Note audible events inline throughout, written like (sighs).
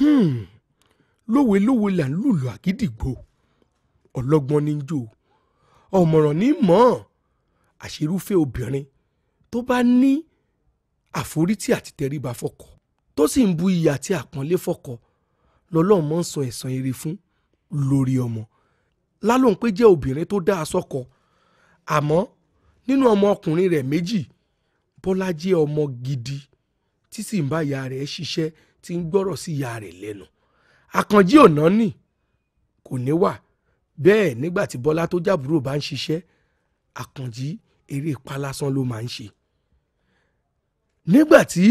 Hmm. lówelówe là ń lùlù àgídìgbò ọlọ́gbọ́n ní jò ọ̀mọ̀ràn ní mọ́ àṣírúfẹ́ obìnrin tó bá ní àforítì àti tẹríba fọ́kọ tó sì ń bu iyì àti àpọ́nlé fọ́kọ lọ́lọ́run mọ́ ń sọ ẹ̀san ire fún lórí ọmọ lálóhùn pé jẹ́ obìnrin tó dáa sọ́kọ àmọ́ nínú ọmọ ọkùnrin rẹ̀ méjì bọ́lá jẹ́ ọmọ gidi tí sì ń bá ìyá rẹ̀ ṣiṣẹ́ ti ń gbọ́rọ̀ sí ìyá rẹ̀ lẹ́nu àkànjí ọ̀nà nì kò ní wà bẹ́ẹ̀ nígbà tí bọ́lá tó jàbúrò bá ń ṣiṣẹ́ àkànjí eré palásán ló máa ń ṣe nígbà tí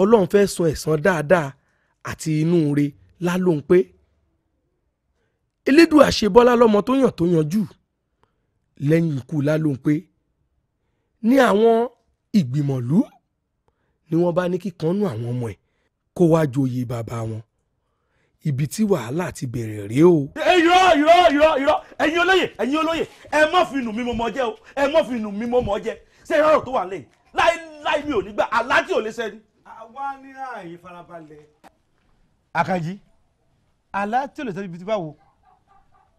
ọlọ́run fẹ́ sọ ẹ̀san dáadáa àti inú re lálóhun pé elédùà ṣe bọ́lá lọ́mọ tó yàn tó yanjú lẹ́yìn ikú lálóhun pé ní àwọn ìgbìmọ̀lú ni wọ́n bá ní kíkanú àwọn ọmọ ẹ̀ kó wá joyè bàbá wọn ibi tí wàhálà ti bẹ̀rẹ̀ rèé o. irọ́ irọ́ irọ́ irọ́ ẹ̀yin olóyè ẹ̀yin olóyè ẹ má fi inú mo mọ́ jẹ́ o ẹ má fi inú mi mọ́ jẹ́ ṣé ìrọ̀rùn tó wà lẹ́yìn láíláí mi ò ní gbà aláàjì ò lè ṣẹ́ni. àwa ní ààyè farabalẹ̀. àkànjí aláàjì ò lè ṣẹ́ni ibi tí báwo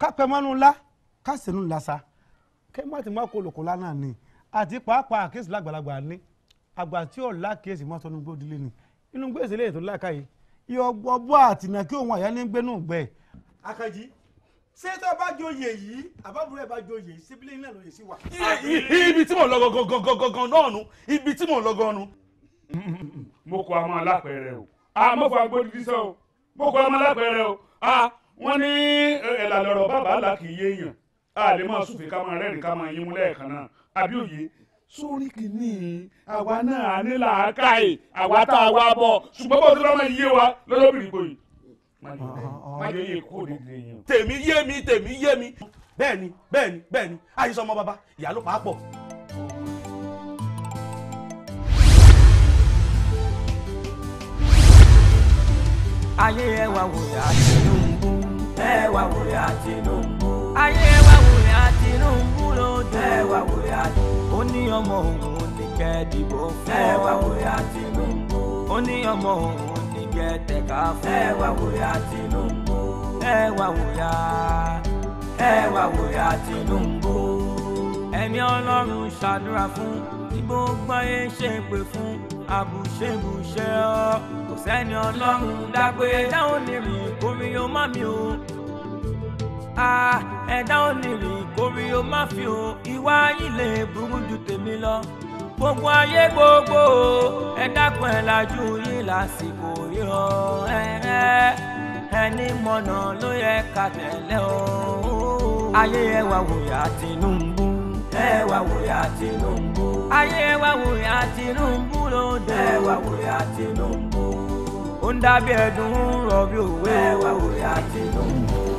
kápẹ́ mọ́nú ńlá kásìnú làṣà kẹ́ má ti má kó olùkọ́ lánàá ni àti pàápàá àkíyèsí lágbàlagbà ni àgbà tí ò lákìyèsí mọ́tọ́nugbó dílé ni inú gbèsè lè tó lákàyè iye ọgbọ́ àtìnà kí òun àyà ní gbénú gbẹ. Àkànjí ṣé tó bá joyè yìí àbábúrò ẹ bá joyè síbílẹ̀ náà lóye sí wa. ibi tí mò ń lọ gangan náà nu ibi tí mò ń lọ gan nu. mo kọ àwọn alápẹ̀rẹ̀ o a mo fọ agbódìdí sọ o mo kọ àwọn alápẹ̀rẹ̀ o a wọ́n ní ẹ̀là lọ̀rọ̀ bàbá àlà kì í yéèyàn a lè máa súfèé ká máa rẹ́rìn ká máa yín mú lẹ́ẹ̀kan náà àbí òye sórí kìíní àwa náà á ní làákàyè àwa tá a wá bọ̀ ṣùgbọ́n bó tó lọ́mọ yé wa lọ́lọ́bìnrin gbòyè. máyé kò ní lè tèmi yé mi tèmi yé mi. bẹ́ẹ̀ni bẹ́ẹ̀ni bẹ́ẹ̀ni àyíṣọ ọmọ bàbá ìyá ló pa á pọ̀. ayé ẹwà wòyà Tinubu ẹwà wòyà Tinubu ayé ẹwà. Tinubu ló dé wá wòyà ó ní ọmọ òun ní kẹ́ dìbò fún ẹ wá wòyà Tinubu ó ní ọmọ òun ní kẹ́ tẹ̀ka fún ẹ wá wòyà Tinubu ẹ wá wòyà ẹ wá wòyà Tinubu ẹ̀mí Ọlọ́run ṣàdúrà fún tí gbogbo ṣe pé fún àbùṣebùṣe ọ kò sẹ́ni Ọlọ́run dágbé dáhùn lè rìn kómi yóò má mi o ẹ̀dá onírì kórí o má fi hàn ìwà yín lè burú ju tèmi lọ gbogbo ayé gbogbo ẹ̀dá kan ẹ̀ lajú yín lásìkò yíyan ẹ̀ẹ́ ẹni mọ̀nà ló yẹ ká tẹ̀lé o. ayé ẹ wá wòyà Tinubu ẹ wá wòyà Tinubu ayé ẹ wá wòyà Tinubu ló dé ẹ wá wòyà Tinubu ó ń dábìí ẹ̀dùn rọ̀bì òwe ẹ wá wòyà Tinubu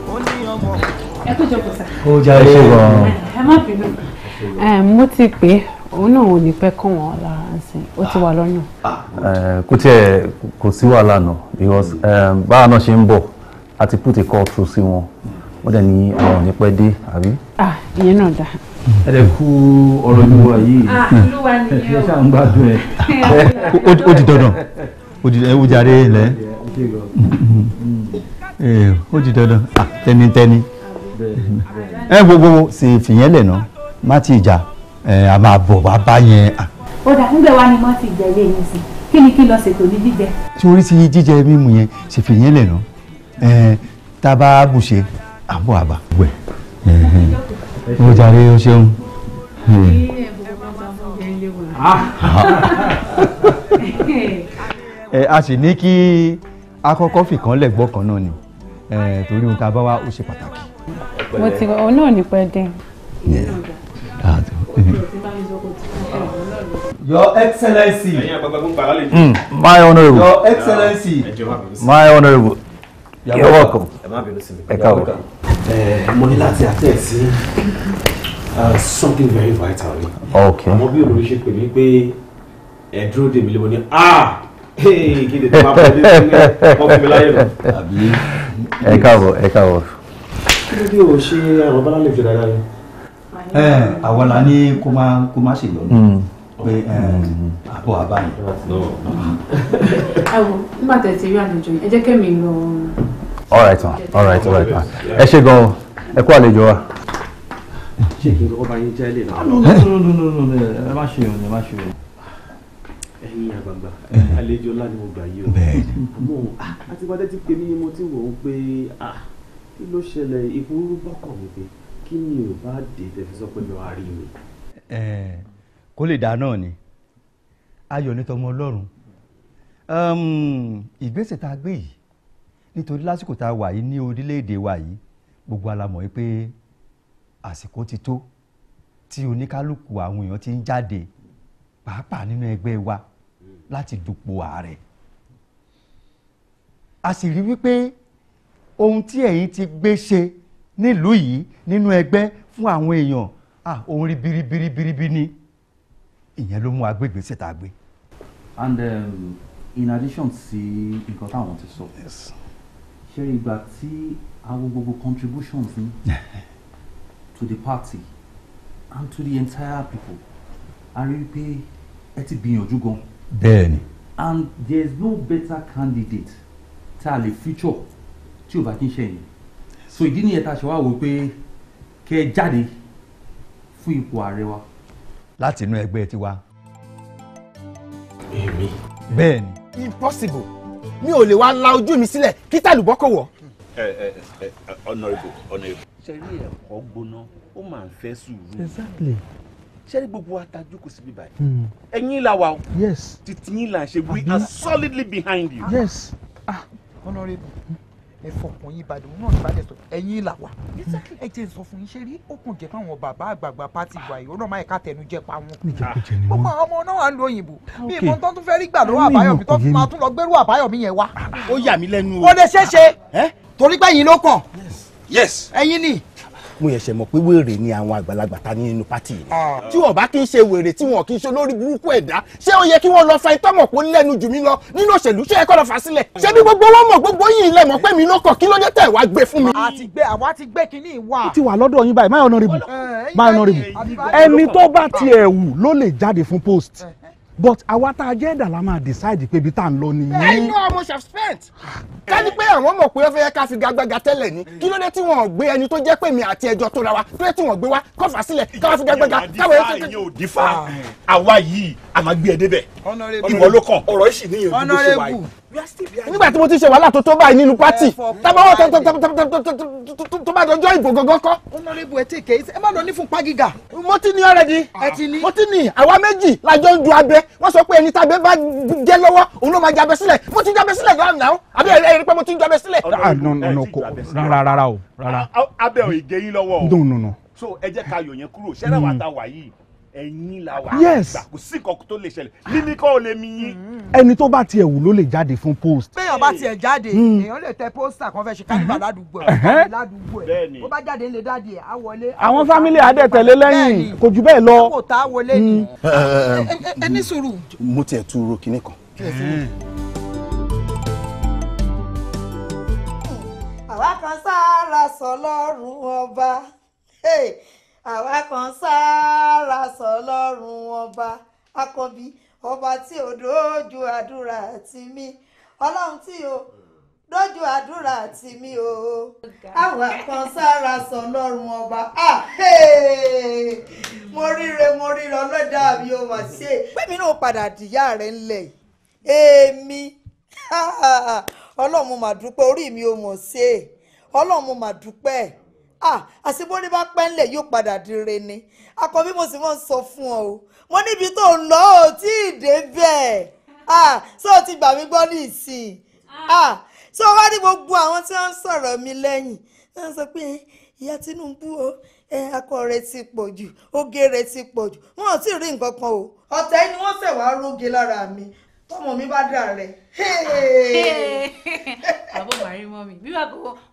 ẹ kó jókòó sá. ó já ẹ ṣe gan-an. ẹ má bínú mo ti pè é òun náà ò ní pẹ́ kàn wọ́n lára ǹsìn ó ti wà lọ́yàn. kò tiẹ̀ kò sí wàhálà náà because báwa náà ṣe ń bọ̀ a ti put a call through sí wọn wọ́n dẹ̀ ní àwọn ò ní pẹ́ dé àbí. ìyẹn náà dáa ẹ̀rẹ̀ kú ọ̀rọ̀ olúwa yìí ẹ̀ ṣáà ń gbádùn ẹ̀. ó di dandan ó di dandan ó Eh, ó di dandan ah, tẹnitẹni ẹ eh, gbogbo sì fìyẹn lẹ̀ ná má ti jà eh, a máa bọ̀ wá bá yẹn. ó ah. dà nígbà wa ni mo ti jẹ ilé yẹn sí kí ni kí lọ ṣètò ní jíjẹ. sórí ti jíjẹ mímu yẹn sì fìyẹn lẹ̀ ná tá a bá bùṣe àbọ̀ àbà. ó jàre o ṣeun. (laughs) a sì ní kí akọ́kọ́ fìkan lẹ̀ gbọ́ kan náà ni torí ohun tá a bá wá ó ṣe pàtàkì. mo ti ọ náà ní pẹ́ (laughs) Your Excellency. Hmm, my honourable. Your Excellency. Ah. My honourable. You're welcome. Ẹ káàbọ̀. Mo ní láti àtẹ̀ sí uh, something very vital Okay. Àmọ́ bí olórí ṣe pè mí pé ẹ dúró dèmí lé mo ní ah kí ni tí wọ́n á bọ̀ ẹ́ ọkùnrin láyé lọ ẹ káàbọ̀ ẹ káàbọ̀. kí ló dé o ṣe àwọn bálálẹ̀ jù dáadáa ni. kuma àwọn la ní kó má kó má ṣe yọnu hmm. pé hmm. àbọ̀ àbáyé. (laughs) ẹ nígbà tẹ̀ ti rí àlejò yìí ẹ jẹ́ kẹ́mi lọ. all right ma all right all right ma ẹ ṣe gan o ẹ kó àlejò wa. ṣé kí n kọ́kọ́ bá yín jẹ́ ilé ah, náà. no no no no no ẹ má ṣe yọnu ẹ má ṣe yọnu ẹ̀yin àgbààgbà àlejò ńlá ni mo yìí o àmọ́ àtibọ́dé ti pè mí mo ti wò ó pé kí ló ṣẹlẹ̀ ìfúrú bọ́kàn mi pé kí ni ò bá dé tẹ̀fí sọ pé mi wàá rí mi. kó lè dá náà ni ayọ̀ ní tọmọ ọlọ́run ìgbésẹ̀ tá a gbé yìí nítorí lásìkò tá a wà yìí ní orílẹ̀-èdè wa yìí gbogbo alamọ̀ yìí pé àsìkò ti tó tí oníkálukú àwọn èèyàn ti ń jáde pàápàá nínú ẹgbẹ́ wa láti dupò ààrẹ a sì rí wípé ohun tí ẹ̀yin ti gbé ṣe nílùú yìí nínú ẹgbẹ́ fún àwọn èèyàn ah ohun ribiribiribiribi ni ìyẹn ló mú agbègbè síta gbé. and um, in addition sí nǹkan táwọn ti sọ ṣé ìgbà tí àwọn gbogbo contributions ní (laughs) to the party and to the entire people a rí i pé ẹ ti gbìyànjú gan-an bẹ́ẹ̀ni. and there is no better candidate tá a future feature tí ò bá kí n ṣe yẹn so ìdí nìyẹn tá a ṣe wá wò pé kẹ́ ẹ jáde fún ipò ààrẹ wa. láti inú ẹgbẹ́ tiwa. èmi. bẹ́ẹ̀ni. impossible mi ò lè wá la ojú mi sílẹ̀ kí tàlùbọ́ wọ̀. ẹ ẹ ẹ honourable honourable. ṣe rí ẹ̀kọ́ gbóná ó máa ń fẹ́ sùúrù. exactly ṣé gbogbo atajú kò síbi báyìí hmm. ẹ̀yin la wà o yes titi yín là ń ṣe we are solidly behind you. yes ah honourable ẹ fọkàn yín balẹ̀ òun náà ní balẹ̀ sọ ẹ̀yin la wà ẹ jẹ́ sọ fún yín ṣé rí ó kàn jẹ́ káwọn bàbá àgbààgbà pátì wà yìí ọlọ́mọ ẹ̀ka tẹnu jẹ́ pa wọn. Ah, gbogbo àwọn ọmọ náà wà ń lo òyìnbó bí ìbọn tó tún fẹ́ rí gbà lọ́wọ́ àbáyọ̀mí tó máa tún lọ gbẹ́rú àbáyọ̀mí yẹn wá. ó yà mí lẹ́nu o. ó lè ṣeé eh? torí pé ẹ̀yin ló kàn. yes. ẹ̀yin ni mo yẹn ṣe mọ̀ pé wèrè ni àwọn àgbàlagbà ta ní inú pátì yìí ah. tí wọn bá kí ń ṣe wèrè tí wọn kì í ṣe lórí burúkú ẹ̀dá ṣé ó yẹ kí wọ́n lọ fa ẹni tọ́mọ̀ kó lẹ́nu jù mí lọ nínú òṣèlú ṣé ẹ kọ́ lọ fà sílẹ̀ ṣé bí gbogbo wọn mọ̀ gbogbo yìí lẹ mọ̀ pé mi ló kọ̀ kí ló dé tẹ̀ wá gbé fún mi. àti gbé àwa ti gbé kinní ìwà. ó ti wà lọ́dọ̀ yín báyìí máyọ̀ nọ́rìbù máyọ̀ nọ́rìbù ẹni eh, eh, tó bá eh, tiẹ̀ wù ló lè jáde fún post. Eh but àwa tá a jẹ́ ẹ̀dà la máa decide pé ibi tá à ń lọ nìyí. I know how much I've spent. ká ní pé àwọn mọ̀ pé ó fẹ́ ká fi gagbága tẹ́lẹ̀ ni kí ló dé tí wọ́n gbé ẹni tó jẹ́ pé mi àti ẹjọ́ tó ra wa tó dé tí wọ́n gbé wa kọ́fà sílẹ̀ káwá fi gagbága káwá yóò tẹ́tẹ́. ìyẹn ò dífà ah. àwa yìí àmàgbé ẹ̀ débẹ̀ ìwọ ló kàn ọ̀rọ̀ ìṣìn níyànjú bó ṣe wáyé nígbà tí mo ti ṣe wàhálà tó tó báyìí nínú pátì tábàwọ̀ tó bá dọjọ́ ìbò gangan kọ́. ọ̀nàrẹ́bù ẹ̀ tèké ẹ má lọ ní fún pagíga. mo ti ní ọ̀rẹ́dì mo ti ní àwa méjì lájọ ń du abẹ wọ́n sọ pé ẹni tábẹ́ bá jẹ́ lọ́wọ́ òun ló máa jabẹ sílẹ̀ mo ti jabẹ sílẹ̀ lánàá àbí ẹ rí pé mo ti jabẹ sílẹ̀. rárá rárá o rárá. abẹ́ ò ì ẹ̀yin la wà àgbà kò sí nǹkan tó lè ṣẹlẹ̀ níní kọ́ ò lè mi yín. ẹni tó bá tiẹ̀ wù ló lè jáde fún post. béèyàn bá tiẹ̀ jáde hmm. èèyàn lè tẹ pósítà kan fẹ́ ṣe kálífà hmm. ládùúgbò ẹ̀ ládùúgbò ẹ̀ bó bá jáde lè dáàdì ẹ̀ á wọlé. àwọn fámílì adẹ́tẹ̀lé lẹ́yìn kò jù bẹ́ẹ̀ lọ. kò tá a wọlé ni. Hmm. ẹ sùúrù. mo tiẹ̀ tu ro kinní kan. àwa kan sáà sọ lọ́rùn ọba àwa kan sáárá sọ lọ́rùn ọba akọbi ọba tí ò dójú àdúrà àti mi ọlọ́run tí ò dójú àdúrà àti mi o àwa kan sáárá sọ lọ́rùn ọba ah, mo ríre mo ríre ọlọ́dà mi ò mà ṣe. pẹ́mi náà padà dìyà rẹ̀ ńlẹ̀ èmi ọlọ́run mà dúpẹ́ orí mi ò mọ̀ ṣe ọlọ́run mà dúpẹ́ àṣìbó ní bá pẹ́ ńlẹ̀ yóò padà dire ni àkọ́bí mo sì wọ́n sọ fún ọ o mo níbi tó ń lọ ò tí ì dé bẹ́ẹ̀ ṣé o ti gbà mí gbọ́ ní ìsìn ṣé o wá ní gbogbo àwọn tí wọ́n ń sọ̀rọ̀ mi lẹ́yìn wọ́n sọ pé ìyá Tinubu o akọ rẹ̀ ti pọ̀ jù oge rẹ̀ ti pọ̀ jù wọn ò tí ì rí nǹkan kan o ọ̀tẹ̀ ni wọ́n fẹ́ wàá róge lára mi tọmọ mi bá dà rẹ. àbọ̀ màrí mọ́ mi bí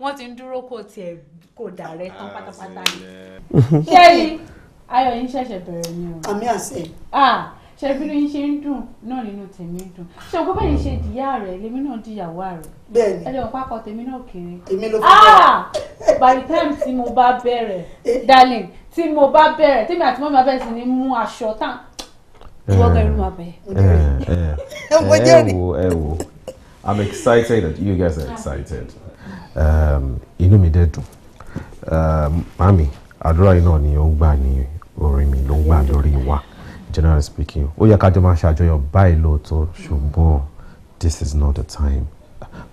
wọ́n ti ń dúró kó tiẹ̀ kò dàrẹ tán ah, pátápátá ni. ṣé yìí ayọ̀ yín ṣẹ̀ṣẹ̀ bẹ̀rẹ̀ ni o. àmì àṣẹ. Ah, ṣe bínú yín ṣe ń dùn náà nínú tèmi ń dùn ṣé o gbọ́dọ̀ ṣe dìyà rẹ̀ lèmi náà dìyàwó rẹ̀. bẹ́ẹ̀ni ẹ lè wọn pákọ tèmi náà kéré. èmi ló fi bẹ́ẹ̀. Ah! by the time tí mo bá bẹ̀rẹ̀ eh. darling tí mo bá bẹ̀rẹ̀ tèmi àti mọ́mi abẹ́rẹ́ sí ni mú aṣọ tán wọ́gẹ̀ rú máa bẹ̀. ẹ wo ẹ wo I'm excited that you guys are excited um, inú mi dẹ̀ dùn. Eh, mami àdúrà yìí náà ni ó ń gbà ní orin mi ló ń gbà lórí wa generally speaking ó yẹ ká jọ máa ṣàjọyọ̀ báyìí lóòótọ́ ṣùgbọ́n this is not the time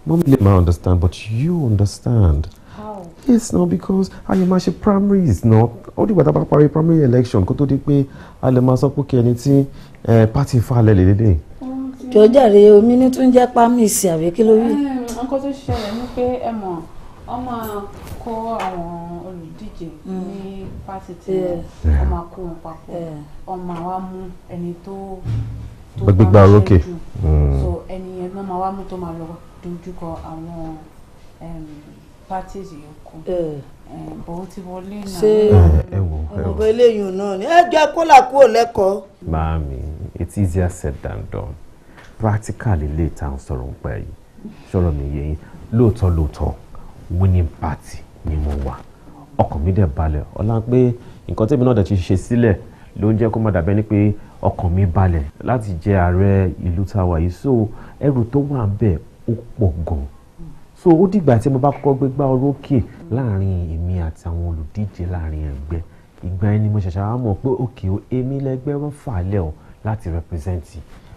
mom lè máa understand but you understand. How? yes no because ayé máa ṣe primaries no ó dìgbà tá a bá parí primary election kó tó di pé a lè máa sọ pé kí tí eh, party falẹ̀ lè dédé. jọjàre omi ní tún jẹ́ pàmì ìsìn àbí kí ló rí. Eh, nǹkan tó ṣẹlẹ̀ ni pé ẹ mọ̀ wọ́n máa kọ́ àwọn olùdíje mm. ní fásitì wọ́n máa kó wọn papọ̀ wọ́n máa wá mú ẹni tó tó bá ń ṣe jù mm. so ẹni yẹn náà máa wá mú tó máa lọ dojúkọ àwọn parties yòókù bòun ti wọlé náà. ṣé eh, ọmọ eléyìí náà ni ẹ jẹ́ kó là kúrò lẹ́kọ̀ọ́. Màámi it's easier said than done practically lè tá à ń sọ̀rọ̀ ń pẹ́ yìí sọ̀rọ̀ mi yẹ yín lóòótọ́ lóòótọ́ winning party ni mo wà ọkàn mi dẹ̀ balẹ̀ ọlá pé nǹkan tẹ́mi náà dẹ̀ ti ṣe sílẹ̀ ló ń jẹ́ kó má dàbẹ́ ni pé ọkàn mi balẹ̀ láti jẹ́ ààrẹ ìlú tá wà yìí so ẹrù tó wà ń bẹ̀ ó pọ̀ gan so ó dìgbà tí mo bá kọ́kọ́ gbé gbá orókè láàrin èmi àti àwọn olùdíje láàrin ẹgbẹ́ ìgbà ẹni mo ṣẹ̀ṣẹ̀ wá mọ̀ pé òkè o èmi lẹgbẹ́ wọn fà á lẹ̀ o láti represent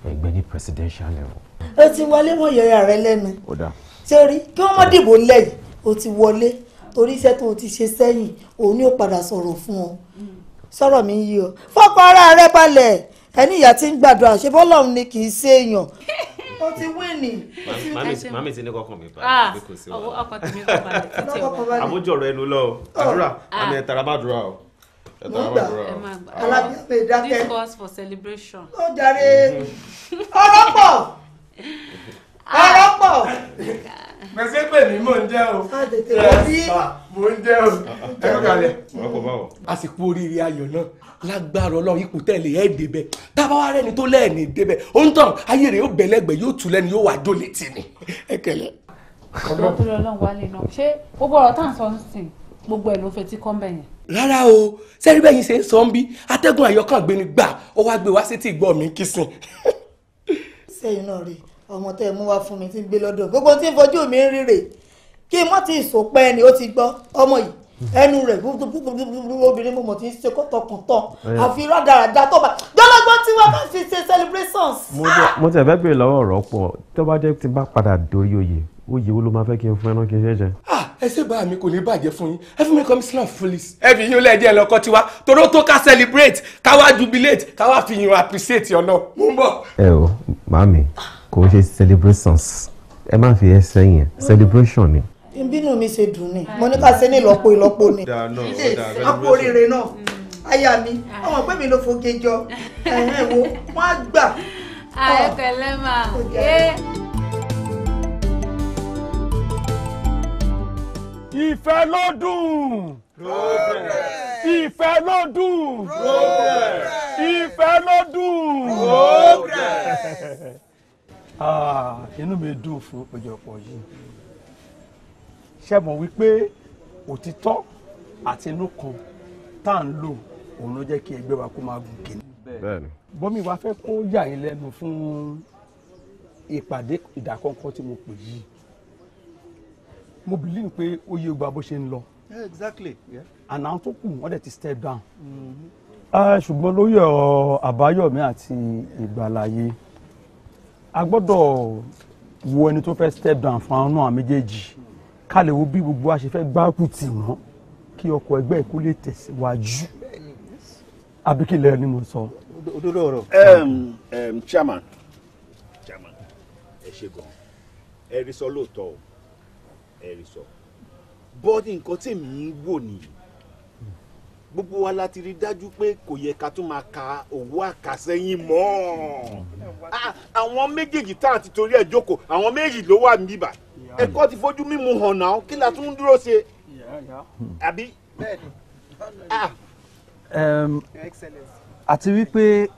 ẹgbẹ́ ní presidential level. o ti wọlé wọ̀nyẹ̀rẹ̀ rẹ lẹ́nu sórí kí wọ́n mọ̀ dìbò lẹ́yìn o ti wọlé torí iṣẹ́ tó o ti ṣe sẹ́yìn òun ni ó padà sọ̀rọ̀ fún ọ sọ̀rọ̀ mi yí o fọ́pọ̀ ara rẹ balẹ̀ ẹni ìyá tí ń gbàdúrà ṣe bọ́lọ́run ni kì í ṣe èèyàn o ti wí ni. mami ti ní kọkàn mi balẹ̀ ah, kò sí wàhálà àmójọ rẹ nu lọ àdúrà ah. àmì ẹ̀ bá dúrà o mọ̀gbà alábíàpẹ̀ dákẹ́. this calls for celebration. ó jàre ọ̀rọ̀ pọ̀. (laughs) ọ̀rọ̀ pọ̀. gbèsè pè mí mò ń jẹ́ o. a tètè wọ́n bí. mò ń jẹ́ o ẹ̀rọ kalẹ̀. àsìkò oríire ayọ̀ náà lágbára ọlọ́run ipò tẹ̀lé ẹ̀ débẹ̀ tábà wá rẹ́ni tó lẹ́ẹ̀ni débẹ̀ ó ń tàn ayé rẹ̀ yóò bẹ̀lẹ́gbẹ̀ yóò tù lẹ́nu yóò wá jó létí ni ẹ kẹlẹ̀. ọ̀rọ̀ tó lọ lọ́n wálé náà ṣé gbogbo ọ̀rọ̀ tá à ń rárá o sẹ́rí bẹ́yìn ṣe ń sọ ń bí atẹ́gùn àyọkàn gbéni gbà ó wá gbé wá sétí ìgbọ́ mi kìsìn. sẹ́yìn náà rí ọmọ tẹ́ ẹ mú wá fún mi tí ń gbé lọ́dọ̀ gbogbo tí ń fojú mi ń rí rè kí n má ti sòpẹ́ ni ó ti gbọ́ ọmọ yìí ẹnu rẹ̀ obìnrin mo mọ̀ tí ń ṣe tọkàntàn àfi rádaràda tó bá jọlọgbọ́n tí wọ́n bá fi ṣe celebrations. mo tẹ̀ fẹ́ béèrè lọ́wọ́ ọ̀rọ̀ pọ̀ tó bá jẹ́ tí n bá padà dórí oyè oyè wo ló máa fẹ́ kí n fún ẹ kí n ṣe é jẹ. ẹ ṣe bá mi kò ní bàjẹ́ fún yín ẹ fi mi commissioner of police. ẹ fi yín ó lẹ́ẹ̀dí ẹ lọ́kọ́ tiwa toró tó ká celebrate ká wá jubilate ká wá fi yín appreciate ọ̀nà mú bọ̀. ẹ o màmí kò ṣe celebrations ẹ má fi ẹ sẹ́yìn celebration ni. ìbínú mi ṣe dùn ni mo ní ká ṣe ní ìlọ́po ìlọ́po ni àpò oríire náà aya mi àwọn ọ̀pẹ́ mi ló foge jọ ẹ̀hẹ́n wo wọ́n á gbà. àìkẹlẹ́ máa yé. ìfẹ́ ló dùn. ìfẹ́ ló dùn. ìfẹ́ ló dùn. Ah, inú mi dùn fún ìpéjọpọ̀ yìí ṣe mọ̀ wípé òtítọ́ àti inú kan tá à ń lò òun ló jẹ́ kí ẹgbẹ́ wa kó máa gùn kíní. bọ́mí wa fẹ́ kó yà yín lẹ́nu fún ìpàdé ìdákọ́ńkọ́ tí mo pè yìí mo believe pé ó yé gba bó ṣe ń lọ. àná tó kù wọ́n dẹ̀ ti step down. Ah, ṣùgbọ́n lóyè àbáyọ̀mí àti ìgbàláyé. Mm -hmm. uh, a gbọ́dọ̀ wo ẹni tó fẹ́ step down fún àwọn náà méjèèjì ká lè wo bí gbogbo a ṣe fẹ́ gbárùkù tì wọ́n kí ọkọ̀ ẹgbẹ́ ìkú lè tẹ̀síwájú abikilẹ ni mo sọ. òdodo ọ̀rọ̀. chairman chairman ẹ ṣe gan ẹ rí sọ lóòótọ́ ẹ rí sọ bọ́ọ̀dì nǹkan tèmi ń wò nìyí gbogbo wa la ti rí dájú pé kò yẹ ká tún máa ka owó àkàsẹ́yìn mọ́ ah, àwọn méjèèjì tá à ti torí ẹ̀ jókòó àwọn méjèèjì ló wà níbà ẹ̀kọ́ ti fojú mímu hàn náà kí la tún dúró ṣe àbí. Ah. àti wípé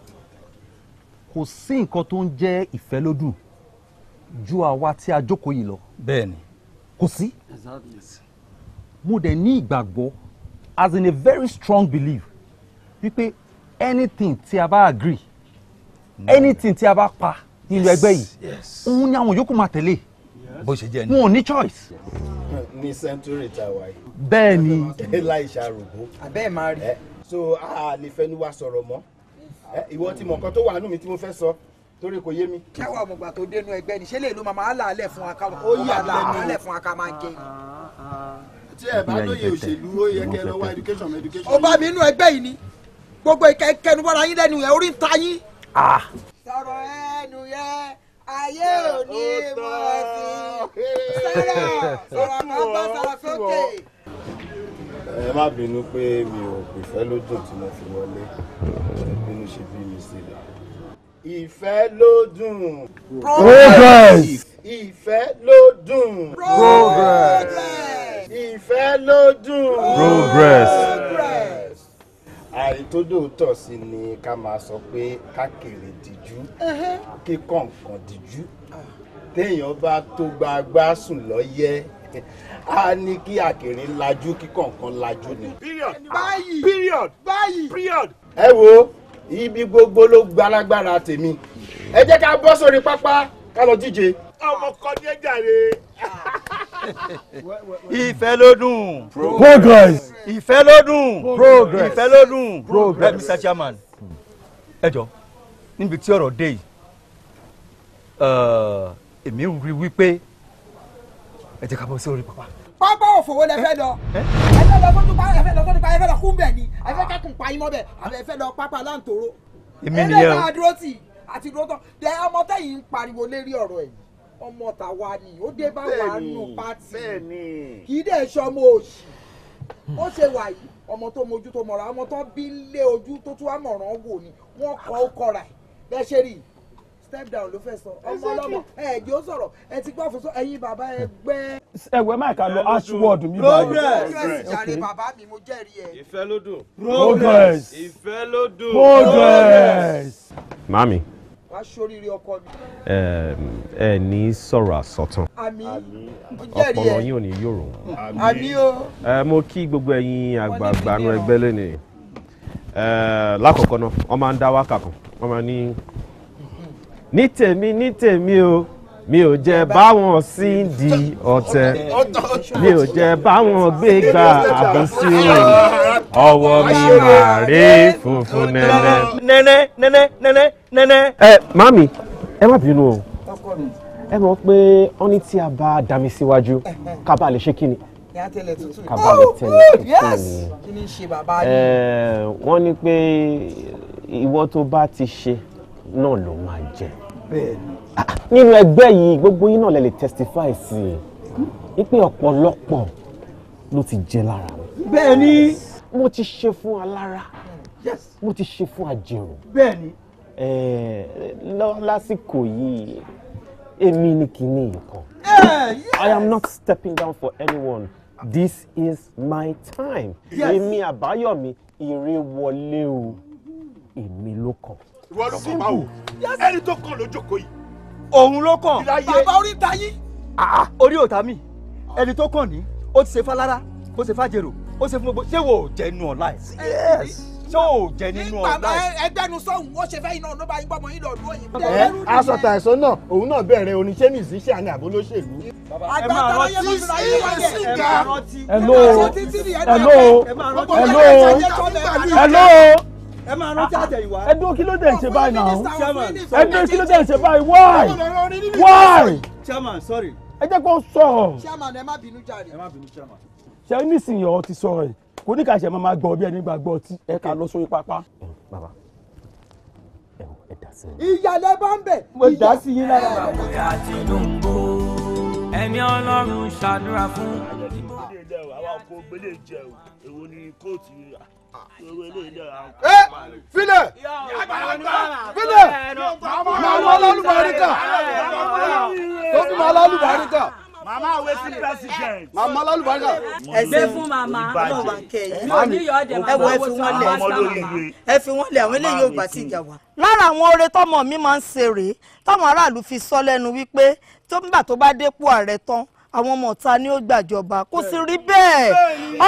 kò sí nǹkan tó ń jẹ́ ìfẹ́ lódùn ju àwa tí a jókòó yìí lọ. bẹ́ẹ̀ni. kò sí. mo dẹ̀ ní ìgbàgbọ́ as in a very strong belief wípé anything tí a bá agree anything tí a bá pa nínú ẹgbẹ́ yìí òun ni àwọn yòókù máa tẹ̀lé bó ṣe jẹ́ ni wọn ò ní choice. ní century tàwa yìí. bẹ́ẹ̀ ni. láì ṣàrògbó. abẹ́ẹ̀ máa rí. so a lè fẹnu wa sọ̀rọ̀ mọ́ ìwọ ti mọ̀ nǹkan tó wà nù mí tí mo fẹ́ sọ torí kò yé mi. káwa ọmọgbà tó dénú ẹgbẹ́ ni ṣé lè ló máa máa là á lẹ̀ fún wa ká máa là á fún wa ká tí ẹ bá lóye òṣèlú ó yẹ kẹ lọ wá education education. ọba mi inú ẹgbẹ́ yìí ni gbogbo ìkẹkẹnu bọ́ra yín lẹ́nu yẹn orí ń ta yín. sọ̀rọ̀ ẹnu yẹn ayé òní mọ̀ sí sọ̀rọ̀ kan bá sọ̀rọ̀ sókè. ẹ má bínú pé mi ò pèfẹ́ lójú tí mo fi wọlé bínú ṣe bí mi sílẹ̀ ìfẹ́ ló dùn. progress. ìfẹ́ ló dùn. progress ìfẹ́ ló progress. progress. sí ni ká máa sọ pé kákèrè dìjú kíkọ̀ǹkan dìjú téèyàn bá tó gbagba sùn lọ́yẹ́ a ní kí àkèrè lajú kíkọ̀ǹkan lajú ni. period báyìí period ẹ wo ibi gbogbo ló gbalagbára tèmi ẹ jẹ́ ká bọ́ sórí pápá ká lọ díje. ọmọ kan ẹja rẹ̀ ìfẹ́ ló dùn. progress. ìfẹ́ ló dùn. progress. ìfẹ́ ló dùn. progress. mr chairman ẹ jọ níbi tí ọ̀rọ̀ dé yìí uh, èmi ń rí wípé ẹ jẹ́ ká bọ́ sórí pàpà. pápá òfòwò lẹ fẹ́ lọ ẹ fẹ́ lọ fojú pa ẹ fẹ́ lọ fojú pa ẹ fẹ́ lọ kún bẹ̀ ni ẹ fẹ́ kẹ́kùn pa imọ́ bẹ̀ ẹ fẹ́ lọ pápá láǹtòrò. èmi nìyẹn o ẹ lè máa dúró àti dúró tán ọmọ tẹ́yìn ń pariwo lérí ọ̀rọ̀ ẹ̀yìn ọmọ tàwa ni ó dé bá wà nù pátì kì í dẹ̀ ṣọmọ òṣì ó ṣe wà yìí ọmọ tó mojú tó mọ̀ra ọmọ tó bí lé ojú tó tún àmọ̀ràn wò ni wọ́n kọ́ ó kọ́ra bẹ́ẹ̀ ṣe rí step down ló fẹ́ sọ ọmọ ọlọ́mọ ẹ jẹ́ ó sọ̀rọ̀ ẹ ti gbọ́ fún sọ ẹ̀yin bàbá ẹ gbẹ́. ẹ̀wẹ̀ máa ka lọ ashword mi báyìí. progress progress jàre bàbá mi mo jẹ́rìí ẹ. ìfẹ́ ló dùn. progress ìfẹ́ ló dùn. progress. màmí. e sóríire ẹ ní sọ̀rọ̀ ọpọlọ yín ò ní yòrò mo kí gbogbo ẹ̀yin àgbààgbà nu ẹgbẹ́ lónìí lákọ̀ọ́kọ́ náà wọ́n máa ń dá wákà wọ́n máa ní ní o. mi ò jẹ́ báwọn sí di ọ̀tẹ̀ mi ò jẹ́ báwọn gbégbá àbùsí òòrùn ọwọ́ mi máa rí funfun nẹ́nẹ́. nẹ́nẹ́ nẹ́nẹ́ nẹ́nẹ́ nẹ́nẹ́. ẹ mami ẹ má bínú o ẹ mọ̀ pé wọ́n ní tí a bá dá mi síwájú ká bá lè ṣe kí ni kabalẹ tuntun ni wọ́n ní pé ìwọ tó bá ti ṣe náà ló máa jẹ. bẹ́ẹ̀ni nínú ẹgbẹ́ yìí gbogbo yín náà lè lè testify sí i wípé ọ̀pọ̀lọpọ̀ ló ti jẹ lára mi. bẹ́ẹ̀ ni. mo ti ṣe fún alára mo ti ṣe fún àjẹrò. bẹ́ẹ̀ ni. lásìkò yìí èmi ni kìíní yìí eh, I am not stepping down for anyone. This is my time. Èmi Àbáyọ̀mí ìrè wọlé o. Èmi ló kàn. Ìwọ ló kàn báwo? Ẹni tó kàn lójókòó yìí òun ló kàn. bàbá orí ta yín. Ah, ah, orí ò ta mí ẹni tó kàn ní ó ti ṣe fálára ó ṣe fàjèrò ó ṣe fún gbogbo ṣé wò ó jẹ inú ọ̀la ẹ̀ ṣé ò jẹ nínú ọ̀la ẹ̀. nígbà ẹgbẹ́nu sọ́hùn ó ṣe fẹ́ iná ló bá yín gbọ́mọ yín lọ́dún òyìnbó. ẹ aṣọ tàìsàn náà òun náà bẹ̀rẹ̀ oníṣẹ́ musician àní àbólóṣèlú. àgbàdo yẹn ló fura yín wọlé ẹ̀ka ẹ̀ló ẹ̀ló ẹ̀ló ẹ̀ló ẹ máa rántí ah, ah. àtẹ̀yìnwá. ẹ dúró kí ló dé ṣe báyìí náà ẹ dúró kí ló dé ṣe báyìí why why. chairman sorry. ẹ jẹ́ kó sọ̀rọ̀. chairman ẹ má bínú jàre. ẹ má bínú chairman. ṣe nísìnyí ọ̀rọ̀ ti sọ̀rọ̀ yìí kò ní ká ṣe máa gbọ́ bí ẹni gbàgbọ́ tí ẹ kà lọ sórí pápá. bàbá ẹ wò ẹ dá sí bá ń bẹ̀. mo dá sí yín lára. bàbá Tinubu ẹ̀mí ọlọ́run ṣàdúrà fún. àyẹ̀dí kò dé jẹ o èwo ni kóòtù file, file, filẹ filẹ màmá lálùbáríkà tó fi màmá lálùbáríkà. Mama wey si president. Mama lálùbáríkà. Ẹ ṣe fún màmá lọ́wọ́ kẹ́yìn. Ẹ wo ẹ fi wọ́n lẹ̀ ẹ fi wọ́n lẹ̀ àwọn eléyìí ò gbà sí ìjà wa. Lára àwọn oore tọmọ mi máa ń ṣe rèé tọmọ aráàlú fi sọ lẹ́nu wípé tó ń bà tó bá dépò ààrẹ tán àwọn ọmọ ọ̀tá ni ó gbàjọba kò sì rí bẹ́ẹ̀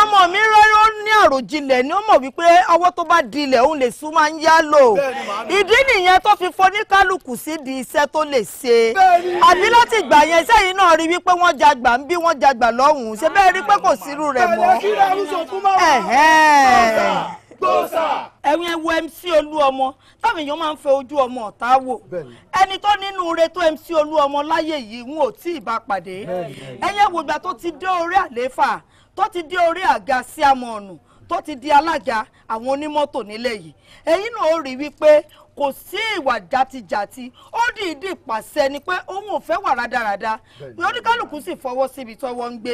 ọmọ mi rẹ́rọ́ ní àròjinlẹ̀ ni ó mọ̀ wípé ọwọ́ tó bá dilẹ̀ òun lè sún máa ń yá lò ìdí nìyẹn tó fi foníkálukú sí di iṣẹ́ tó lè ṣe àbí láti ìgbà yẹn iṣẹ́ yìí náà rí wípé wọ́n jagbà ń bí wọ́n jagbà lọ́hùn-ún ṣe bẹ́ẹ̀ rí pé kò sírú rẹ̀ mọ́ ẹ̀hẹ́n gbòòsà. ẹ̀wọ̀n ẹ wo MC Olúọmọ táwọn èèyàn máa ń fẹ́ ojú ọmọ ọ̀tá wò ẹni tó nínú re tó MC Olúọmọ láyé yìí n ò tí ì bá pàdé ẹ̀yẹ́ wògbà tó ti dé orí àlééfà tó ti dé orí àga sí àmọ́ ọ̀nù tó ti di alága àwọn onímọ́tò nílẹ̀ yìí ẹ̀yin náà ó rí wípé kò sí ìwà jatijati ó dìídì pàṣẹ ni pé òun ò fẹ́ wà rádaràda oníkálukú sì fọwọ́ síbi tọ́wọ́ ń gbé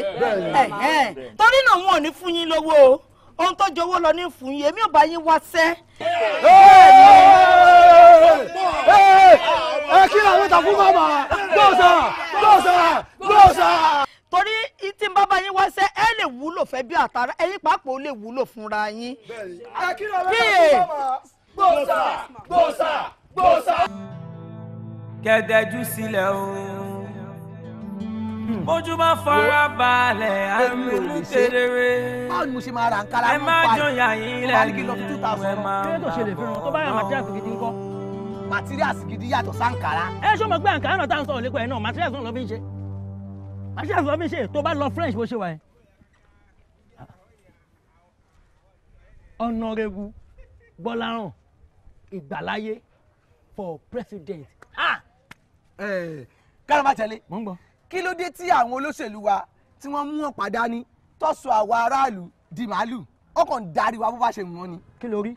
torí náà wọn ò ní fún yín lówó o ohun tó jowó lọ ní fún yìí èmi ò bá yín wá sẹ́. ẹ kí làwọn ìtàkùn máa bà gbọ́sà gbọ́sà gbọ́sà. torí tí n bá bá yín wá sẹ́ ẹ lè wúlò fẹ́ bí àtàrà ẹ̀yin pàápàá ó lè wúlò fúnra yín. ẹ kí làwọn ìtàkùn máa bà gbọ́sà gbọ́sà gbọ́sà. kẹ̀dẹ̀jú sílẹ̀ o. Hmm. bójú bá fara balẹ̀ àmì kedere. báwo ni mo ṣe máa ra nkàrà mú pa ẹ má jọyà yín lẹ́nu ẹ má bá bọ̀. tó bá yà materials gidi ńkọ́. materials gidi yàtọ̀ sankara. ẹ ṣé o mọ̀ pé àǹkárá náà tá à ń sọ̀rọ̀ lẹ́kọ̀ọ́ ẹ̀ náà materials náà lọ́ fi ń ṣe materials lọ́ fi ń ṣe tó bá lọ french bó ṣe wà yẹn. ọ̀nàrẹ́bù gbọ́láràn ìgbàláyé for president. ẹ ẹ káràmà tẹ̀lé. mo ń gbọ́ kí ló dé tí àwọn olóṣèlú wa tí wọ́n mú ọ̀pá dání tó sọ àwa aráàlú di màálù ọkàn ń darí wa bó bá ṣe wọ́n ni. kí ló rí.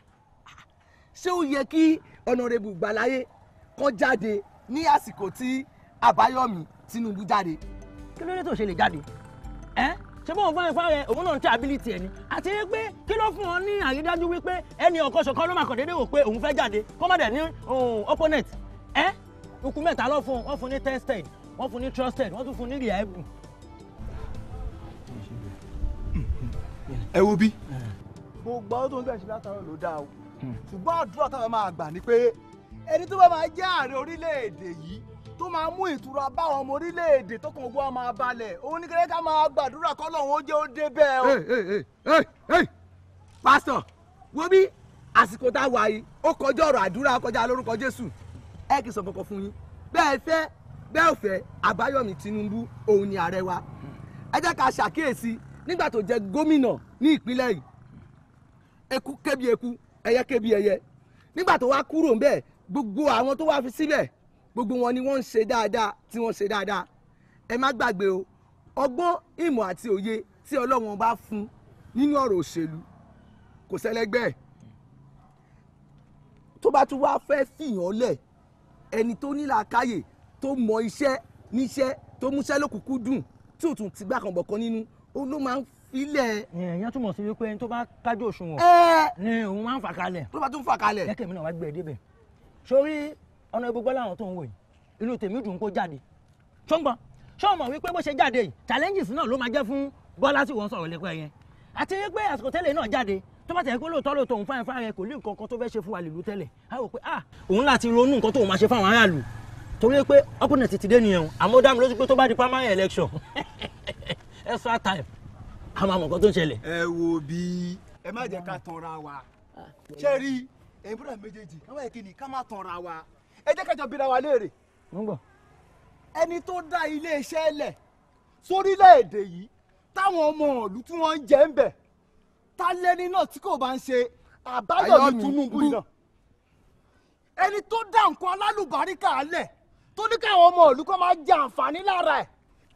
ṣé ó yẹ kí ọ̀nàrẹ́bù gbàláyé kọ́ jáde ní àsìkò tí àbáyọ̀mí Tinubu jáde. kí ló dé tó ṣe lè jáde ẹ ṣé bóun fún ẹfọ rẹ òun náà ń tẹ ability ẹ ni àti pé kí ló fún ọ ní àrídájú wípé ẹni ọ̀kọ́ṣọ̀kan ló máa kàn déédéé wò pé òun fẹ́ jáde kó ní oh, opponent ẹ òkú mẹ́ta lọ fún ọ fún ní ten ten wọ́n fún ní trusted wọ́n tún fún ní reliable. ẹ wo bí. gbogbo ọdún tó ń gbẹ̀sí látara ló dáa o hmm. ṣùgbọ́n àdúrà táwọn máa gbà ni pé ẹni tó bá máa jẹ́ ààrẹ orílẹ̀-èdè yìí tó máa mú ìtura bá àwọn ọmọ orílẹ̀-èdè tó kàn gbọ́ máa balẹ̀ òun ní kẹ́kẹ́ ká máa gbàdúrà kọ́lọ́hún ó jẹ́ ó dé bẹ́ẹ̀ o. pásítọ̀ wo bí àsìkò tá a wà yìí ó kọjá ọ̀rọ̀ àdúrà kọjá lórúkọ Jésù ẹ kì í sọ kankan fún yín bẹ́ẹ̀ fẹ́ bẹ́ẹ̀ ọ̀fẹ́ àbáyọ̀mí tinubu òun ni ààrẹ wa ẹ jẹ́ ká ṣàkíyèsí nígbà tó jẹ gómìnà ní ìpínlẹ̀ yìí eku kébi eku ẹyẹ kébi ẹyẹ nígbà tó wá kúrò ń bẹ̀ gbogbo àwọn tó wá fi síbẹ̀ gbogbo wọn ni wọ́n ń ṣe dáadáa tí wọ́n ṣe dáadáa ẹ má gbàgbé o ọgbọ́n ìmọ̀ àti òye tí ọlọ́run bá fún nínú ọ̀rọ̀ òṣèlú kò sẹ́lẹ́gbẹ́ tó bá tún wá fẹ́ fìyàn lẹ̀ ẹni tó ní làákàyè tó mọ iṣẹ́ níṣẹ́ tó múṣẹ́ lókùnkún dùn tí ò ti gbà kan bọ̀kan nínú òun ló máa ń filẹ̀. ìyẹn túmọ̀ sí wípé ẹni tó bá kájú òṣùwọ̀n ni òun máa ń fà kalẹ̀. tó bá tún fà kalẹ̀. lẹ́kẹ̀ mi náà wá gbé ẹ débẹ̀ sórí ọ̀nà gbogbo láwọn tó ń wò yìí inú tèmi dùn kó jáde ṣọ́ngbọ́n ṣọ́ọ̀mọ̀ wípé bó ṣe jáde challenges náà ló máa jẹ́ fún bọ́lá tí wọ́n sọ̀rọ̀ lẹ́kọ̀ọ́ yẹn àti wípé àsìkò tẹ́lẹ̀ náà jáde tó bá tẹ̀ pé lóòótọ́ lóòótọ́ òun fáyẹn fáyẹn kò ní nǹkan kan tó fẹ́ ṣe fún wa torí pé opponent ti dé nìyẹn o àmọ́ dá mi lójú pé tó bá di primary election (laughs) extra time a máa mọ̀ nǹkan tó ń ṣẹlẹ̀. ẹ wo bí ẹ má jẹ́ ká tanra wa ṣé rí ẹ̀yin búrọ̀ méjèèjì káwọn ẹ̀kí ni ká má tanra wa ẹ jẹ́ ká bira wa léèrè. ẹni tó dá iléeṣẹ́ lẹ̀ sórílẹ̀-èdè yìí táwọn ọmọ ìlú tí wọ́n ń jẹ́ ń bẹ̀ ta lẹ́ni náà tí kò bá ń ṣe àbáyọ̀mí Tinubu náà ẹni tó dá nǹkan alálùbáríkà lẹ̀ tó ní káwọn ọmọ ìlú kó máa jẹ àǹfààní lára ẹ̀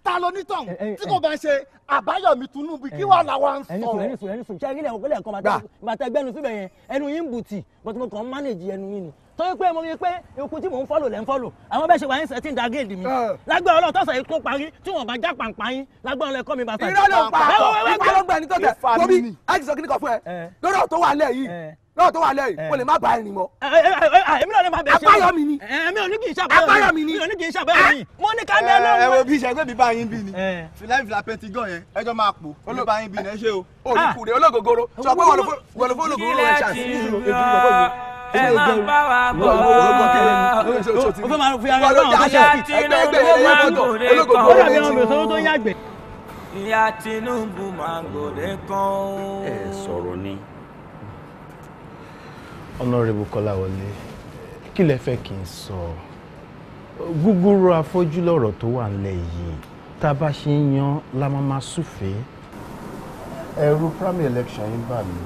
ta ló ní tán tí kò bá ṣe àbáyọmí Tinubu kí wàá làwọn ń sọ. ẹni sùn ẹni sùn ẹni sùn ṣé ẹni lẹ́kọ̀ọ́ lẹ́kọ̀ọ́ bàtà gbẹnu síbẹ̀ yẹn ẹnu yín bùtì bọ́tí mo kàn ẹnu yín ni tó yẹ pé mo yẹ pé ikú tí mò ń fọ́lò lẹ́ ń fọ́lò àwọn bẹ́ẹ̀ ṣe wà ń sẹ́ tí ń da géèdì mi ah. lágbára ọlọ́ọ̀ tọ́sà yìí tó parí tí wọ́n bá já pàǹpà yín lágbára ọlọ́ọ̀ ẹ̀kọ́ mi bá sàdé. ìrọ̀lẹ́ pa ìpa ló gbà ní tó tẹ̀ tóbi láti sọ kíníkan fún ẹ eh. lọ́rọ̀ tó wà lẹ́ yìí eh. lọ́wọ́ tó wà lẹ́yìn eh. o lè má ba ẹ̀rìn mọ́. èmi náà lè má bẹ ṣe o àbáyọ mi ni. èmi ò ní kì í ṣàbáyọ mi àbáyọ mi ni. mi ò ní kì í ṣàbáyọ mi. Ah. mo ní ká lẹ lọ́wọ́. ẹ wo bí iṣẹ́ gbẹ̀bí bá yín bí ni. filayi fila pentigon yẹn ẹjọ́ máa pò olú bá yín bí ni ẹ ṣe o. olùkùnrin ológogoro sọ pé wọlé fún olùkùnrin rẹ ṣàṣì ẹ máa ń bá wa bọ̀ wá. o fẹ́ máa fi ara báwọn ṣe fi. ẹgbẹ́ máa ń gòdè kan o. ó dàbí ọmọ ìṣòro tó ń yàgbẹ́. ìyá Tinubu máa ń gòdè kan o. ẹ sọ̀rọ̀ ni. Honorable Kọ́láwọlé kí gúgúrú afọ́jú tó wà nílẹ̀ yìí tá a bá ṣe ń yan la máa máa súfèé. ẹ̀rù primary election yìí bà mí.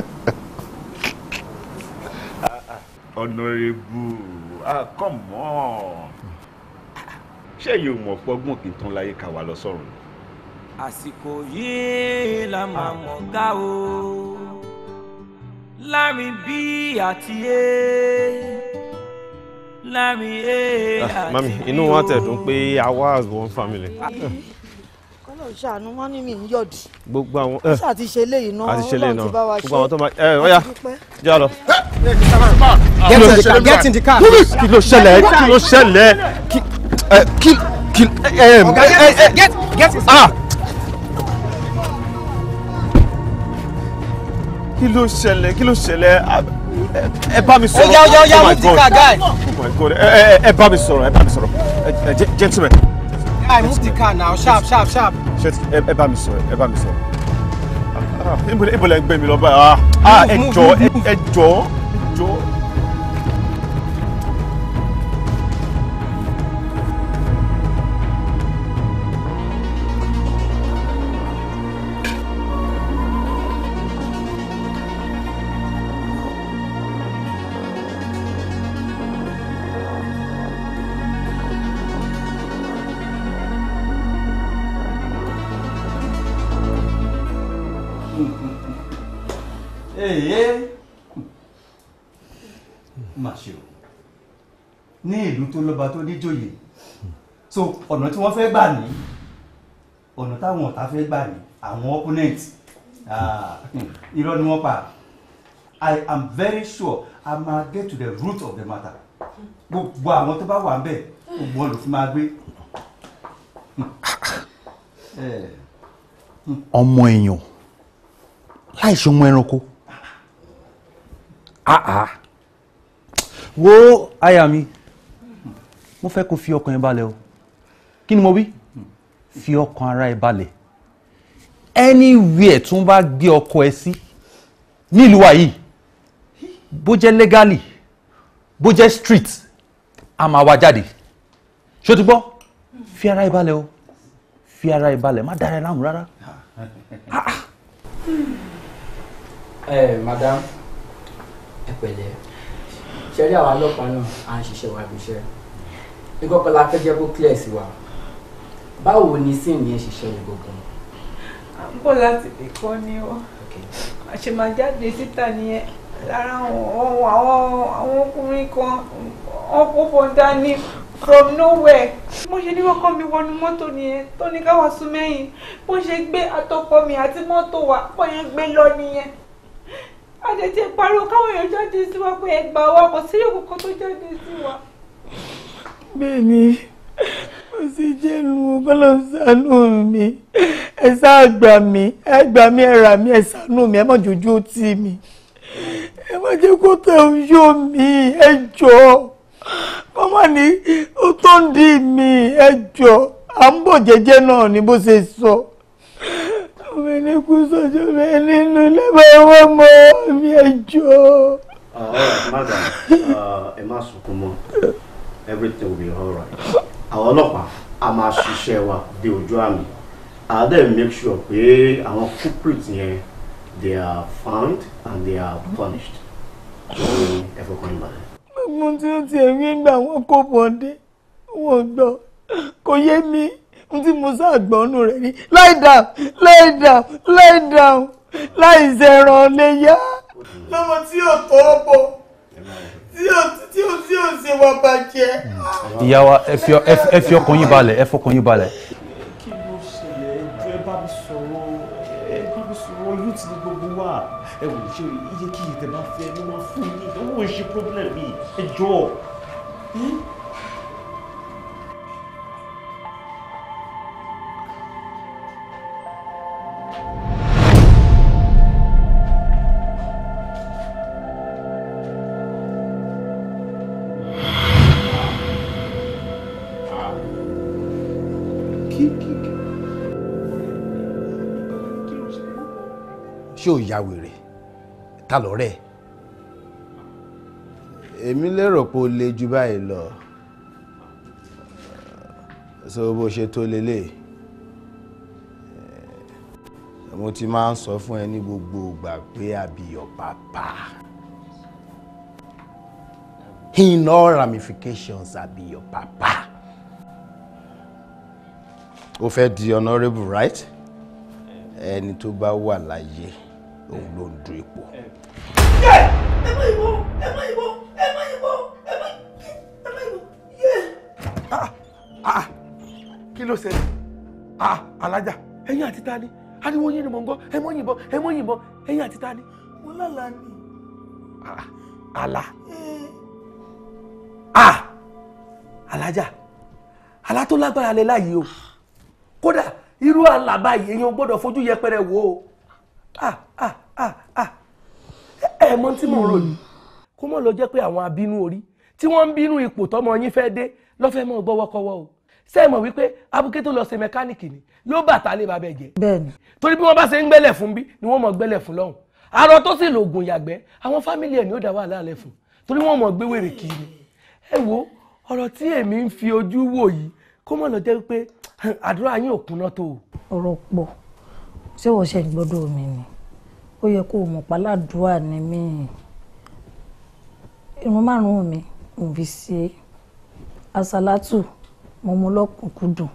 (laughs) honorable ah come on ṣé yóò mọ̀ fọ́gbọ́n kì í tán láyé ká wà lọ sọ́run. àsìkò yìí la máa mọ̀ ká o láàrin bí àti ẹ láàrin ẹ ah, àti bí mami inú wa tẹ̀ pé àwa as one family ṣàánú wọn ní mi yọdì. gbogbo àwọn ẹ eh, ṣáà ti ṣe eléyìí náà Ọlọ́run ti bá wa ṣe gbogbo àwọn tó máa ẹ ọyà jẹ àlọ. get in the car. kí ló ṣẹlẹ̀ kí ló ṣẹlẹ̀ kí eh, kí ẹ ẹ eh, get get ah. kí ló ṣẹlẹ̀ kí ló ṣẹlẹ̀ ah, ẹ bá mi sọ̀rọ̀. ó yá ó yá ó yá wọ́n ká guy. Oh ẹ bá mi sọ̀rọ̀ ẹ bá mi sọ̀rọ̀ gentleman. I move the car now sharp sharp sharp. ṣe ẹ bá mi sọ ẹ bá Ah, sọ ah, ibo lẹ gbé mi lọ báyìí Ah, ah, ẹ jọ ẹ jọ. rèé mà ṣe o ní ìlú tó lọ́ba tó níjòyè so ọ̀nà tí wọ́n fẹ́ gbà ní ọ̀nà táwọn ọ̀tá fẹ́ gbà ní àwọn opponent irọ́ ni wọ́n pa i am very sure i ma get to the root of the matter gbogbo àwọn tó bá wà ń bẹ̀ gbogbo ọ̀nà tí máa gbé. ọmọ èèyàn láì ṣe ọmọ ẹranko Ah, ah. wo aya mi mo fẹ́ kó fi ọkàn ẹ balẹ̀ o kí ni mo wí fi ọkàn ara ẹ balẹ̀ anywhere tó ń bá gbé ọkọ ẹ sí nílùú wa yìí bó jẹ́ legally bó jẹ́ street a máa wá jáde ṣó ti gbọ́ fi ara ẹ balẹ̀ o fi ara ẹ balẹ̀ má dára ẹ láàmú rárá. ẹ (laughs) eh, madam ẹ pẹ̀lẹ́ ṣẹlẹ ọlọ́pàá náà à ń ṣiṣẹ́ wa bíṣẹ́ ìkọkọ la fẹ́ jẹ́ kó clear sí wa báwo ni sin yẹn ṣiṣẹ́ rẹ̀ gbogbo. à ń bọ̀ láti lè kọ́ ni ó àṣemájáde síta nìyẹn lára àwọn ọkùnrin kan ọ̀pọ̀pọ̀ dání from nowhere mo ṣe ní kọ́kọ́ mi wọnú mọ́tò nìyẹn tó ní káwá sún bó ṣe gbé atọ́kọ mi àti mọ́tò wa bó yẹn gbé lọ nìyẹn àdètè pariwo káwọn èèyàn jáde sí wa pé ẹgbàá wa kò sí òkú kan tó jáde sí wa. bẹ́ẹ̀ ni mo sì jẹ́nu kọ́lọ́sánú mi ẹ sáà gbà mí ẹ gbà mí ẹ rà mí ẹ ṣàánú mi ẹ má jojú tì mí ẹ má jẹ́ kó tẹ ojú mi ẹ jọ mọ́mọ́ ni ó tó ń dì mí ẹ jọ à ń bọ̀ jẹ́jẹ́ náà ni bó ṣe sọ. So mi ní kú sójú mi nínú ilé bàbá ọmọ mi ẹjọ́. Ah, madam ah, ẹ má sunkún mọ́ everything will be alright àwọn ọlọ́pàá a máa ṣiṣẹ́ wa dé ojú àmì i then make sure pé àwọn culprits yẹn they are found and they are punished ẹ fọkàn ìbàdàn. gbogbo tí ó ti ẹ̀rí ń gbà wọ́n kó bọ̀ dé wọ́n gbọ́ kò yé mi tí mo ṣàgbọ́nù rẹ̀ ni lie down lie down lie down láì ṣẹ̀ràn lè yá. lọ́mọ tí yóò tọ́ ọ bọ̀ tí yóò tí yóò ṣe wà bàjẹ́. ìyá wa ẹ fi ọkàn yín balẹ̀ ẹ fọkàn yín balẹ̀. kí ló ṣẹlẹ̀ ẹjọ́ ẹ bá mi sọ̀rọ̀ ẹ bá mi sọ̀rọ̀ youth ní gbogbo wa ẹ wò ṣe iye kí ìtẹ̀ bá fẹ́ ló máa fún yín owó ìṣe problem yìí ẹjọ́. Hmm? ṣé ò ya wèrè ta lọ́rẹ́ èmi lérò pé o lè ju báyìí lọ so bó ṣe tó lélẹ̀ eh, mo ti máa ń sọ fún ẹ ní gbogbo ìgbà pé àbíyọ pàpà in all ramifications àbíyọ pàpà o fẹ́ di honourable right ẹni tó bá wà láyé òun ló ń du ipò. ẹ má ìwọ ẹ má ìwọ ẹ má ìwọ ẹ má ẹ má ìwọ yẹ. Ah, ah, ah. kí ló ṣẹlẹ̀ alájà ẹ̀yin àti ta ni ariwo yín ni mò ń gbọ́ ẹ mọ́ yìnbọn ẹ mọ́ yìnbọn ẹ̀yin àti ta ni. mo lálàá ni. àlá alájà àlá tó lágbára lẹ láàyè o kódà irú àlá báyìí èèyàn gbọ́dọ̀ fojú yẹpẹrẹ wò ó. Ah, ah, ah, ẹ mọ tí mo rò ní kó mọ̀ lọ jẹ́ pé àwọn abínú orí tí wọ́n ń bínú ipò tọmọ yín fẹ́ dé lọ́fẹ́ mọ́ gbọ́wọ́kọ́wọ́ o ṣé ẹ mọ̀ wípé abuké tó lọ ṣe mẹkáníìkì ni ló bàtà lè bàbẹ̀ jẹ́ bẹ́ẹ̀ni torí bí wọ́n bá ṣe ń gbẹ́lẹ̀ fún bí ni wọ́n mọ̀ gbẹ́lẹ̀ fún lọ́hùn arọ tó sì lògùn yàgbẹ́ àwọn fámìlì ẹ̀ ni ó dá wàhálà lẹ̀ fún torí wọ́n mọ̀ gbé wèrè kì í ni ẹ wo ọ̀rọ̀ tí èmi ń fi ojú wò yìí kó mọ̀ lọ jẹ́ pé àdúrà yín ò kúnná tó ọ̀rọ̀ pọ̀ ṣé wọ́n ṣe ń gbọ́dọ̀ mi ni ó yẹ kó o mọ̀ pàládùá ni mí irun márùn-ún mi ń fi ṣe àṣàlátù mo mú lọ́kùnkúndùn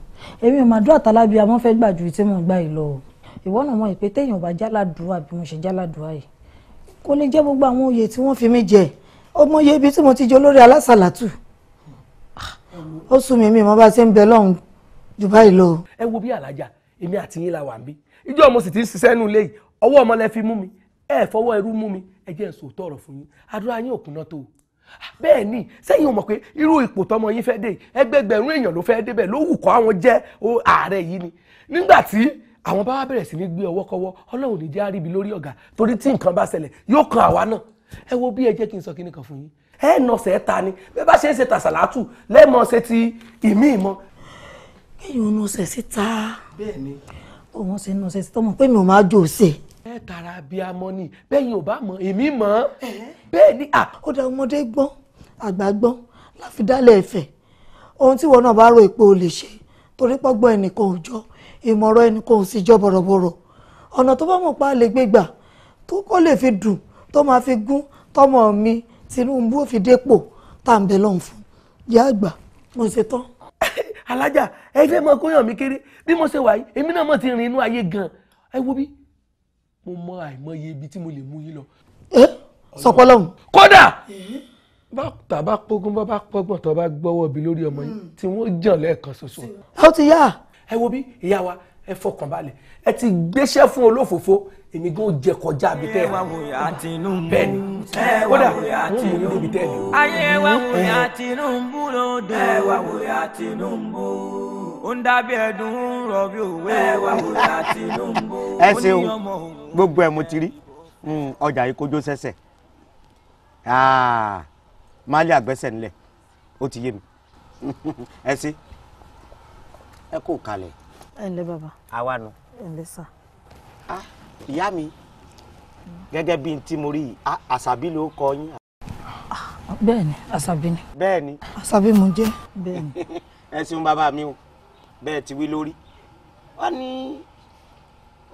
èmi ò máa dúrà tálábíà mo fẹ́ gbà ju tí mo gbà yìí lọ ìwọ náà mọ̀ pé téèyàn bá jáládùá bí mo ṣe jáládùá yìí kò lè jẹ́ gbogbo àwọn oyè tí wọ́n fi mí jẹ ọmọ iye ibi tí mo ti jẹ olórí alásàlátù ó sún mi mi mo bá ṣe ń bẹ lọ́hùn jù báyìí lọ. ẹ wo bí alájà èmi àti yín la wà ń bí ìjọ mo sì ti ń ṣiṣẹ́ nù léyìí ọwọ́ ọmọ lẹ fi mú mi ẹ fọwọ́ ẹrú mú mi ẹ jẹ́ ẹ̀sùn òótọ́ ọ̀rọ̀ fún yín àdúrà yín òkúná tó bẹ́ẹ̀ ni sẹ́yìn o mọ̀ pé irú ipò tọmọ yín fẹ́ dé ẹgbẹgbẹ̀rún èèyàn ló fẹ́ débẹ̀ ló wù kọ́ àwọn jẹ́ ààrẹ yìí ni nígbà tí àwọn bá wá bẹ̀rẹ̀ sí ní gbé ọwọ́ kọ́wọ́ ọlọ́run ní jẹ́ àríbi lórí ọ̀gá torí tí nǹkan bá ṣẹlẹ̀ yóò kan àwa náà ẹ wo bí ẹ jẹ́ kí n sọ kí nìkan fún yín ẹ nà ọ̀sẹ̀ ta ni bẹ́ẹ̀ bá ṣe ń ṣe tàṣàlátù lẹ́ẹ̀mọ́ ṣe ti ìmí ìmọ̀. kéèyàn nà ọ̀sẹ̀ síta. bẹ́ẹ̀ ni bó wọn ṣe ń nọ sẹsẹ tọmọ pé mi ò máa jò ṣe. ẹ tara bíi amọ ni bẹ́ẹ̀ yóò bá mọ èmi mọ́ bẹ́ẹ̀ ni. ó dá ọmọdé gbọ́n àgbà gbọ́n láfi dálẹ̀ ẹ̀fẹ̀ ohun tí wọn náà bá rò èpo ò lè ṣe torí pọ́gbọ́n ẹnìkan ò jọ ìmọ̀ràn ẹnìkan ò sì jọ bọ̀rọ̀bọ̀rọ̀ ọ̀nà tó bá mọ̀ pa lè gbé gbà tó kó lè fi dùn tó máa fi gún tọmọ mi Tinubu fi dépò tá fún yá mo ṣe tán alájà ẹ fẹ́ mọ kóyàn mi kéré bí mo ṣe wà yìí èmi náà mọ̀ ti rìn inú ayé gan ẹ wo bí mo mọ àìmọye ibi tí mo lè mú yín lọ. ẹ sọpọ lọhùn. kódà bàtà bá pógún bá bá pọ́gbọ̀n tó bá gbọ́wọ́ bí lórí ọmọ yìí hmm. tí wọ́n jàn lẹ́ẹ̀kan ṣoṣo. a ó ti yá. ẹ wo bí ìyá wa ẹ fọkàn balẹ̀ ẹ ti gbéṣẹ́ fún olófòfó èmi gan jẹ kọjá àbí tẹ́ ẹ wá wò yá Tinubu bẹ́ẹ̀ ni kódà wọ́n mú mi débi tẹ́ ẹ lè wò. ayé wa wò yá Tinubu ló dé ẹ wá wò yá Tinubu ó ń dábí ẹdùn ń rọ bí òwe ẹ wá wò yá Tinubu. ẹ ṣeun gbogbo ẹ mo ti rí hmm, ọjà yìí kójó sẹsẹ ah, máàlì àgbẹsẹ nílẹ̀ ó ti yé mi (laughs) ẹ ṣe ẹ kò kalẹ̀ ẹ ǹlẹ́ bàbá. àwa nu. ẹ ǹlẹ́ sà. Ah, ìyá mi gẹ́gẹ́ bíi tí mo rí i ah, àṣàbí ló kọ yín. Ah, bẹ́ẹ̀ ni àṣàbí ni. bẹ́ẹ̀ ni. àṣàbí mo jẹ́ bẹ́ẹ̀ ni. ẹ ṣeun bàbá mi o bẹ́ẹ̀ ti wí lórí wọ́n ní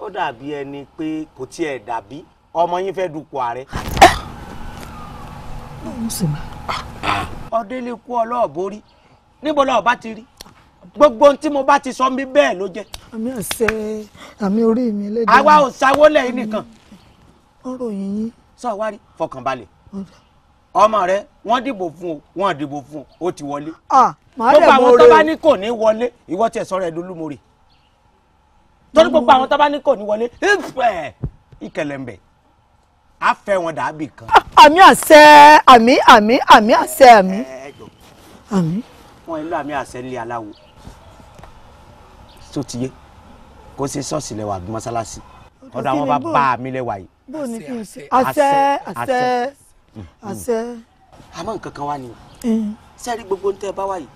ó dàbí ẹni pé kò tiẹ̀ dàbí ọmọ yín fẹ́ dupò ààrẹ. ọdẹ lè kú ọlọ́ọ̀bórí níbo lọ́ọ̀ bá ti rí gbogbo ohun tí mo bá ti sọ mi bẹ́ẹ̀ ló jẹ́. àmì àṣẹ àmì orí mi lẹ́dọ̀. àwa ò sáwó lẹ́yìn nìkan. ọ̀rọ̀ yìnyín. sọ wá rí fọkànbalẹ̀ ọmọ rẹ wọ́n dìbò fún o wọ́n dìbò fún o ó ti wọlé. gbogbo àwọn tó bá ní kò ní wọlé ìwọ tiẹ̀ sọ̀rọ̀ ẹ̀ dolúmọ̀rẹ̀ torí gbogbo àwọn tó bá ní kò ní wọlé ìkẹlẹ̀mbẹ̀ á fẹ́ wọn dàbí kan. Ah, àmì àṣẹ àmì àmì àmì àṣẹ àmì. wọn ìlú àmì àṣẹ ń lé aláwo tó ti yé kó ṣe ṣọ́ọ̀ṣì lẹ́wà àbí mọ́ṣáláṣí ọ̀dọ̀ àwọn bàbá mi lẹ́wà yìí. bó o ní kí n ṣe àṣẹ àṣẹ àṣẹ. àmọ́ nǹkan kan wá ni sẹ́rí eh. gbogbo ń tẹ́ bá wá yìí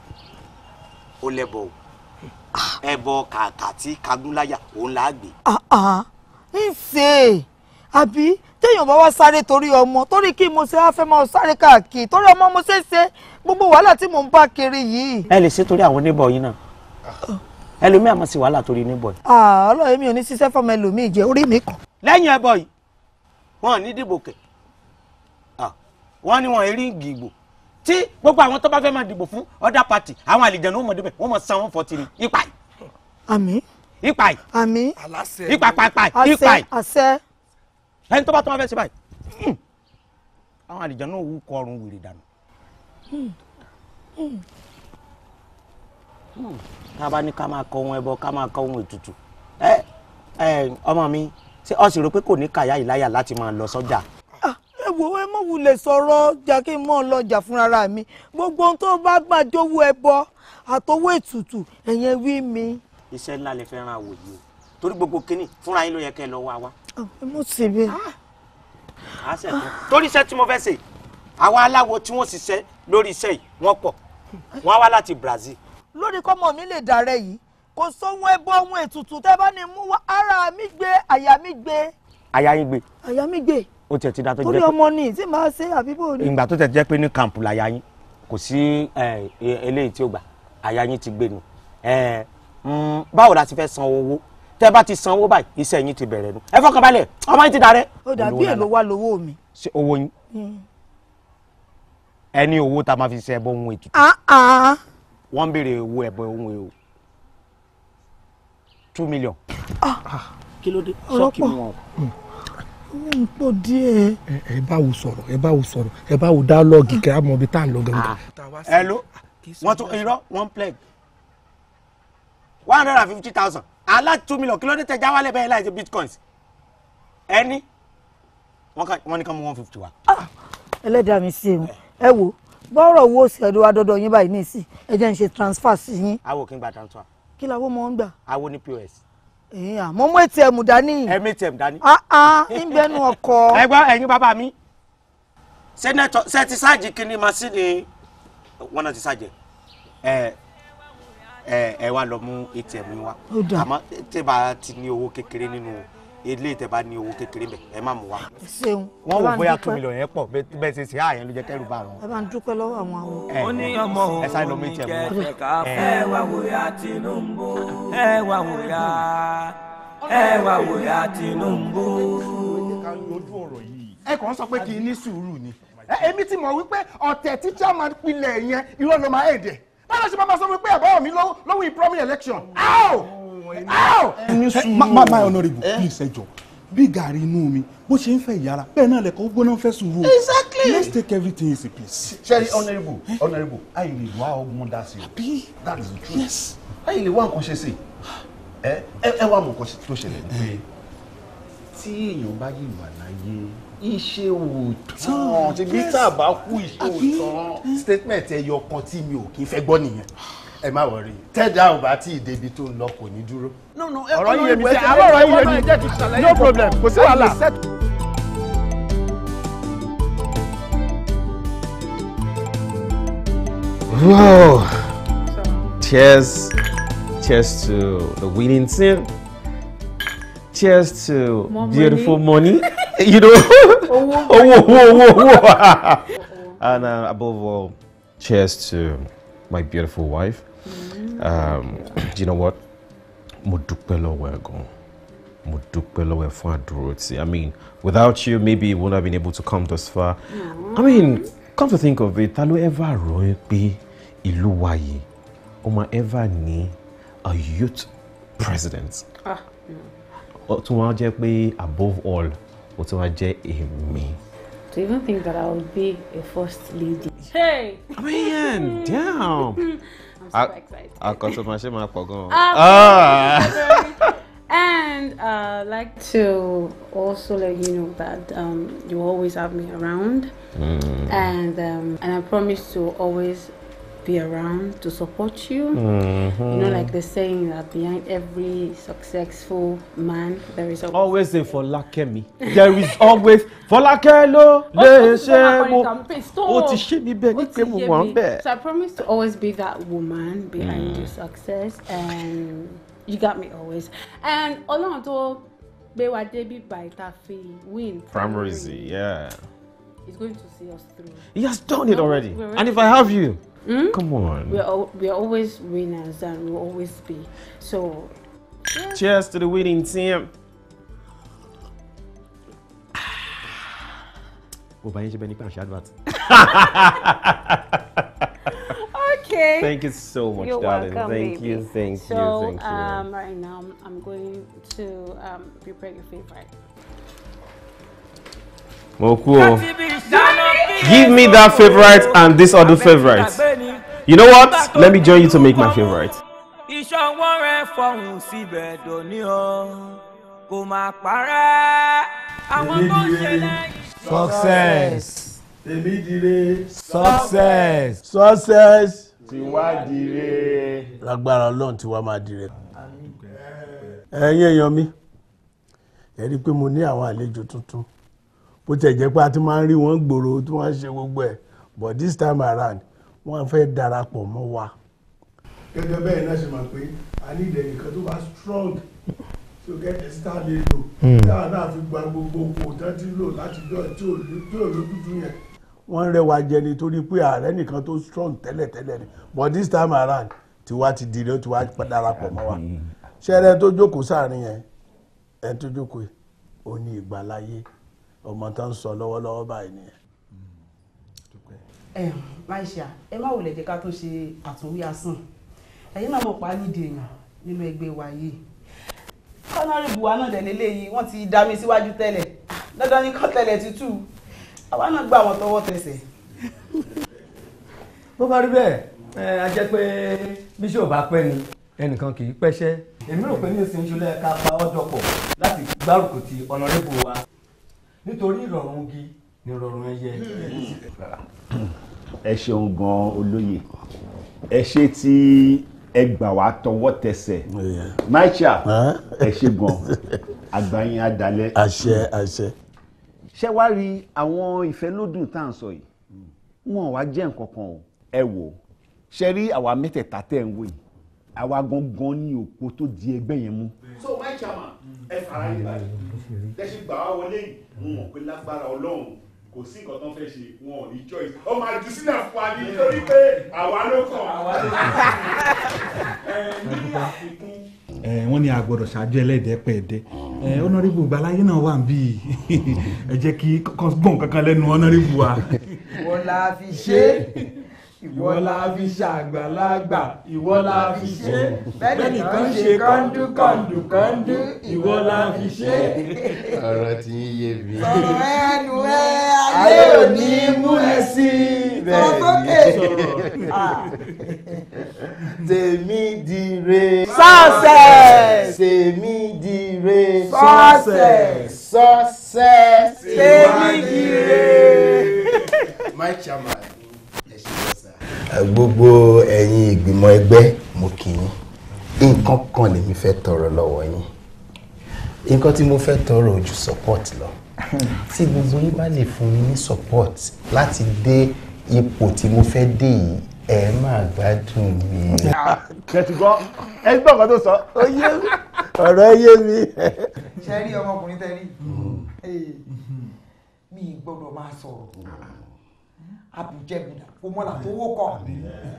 ó lẹ́bọ̀ o ah. ẹbọ kàkà tí kagúnláyà òun là á gbé. ń ṣe àbí téèyàn bá wá sáré torí ọmọ torí kí mo ṣe á fẹ́ máa sáré káàkiri torí ọmọ mo ṣe é ṣe gbogbo wàhálà tí mò ń bá kiri yìí. ẹ lè ṣe torí àwọn oníbọ̀ yìí náà. Ah ẹlòmíì àmọ́ sí wàhálà torí níbọ̀ yìí. Ah, ọlọ́run mi ò ní ṣiṣẹ́ fọmọ ẹlòmíì jẹ orí mi kàn. lẹ́yìn ẹbọ yìí wọn ní dìbò kẹ ah, wọn ní wọn eré ìgbìgbò tí gbogbo àwọn tó bá fẹ́ máa dìbò fún ọ̀dà pàtì àwọn àlìjẹ̀nu wọn débẹ̀ wọn mọ̀ san wọn fọ́tì ní ipa yìí. àmín. ipa yìí. àmín. ipa pàpà ipa yìí. àṣẹ. ẹni tó bá tó máa fẹ́ ṣe báyìí hmm, àwọn àlìjẹ̀nu wù kọrùn wèrè dànù. Hmm, hmm tá a bá ní ká máa kọ ohun ẹbọ ká máa kọ ohun ètùtù ẹ ẹ ọmọ mi ṣé ọ sì rò pé kò ní kàyà ìláyà láti máa lọ sọ́jà. Ah, ẹ wo ẹ mọ wulẹ̀ sọ̀rọ̀ jà kí n mọ lọjà fúnra mi gbogbo ohun tó bá gbà jówó ẹbọ àtọwọ́ ètùtù ẹ̀yẹn wí mi. iṣẹ́ ńlá lè fẹ́ ran àwòyí o torí gbogbo kínní fúnra yín ló yẹ kẹ́ ẹ lọ wá wa. Ah, ẹ mú sí mi. Ah, torí iṣẹ́ tí mo fẹ́ ṣe àwọn aláwo tí wọ́n ṣiṣẹ́ lórí iṣẹ́ yìí wọ́n pọ̀ wọ́n wá láti Brazil lórí kọ́mọ mi lè dàrẹ́ yìí kò sóhun ẹbọ ohun ètùtù tẹ́ bá ní mú wá ara mi gbé àyà mi gbé. àyà yín gbé. àyà mi gbé. ó tiẹ̀ ti da tó jẹ́ pé torí ọmọ ni tí màá ṣe àbíbò ni. ìgbà tó tẹ̀ jẹ́ pé ní kàǹpù làyà yín kò sí e, eléyìí tí ó gbà àyà yín ti gbé ni mm, báwo la ti fẹ́ san owó tẹ́ bá ti san owó báyìí iṣẹ́ yín ti bẹ̀rẹ̀ nu ẹ fọkàn balẹ̀ ọmọ yín ti dàrẹ́. ó dàbí èlò wa lówó mi. ṣé owó yín hmm. ẹni owó tá a máa fi ṣe ẹbọ ohun ètùtù. Ah, ah wọ́n ń béèrè owó ẹ̀bọ̀ ohun èlò two million. Ah. Ah, kí ló dé sọ́ọ̀kì wọn. owó ń pọ̀ díẹ̀. ẹ bá wo sọ̀rọ̀ ẹ bá wo sọ̀rọ̀ ẹ bá wo dáálọ́ọ̀gì kẹ́ ẹ mọ tá à ń lọ gangan. ẹ ah. ló wọ́n tún irọ́ one plug one hundred and fifty thousand aláti two million kí ló dé tẹ jáwálẹ̀ bẹ́ẹ̀ láì ṣe bitcoins ẹni wọ́n ní ká mú one fifty wa. ẹlẹ́dàá mi sí i ẹ wo bọ́rọ̀ owó òsì ẹ̀dọ́ wa yín báyìí nísì ẹ jẹ́ ń ṣe transfer sí yín. awo kí n gba transfer. kí làwọn ọmọ ń gbà. awo ní pos. ẹ̀yin àmọ́ mú atm dání. ẹ mú atm dání. aa ah, ah, ń bẹnu ọkọ. ẹ gbọ́ ẹ̀yin bàbá mi sẹ́nẹ́tọ̀ ṣe ti ṣáàjì kínní masini wọn náà ti ṣáàjẹ ẹ ẹ ẹ wá lọ mú atm wa àmọ́ tẹ́ bá ti ní owó kékeré nínú o ilé ìtẹ̀bá ní owó kékeré bẹ̀ ẹ má mú wa. ṣeun wọn wò bóyá two million yẹn pọ̀ bẹ́ẹ̀ ṣe ṣe àyẹn ló jẹ́ kẹ́rù bá wọn. ẹ bá ń dúpẹ́ lọ́wọ́ àwọn àwọn. ó ní ọmọ òun ní kẹ̀kẹ́ ẹ wá wòyà Tinubu ẹ wá wòyà ẹ wá wòyà Tinubu. ẹ kàn sọ pé kì í ní sùúrù ni èmi ti mọ̀ wípé ọ̀tẹ̀ tí chairman pilẹ̀ yẹn irọ́ ló báwo ṣe máa sọ wípé àbáwọ̀ mi lówó ìpromi election my honourable please ẹ jọ bí gàrí inú mi bó ṣe ń fẹ́ ìyára bẹ́ẹ̀ náà lẹ́kọ̀ọ́ gbóná fẹ́ sùúrù. exactly let's take everything easy please. sẹ́ni honourable honourable àyè lè wá ọgbọ́n dá sí i that is the truth yes. àyè lè wá nǹkan ṣe sí i ẹ wá mọ̀ nǹkan tó ṣẹlẹ̀ ní pé tí èèyàn bá yìí wà láyé iṣẹ́ òótọ́ ṣe bí tá a bá kú iṣẹ́ òótọ́ eh. statement ẹyọ kan tí mi ò kí ń fẹ́ gbọ́ ẹ má wọrí tẹ́dá ò bá tí ì tó ń lọ kò ní dúró. ọ̀rọ̀ yìí yé sẹ́ àbọ̀ yìí yé no problem kò sí wàhálà. Whoa! Cheers! Cheers to the winning team. Cheers to More beautiful money. money. (laughs) you know, owó (laughs) owó owó. (laughs) And uh, above all, cheers to my beautiful wife um, you know what mo dúpẹ́ lọ́wọ́ ẹ mo dúpẹ́ lọ́wọ́ ẹ fún àdúrótì i mean without you maybe you wouldn't have been able to come this far i mean come to think of it ta ló ever rò ó pé ìlú wa yìí ó máa ever ní a youth president ah. ó tún wá jẹ́ pé above all ó tún wá jẹ́ èmi. to even think that i would be a first lady. hey. i mean damn. (laughs) i will cut off my Our customer shame my And uh, like to also let you know that um, you always have me around, mm. and um, and I promise to always be around to support you. Mm-hmm. You know, mm-hmm. like the saying that behind every successful man, there is always, always a Fọlákẹ́mi. there is always Fọlákẹ́ ló (laughs) lè ṣe mo. Ó ti So I promise to always be that woman behind mm. your success and you got me always. And Ọlọ́run tó gbé wa débi báyìí tá win. Primary yeah. He's going to see us through. He has done it no, already. already. And if I have you. Mm? Come on. We're, we're always winners and we'll always be. So. Yeah. Cheers to the winning team. okay. Thank you so much, You're darling. thank baby. you, thank so, you, thank you. So um, right now I'm going to um, prepare your favorite. Oh cool! give me that favorite and this other favorite you know what let me join you to make my favorite. success success success tiwa dire. lágbára ọlọ́run tiwa máa dire. ẹ̀yin èèyàn mi ẹ rí i pé mo ní àwọn àlejò tuntun bó tẹ̀ jẹ́ pé a ti máa ń rí wọn gbòòrò tí wọ́n ṣe gbogbo ẹ̀ but this time around wọ́n fẹ́ darapọ̀ mọ́ wa. gẹ́gẹ́ bẹ́ẹ̀ náà ṣe mọ̀ pé a ní ìdẹ̀ nìkan tó bá strong tó gẹ́gẹ́ sí tá lè lò táwa náà fi gba gbogbo okòó tán ti lò láti dọ̀ tí ò lójútu yẹn. wọ́n ń rẹwà jẹ nítorí pé ààrẹ nìkan tó strong tẹ́lẹ̀tẹ́lẹ̀ ni but this time around tiwa ti di ló tiwa darapọ̀ mọ́ wa ṣẹ́rẹ́ tó jókòó sáàrin yẹn ẹ̀ tó jókòó ò ní ìgbàláyé ọmọ tó ń sọ lọ́wọ́lọ́wọ́ báyìí nìyẹn. ẹ maisha ẹ má wulẹ̀ jẹ́ ká tó ṣe àtúnwí asán ẹ̀yin náà mọ̀ pa nídìí èèyàn nínú ẹgbẹ́ wa yìí kọ́nọ́rì buwa náà dẹ̀ lélẹ́yìí wọ́n ti dá mi síwájú tẹ́lẹ̀ dandan ní kọ́ tẹ́lẹ̀ tútù àwa náà gbà wọ́n tọwọ́ tẹsẹ̀. bó bá rí bẹ́ẹ̀ ẹ a jẹ́ pé bíṣọ̀ bá pẹ́ ni ẹnìkan kì í pẹ́ṣẹ́. èmi rò pé ní oṣù ìṣúlẹ̀ ká pa ọ́ dọ̀pọ̀ láti gbárùkù ti ọ̀nàrẹ́bù wa nítorí ìrọ̀rùn igi ni ìrọ̀rùn ẹyẹ. ẹ ṣeun gan olóye ẹ ṣe tí ẹ gbà wá tọwọ́ tẹsẹ̀ maisha ẹ ṣe gan àgbáyìn adalẹ. àṣẹ àṣẹ. ṣé wàá rí àwọn ìfẹ́lódùn tá à ń sọ yìí wọn wá jẹ́ nǹkan kan o ẹ wò ṣe rí àwa mẹ́tẹ̀ẹ̀ta tẹ̀ ń wò yìí àwa gangan ní òpó tó di ẹgbẹ́ yẹn mú. so fine chairman ẹ fara yín báyìí lẹ́sìn gbà wá wọlé yìí wọn mọ̀ lágbára ọlọ́run kò sí nǹkan tó ń fẹ́ ṣe wọn ò ní choice ó máa jù sílẹ̀ fún wa ní nítorí pé àwa ló kàn wọ́n ní a gbọ́dọ̀ ṣáájú ẹlẹ́dẹ̀ẹ́ pẹ̀ẹ́dẹ́ ọ̀nàrẹ́bù gbàláyé náà wà bí ẹ jẹ́ kí gbọ̀n kankan lẹ́nu ọ̀nàrẹ́bù wa. wọ́n la fi ṣe é ìwọ la fi ṣàgbàlagbà ìwọ la fi ṣe bẹ́ẹ̀ni kan ṣe kọ́ńdú kọ́ńdú kọ́ńdú ìwọ la fi ṣe. ọ̀rọ̀ tí ń yé mi. ọ̀rọ̀ ẹnu ẹ ayé ò ní mú ẹ sí i bẹ́ẹ̀ ni ah. tèmi di re. success. tèmi di re. success. success. tèmi di re. my chairman gbogbo ẹ̀yin ìgbìmọ̀ ẹgbẹ́ mo kì í nǹkan kan lèmi fẹ́ tọrọ lọ́wọ́ yín nǹkan tí mo fẹ́ tọrọ ojú support lọ tí gbogbo yín bá lè fún mi ní support láti dé ipò tí mo fẹ́ dé yìí ẹ máa gbádùn mi. kẹtùgbọ́ ẹ gbọ́ nǹkan tó sọ ó yé mi ọ̀rọ̀ ẹ yé mi. ṣe rí ọmọkùnrin tẹ́ rí mi gbọ́dọ̀ máa sọ̀rọ̀ àbùjẹ́bùdà kò mọ̀ làtọwọ́ kọ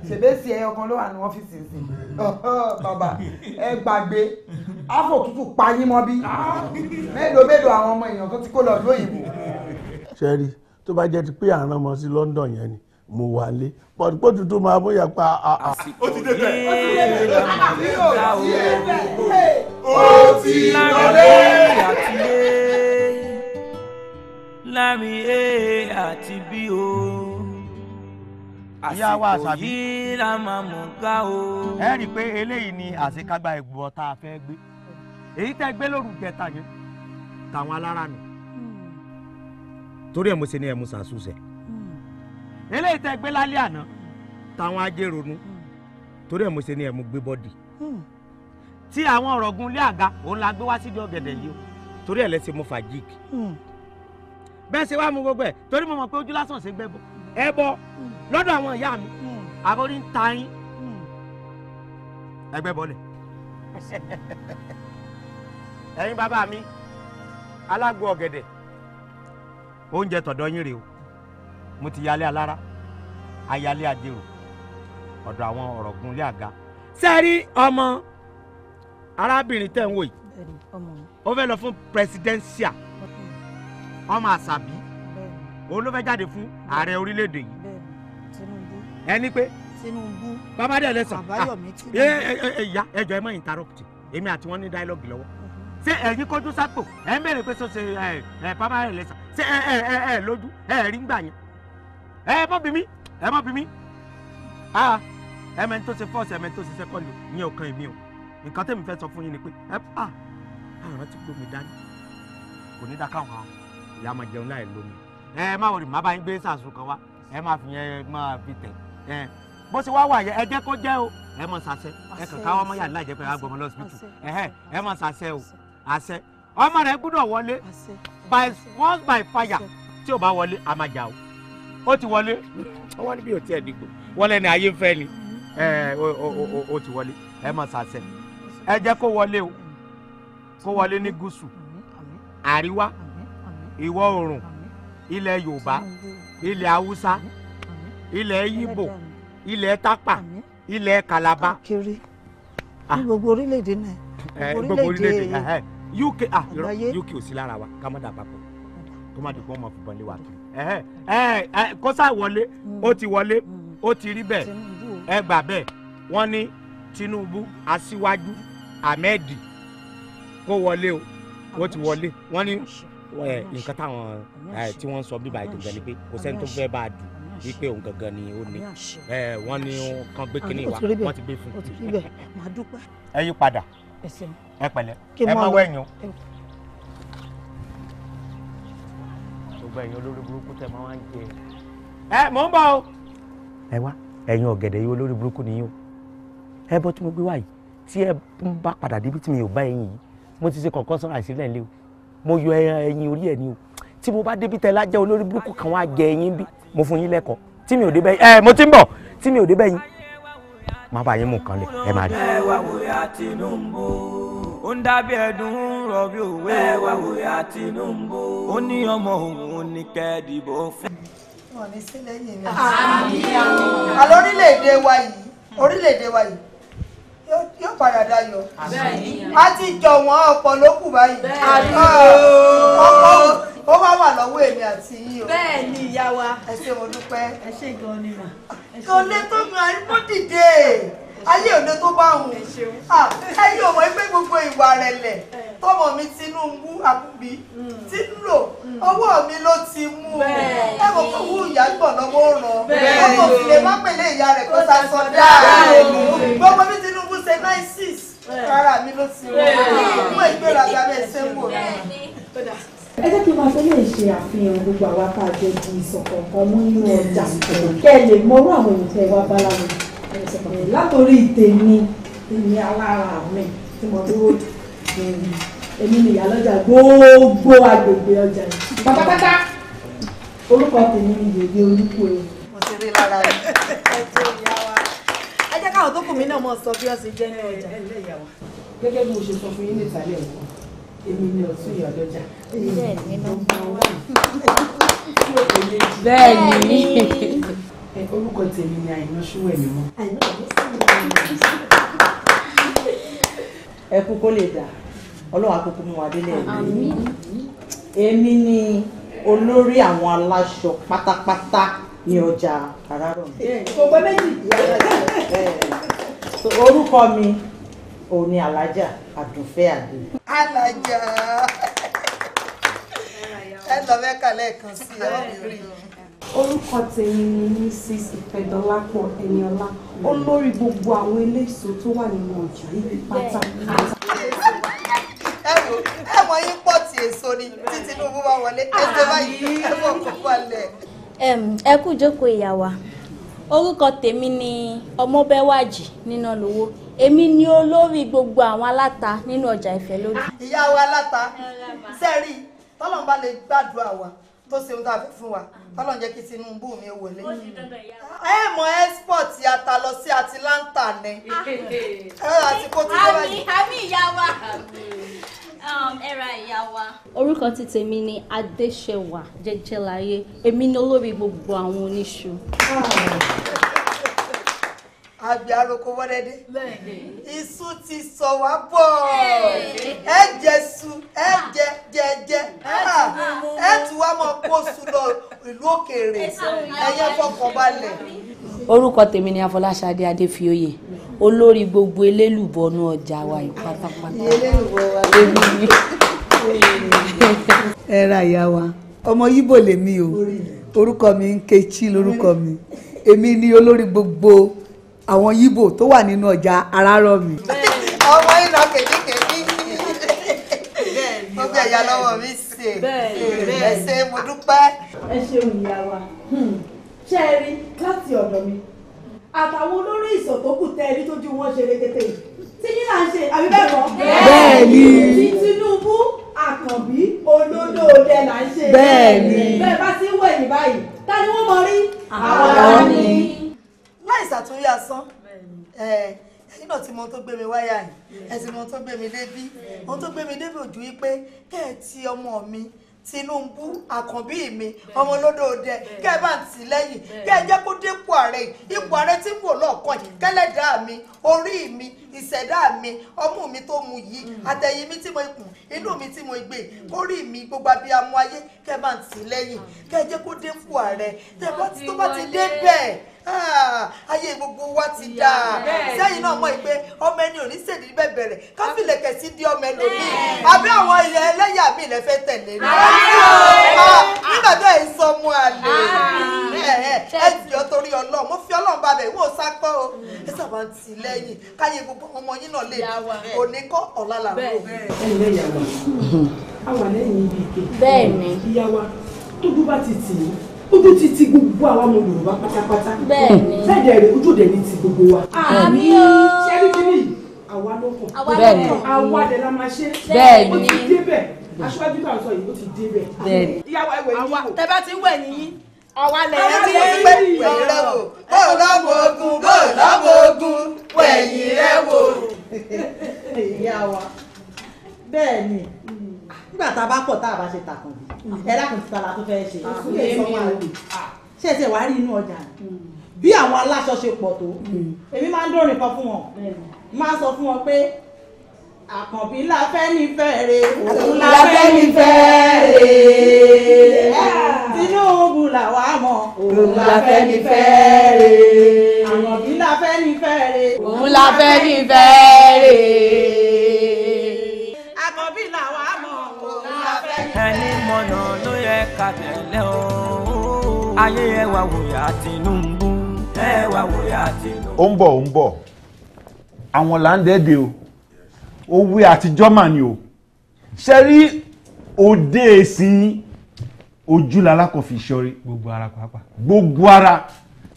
ṣèbéṣe ẹyọ kan ló wà ní ọ́fíìsì sí (laughs) bàbá ẹ gbàgbé áfò tútù pa yín mọ́ bí mélòó mélòó àwọn ọmọ èèyàn tó ti kó lọ lóyìnbó. sẹ́rí tó bá jẹ́ ti pé àrùn ọmọ sí London yẹn ni mo wà lé pọ̀tùpọ̀ tuntun máa bóyá pa àà. ó ti débẹ̀ ó ti débẹ̀ ó ti débẹ̀ ó ti lọlé láàrin a àti eh, b o. Oh àsìkò yìí la máa mú ká o. ẹ rí i pé eléyìí ni àṣekágbá ẹ̀gbọ́n tá a gbé èyí tẹ́ gbé lóru jẹta yẹn tàwọn alára nù hmm. torí ẹ̀ mo ṣe ni ẹ̀ mo ṣàṣùṣe hmm. eléyìí tẹ́ gbé lálẹ́ àná tàwọn ajérò nu hmm. torí ẹ̀ mo ṣe ni ẹ̀ mo gbé bọ́dì tí àwọn ọ̀rọ̀gun lé àga òun la gbé wá sídìí ọ̀gẹ̀dẹ̀ yìí o torí ẹ̀ lẹ́sẹ̀ mo fà jíìkì bẹ́ẹ̀ ṣe wá mu gbogbo ẹ̀ torí mo mọ̀ pé ojú lásán ṣe gbẹ́ bọ́ ẹbọ lọ́dọ̀ àwọn ìyá mi hmm. àbórí ń ta yín hmm. ẹgbẹ́ bọ́lẹ̀ ẹ̀yin bàbá mi alágbó ọ̀gẹ̀dẹ̀ oúnjẹ tọ̀dọ̀ yín rèé o mo ti yálé alára ayálé adérò ọ̀dọ̀ àwọn ọ̀rọ̀ gunlé àga sẹ́rí ọmọ arábìnrin tẹ̀ ń wò yìí ó fẹ́ lọ fún presidential ọmọ àṣàbí òun ló fẹ́ jáde fún ààrẹ orílẹ̀-èdè yìí. ẹni pé Tinubu babadé lẹsàn ẹyà ẹjọ ẹ mọ interrupt èmi àti wọn ní dialogue lọ́wọ́ mhm. ṣé ẹ̀yin kọjú sápò ẹ ń bèrè pé ṣó ṣe ẹ ẹ babadé lẹsàn ṣé ẹ ẹ ẹ ẹ lójú ẹ rí gbà yẹn ẹ mọ bí mi ẹ mọ bí mi ah ẹ mẹ́ni tó ṣe first ẹ mẹ́ni tó ṣe second ní ọ̀kan èmi o nǹkan tẹ̀mí fẹ́ sọ fún yín ni pé ẹ pa àrùn ti gbómi dání kò ní dáká wọn ìyá máa jẹun láì lómi ẹ má wọlé má bá yín gbé sàǹsù kan wá ẹ má fi yẹn má fi tẹ̀ ẹ bó ṣe wá wà yẹ ẹ jẹ́ kó jẹ́ o ẹ mọ̀ sàṣẹ ẹ kàn káwọn ọmọ yàrá ìjẹpẹ àgbọmọ lọsibítù ẹ ẹ mọ̀ sàṣẹ o àṣẹ ọmọ rẹ gbọ́dọ̀ wọlé by once by fire tí o bá wọlé a máa jà o ó ti wọlé ó wọlé bí o tiẹ̀ dìgbò wọlé ni ayé ń fẹ́ ni ẹ ó ti wọlé ẹ mọ̀ sàṣẹ ẹ jẹ́ kó wọlé o kó wọlé ní gúúsù àríwá ìwọ̀ oòrùn ilẹ̀ yorùbá ilẹ̀ haúsá ilẹ̀ yíbò ilẹ̀ tápà ilẹ̀ kalaba. kiri ah. ní gbogbo orílẹ̀-èdè náà eh, gbogbo orílẹ̀-èdè eh, eh. uk ah, uk ò sí lára wa ká má dà papọ̀ kó má dìgbò ọmọ fìbọn lé wa kiri kó sá wọlé hmm. ó ti wọlé hmm. ó ti rí bẹ́ẹ̀ ẹ gbà bẹ́ẹ̀ wọ́n ní Tinubu aṣíwájú Ahmed kó wọlé o ó ti wọlé wọ́n ní nǹkan táwọn tí wọ́n ń sọ bíbá ìgangan ni pé kò sẹ́ni tó fẹ́ bá a dùn wípé òun gangan ni ó ní wọ́n ní kan gbé kínní wa wọ́n ti gbé fún un. ẹ yí padà ẹ pẹ̀lẹ́ ẹ má wẹ̀yìn o. gbogbo ẹ̀yin olórí burúkú tẹ máa ń jẹ. ẹ mò ń bọ̀ o. ẹ wá ẹ̀yin ọ̀gẹ̀dẹ̀ yìí olórí burúkú nìyí o ẹ bọ́ tí mo gbé wá yìí tí ẹ bá padà débi tí mi ò bá ẹ̀yin yìí mo ti ṣe kọ̀ọ̀kan sọ́ra mo yọ ẹyin orí ẹ̀ ni o tí mo bá débi tẹ lájẹ́ olórí burúkú kan wá jẹ ẹyin bí mo fún yín lẹ́kọ̀ọ́ tí mi ò dé bẹ́yìn ẹ mo ti ń bọ̀ tí mi ò dé bẹ́yìn má bàa yín mú nǹkan lẹ̀ ẹ máa rí. ẹ wá wo ó ń dábí ẹdùn ń òwe. ẹ wá wo ó ní ọmọ òun ní kẹ́ẹ̀dìbò fún. wọn ní sílẹ̀ yìí èdè wa yìí orílẹ̀-èdè wa yìí yóò padà dayọ̀ a ti jọ wọn ọ̀pọ̀ ló kù báyìí ọkọ ó bá wà lọ́wọ́ èmi àti yín o. bẹ́ẹ̀ ni ìyá wa. ẹ ṣé mo dúpẹ́. ẹ ṣé gan-an ni mà. kò lè tó gan-an ni mo dìde ayé òde tó bá wù ẹ̀yin ò mọ̀ pé gbogbo ìwà rẹ̀lẹ̀ tọmọ mi Tinubu àkùbí ti ń lò mm. ọwọ́ mi ló ti mú un ẹ mọ̀ pé wú ìyá gbọ̀n lọ́wọ́ ràn ọmọ òfìlè má pèlè ìyá rẹ̀ kó ta sọ dáa gbogbo mi Tinubu ṣe nine six rárá mi ló ti wọ́n mú ìgbéraga bẹ́ẹ̀ ṣe ń wò ẹ jẹ́ kí n máa fẹ́ lè ṣe àfihàn gbogbo àwa tá a jẹ́ di ìṣọ̀kan kan mú nínú ọjà kẹ́ ẹ lè mọrú àwọn èèyàn tẹ́ ẹ wá bá láwọn látòrí tèmi èmi alára mi tí mo dúró èmi nìyá lọ́jà gbogbo agbègbè ọjà pátápátá orúkọ tèmi ni yèyé olúkú ewu. mo ti rí lára rẹ ẹ jẹ́ ìyá wa ẹ jẹ́ káwọn tó kù mí náà mọ̀ sọ bí wọ́n ṣe jẹ́ ní ọjà gẹ́gẹ́ bí mo ṣe sọ fún yín nìtàlẹ̀ ẹ̀kọ́ èmi ni ọ̀tún ìyá ọ̀dọ́jà bẹ́ẹ̀ ni orúkọ tèmi ni àìná ṣúwẹ̀ mi mọ́. ẹkú kó lè dà ọlọ́wà kúkú mú wa délé ẹ̀mí èmi ni olórí àwọn aláṣọ pátápátá ní ọjà àràrọ̀ mi. gbogbo méjì. orúkọ mi òun ni alájà àdùnfẹ́ àdé. alájà ẹ lọ mẹ́ka lẹ́ẹ̀kan sí ẹ ọ́ mi rí i orúkọ tèmi ni mrs ìfẹdọlápọ ẹniọlá olórí gbogbo àwọn eléso tó wà nínú ọjà yìí pátápátá. ẹ yín pọ̀ tí èso ni tí tinubu bá wọlé ẹsẹ̀ báyìí ẹ bọ̀ kó ẹ kú jókòó ìyá orúkọ tèmi ni ọmọbẹwàjì nínú lówó èmi ni olórí gbogbo àwọn aláta nínú ọjà ìfẹ́ lódì. ìyá wa aláta sẹ́ẹ̀rì tọ́lọ́mbà lè gbàdúrà wa tó ṣe ohun tó a fẹ́ fún wa tọ́lọ́n jẹ́ kí Tinubu mi wọlé. ẹ mọ export ata lọ sí Atlanta ni (laughs) ah. ẹ àti kó tí wọ́n yìí. àmì ìyá wa um, ẹ̀ra ìyá wa. orúkọ ti tèmi ni Adéṣẹwà Jẹjẹláyé èmi ni olórí gbogbo àwọn oníṣu. Ah àbí aroko wọ́dẹ́dẹ́ iṣu ti sọ wá bọ̀ ẹ jẹ su ẹ jẹ jẹjẹ ẹ ah, tù wá mọ kó su lọ ìlú òkèèrè ẹyẹ fọkàn balẹ̀. orúkọ tèmi ni Afọláṣadé Adéfioyè olórí gbogbo elélùbọnú ọjà wa yìí pátápátá ẹ ra ìyá wa ọmọ yíbò lèmi o orúkọ mi ń Nkechi lórúkọ mi èmi ni olórí gbogbo àwọn yíbò tó wà nínú ọjà arárọ̀mí. ọmọ iná kèdékèdé ó bẹ̀ ya lọ́wọ́ mi ṣe ẹ ṣe mo dúpẹ́. ẹ ṣeun ìyá wa hmm. ṣe é rí láti ọ̀dọ̀ mi àtàwọn olórí ìsọ̀ tó kù tẹ́ ẹ rí tójú wọn ṣe rekete yìí tí yín là ń ṣe àbí bẹ́ẹ̀ kọ́. bẹ́ẹ̀ni. ti Tinubu Àkànbí olódó ọdẹ là ń ṣe. bẹ́ẹ̀ni. bẹ́ẹ̀ bá ti ń wẹ̀yìn báyìí ta ni wọ́n mọ rí. àwa ni láì ṣàtúnyẹ asán ẹ̀yin náà ti mọ ohun tó gbé mi wáyà yìí ẹ ti mọ ohun tó gbé mi débí ohun tó gbé mi débí ojú yìí pé kẹ́ ẹ ti ọmọ mi Tinubu àkànbí mi ọmọ olódòdè kẹ́ ẹ bá ń tì lẹ́yìn kẹ́ ẹ jẹ́ kó dépò ààrẹ ipò ààrẹ tí ń wò lọ́ọ̀kan yìí kẹ́lẹ́dàá mi orí mi ìṣẹ̀dá mi ọmú mi tó mu yìí mm. àtẹ̀yìn mi tí mo ikùn inú mm. mi tí mo gbé orí mi gbogbo abiyamọ ayé kẹ́ ẹ bá ń tì lẹ́yìn mm. kẹ́ ẹ jẹ́ kó dépò ààrẹ tó bá ti dé bẹ́ẹ̀. Ah, ayé gbogbo wa ti dà sẹ́yìn náà mọ̀ pé ọmọ ẹni ò ní ṣèdí bẹ́ẹ̀ bẹ̀rẹ̀ káfílẹ̀ kẹ̀sí di ọmọ ẹlòmíì àbí àwọn ilẹ̀ ẹlẹ́yà mi lẹ fẹ́ tẹ̀lé ní. Ah, ah, nígbà tó ẹ̀ ń sọ ọmọ àlè ẹ jọ torí Ọlọ́run mo fi Ọlọ́run bá bẹ̀ wọ́n sápọ́ o ẹ sábà ń tì lẹ́yìn káyé gbogbo ọmọ yín náà lè òní kọ́ ọ̀la làwọn ò. bẹ́ẹ̀ ìyá wa tó bú bá ti tì í ojú ti ti gbogbo àwa ọmọ Yorùbá pátápátá bẹ́ẹ̀ dẹ̀rẹ̀ ojú òde ni ti gbogbo wa. àmì ṣẹ́rí kí ni àwa ló kàn àwa dẹ̀ la máa ṣe ó ti débẹ̀ aṣáájú náà sọ yìí ó ti débẹ̀. ìyàwó ẹ̀wẹ̀ yìí wò. tẹ bá ti wẹ̀ nìyí ọ̀wá lẹ̀ ẹ́ rí i pé wẹ̀yìn rẹ wò bó lọ́mọ ogun bó lọ́mọ ogun wẹ̀yìn rẹ wò. (laughs) ìyá wa bẹ́ẹ̀ ni nígbà tá a bá pọ̀ tá a bá ṣe tàkùn bí ẹ lákùn ti tala tó fẹ́ ṣe ṣe sọmọ àlè ṣe ṣe wàá rí inú ọjà hmm. bí àwọn aláṣọ ṣe pọ̀ tó hmm. èmi máa ń dórin kan fún wọn máa sọ fún wọn pé àkànbí la fẹ́ nífẹ̀ẹ́ ah, òun la fẹ́ nífẹ̀ẹ́ Tinubu làwa mọ̀ òun la fẹ́ nífẹ̀ẹ́ àkànbí la fẹ́ nífẹ̀ẹ́ òun la fẹ́ nífẹ̀ẹ́ ọ̀nà ló yẹ ká tẹ̀lé o. ayé ẹ wá wòyà Tinubu ẹ wá wòyà Tinubu. ó ń bọ̀ ó ń bọ̀ àwọn là o òwe àtijọ́ mà ni o ṣe rí òde èsì ojú la lákàn fi ṣọrí. gbogbo ara pàápàá. gbogbo ara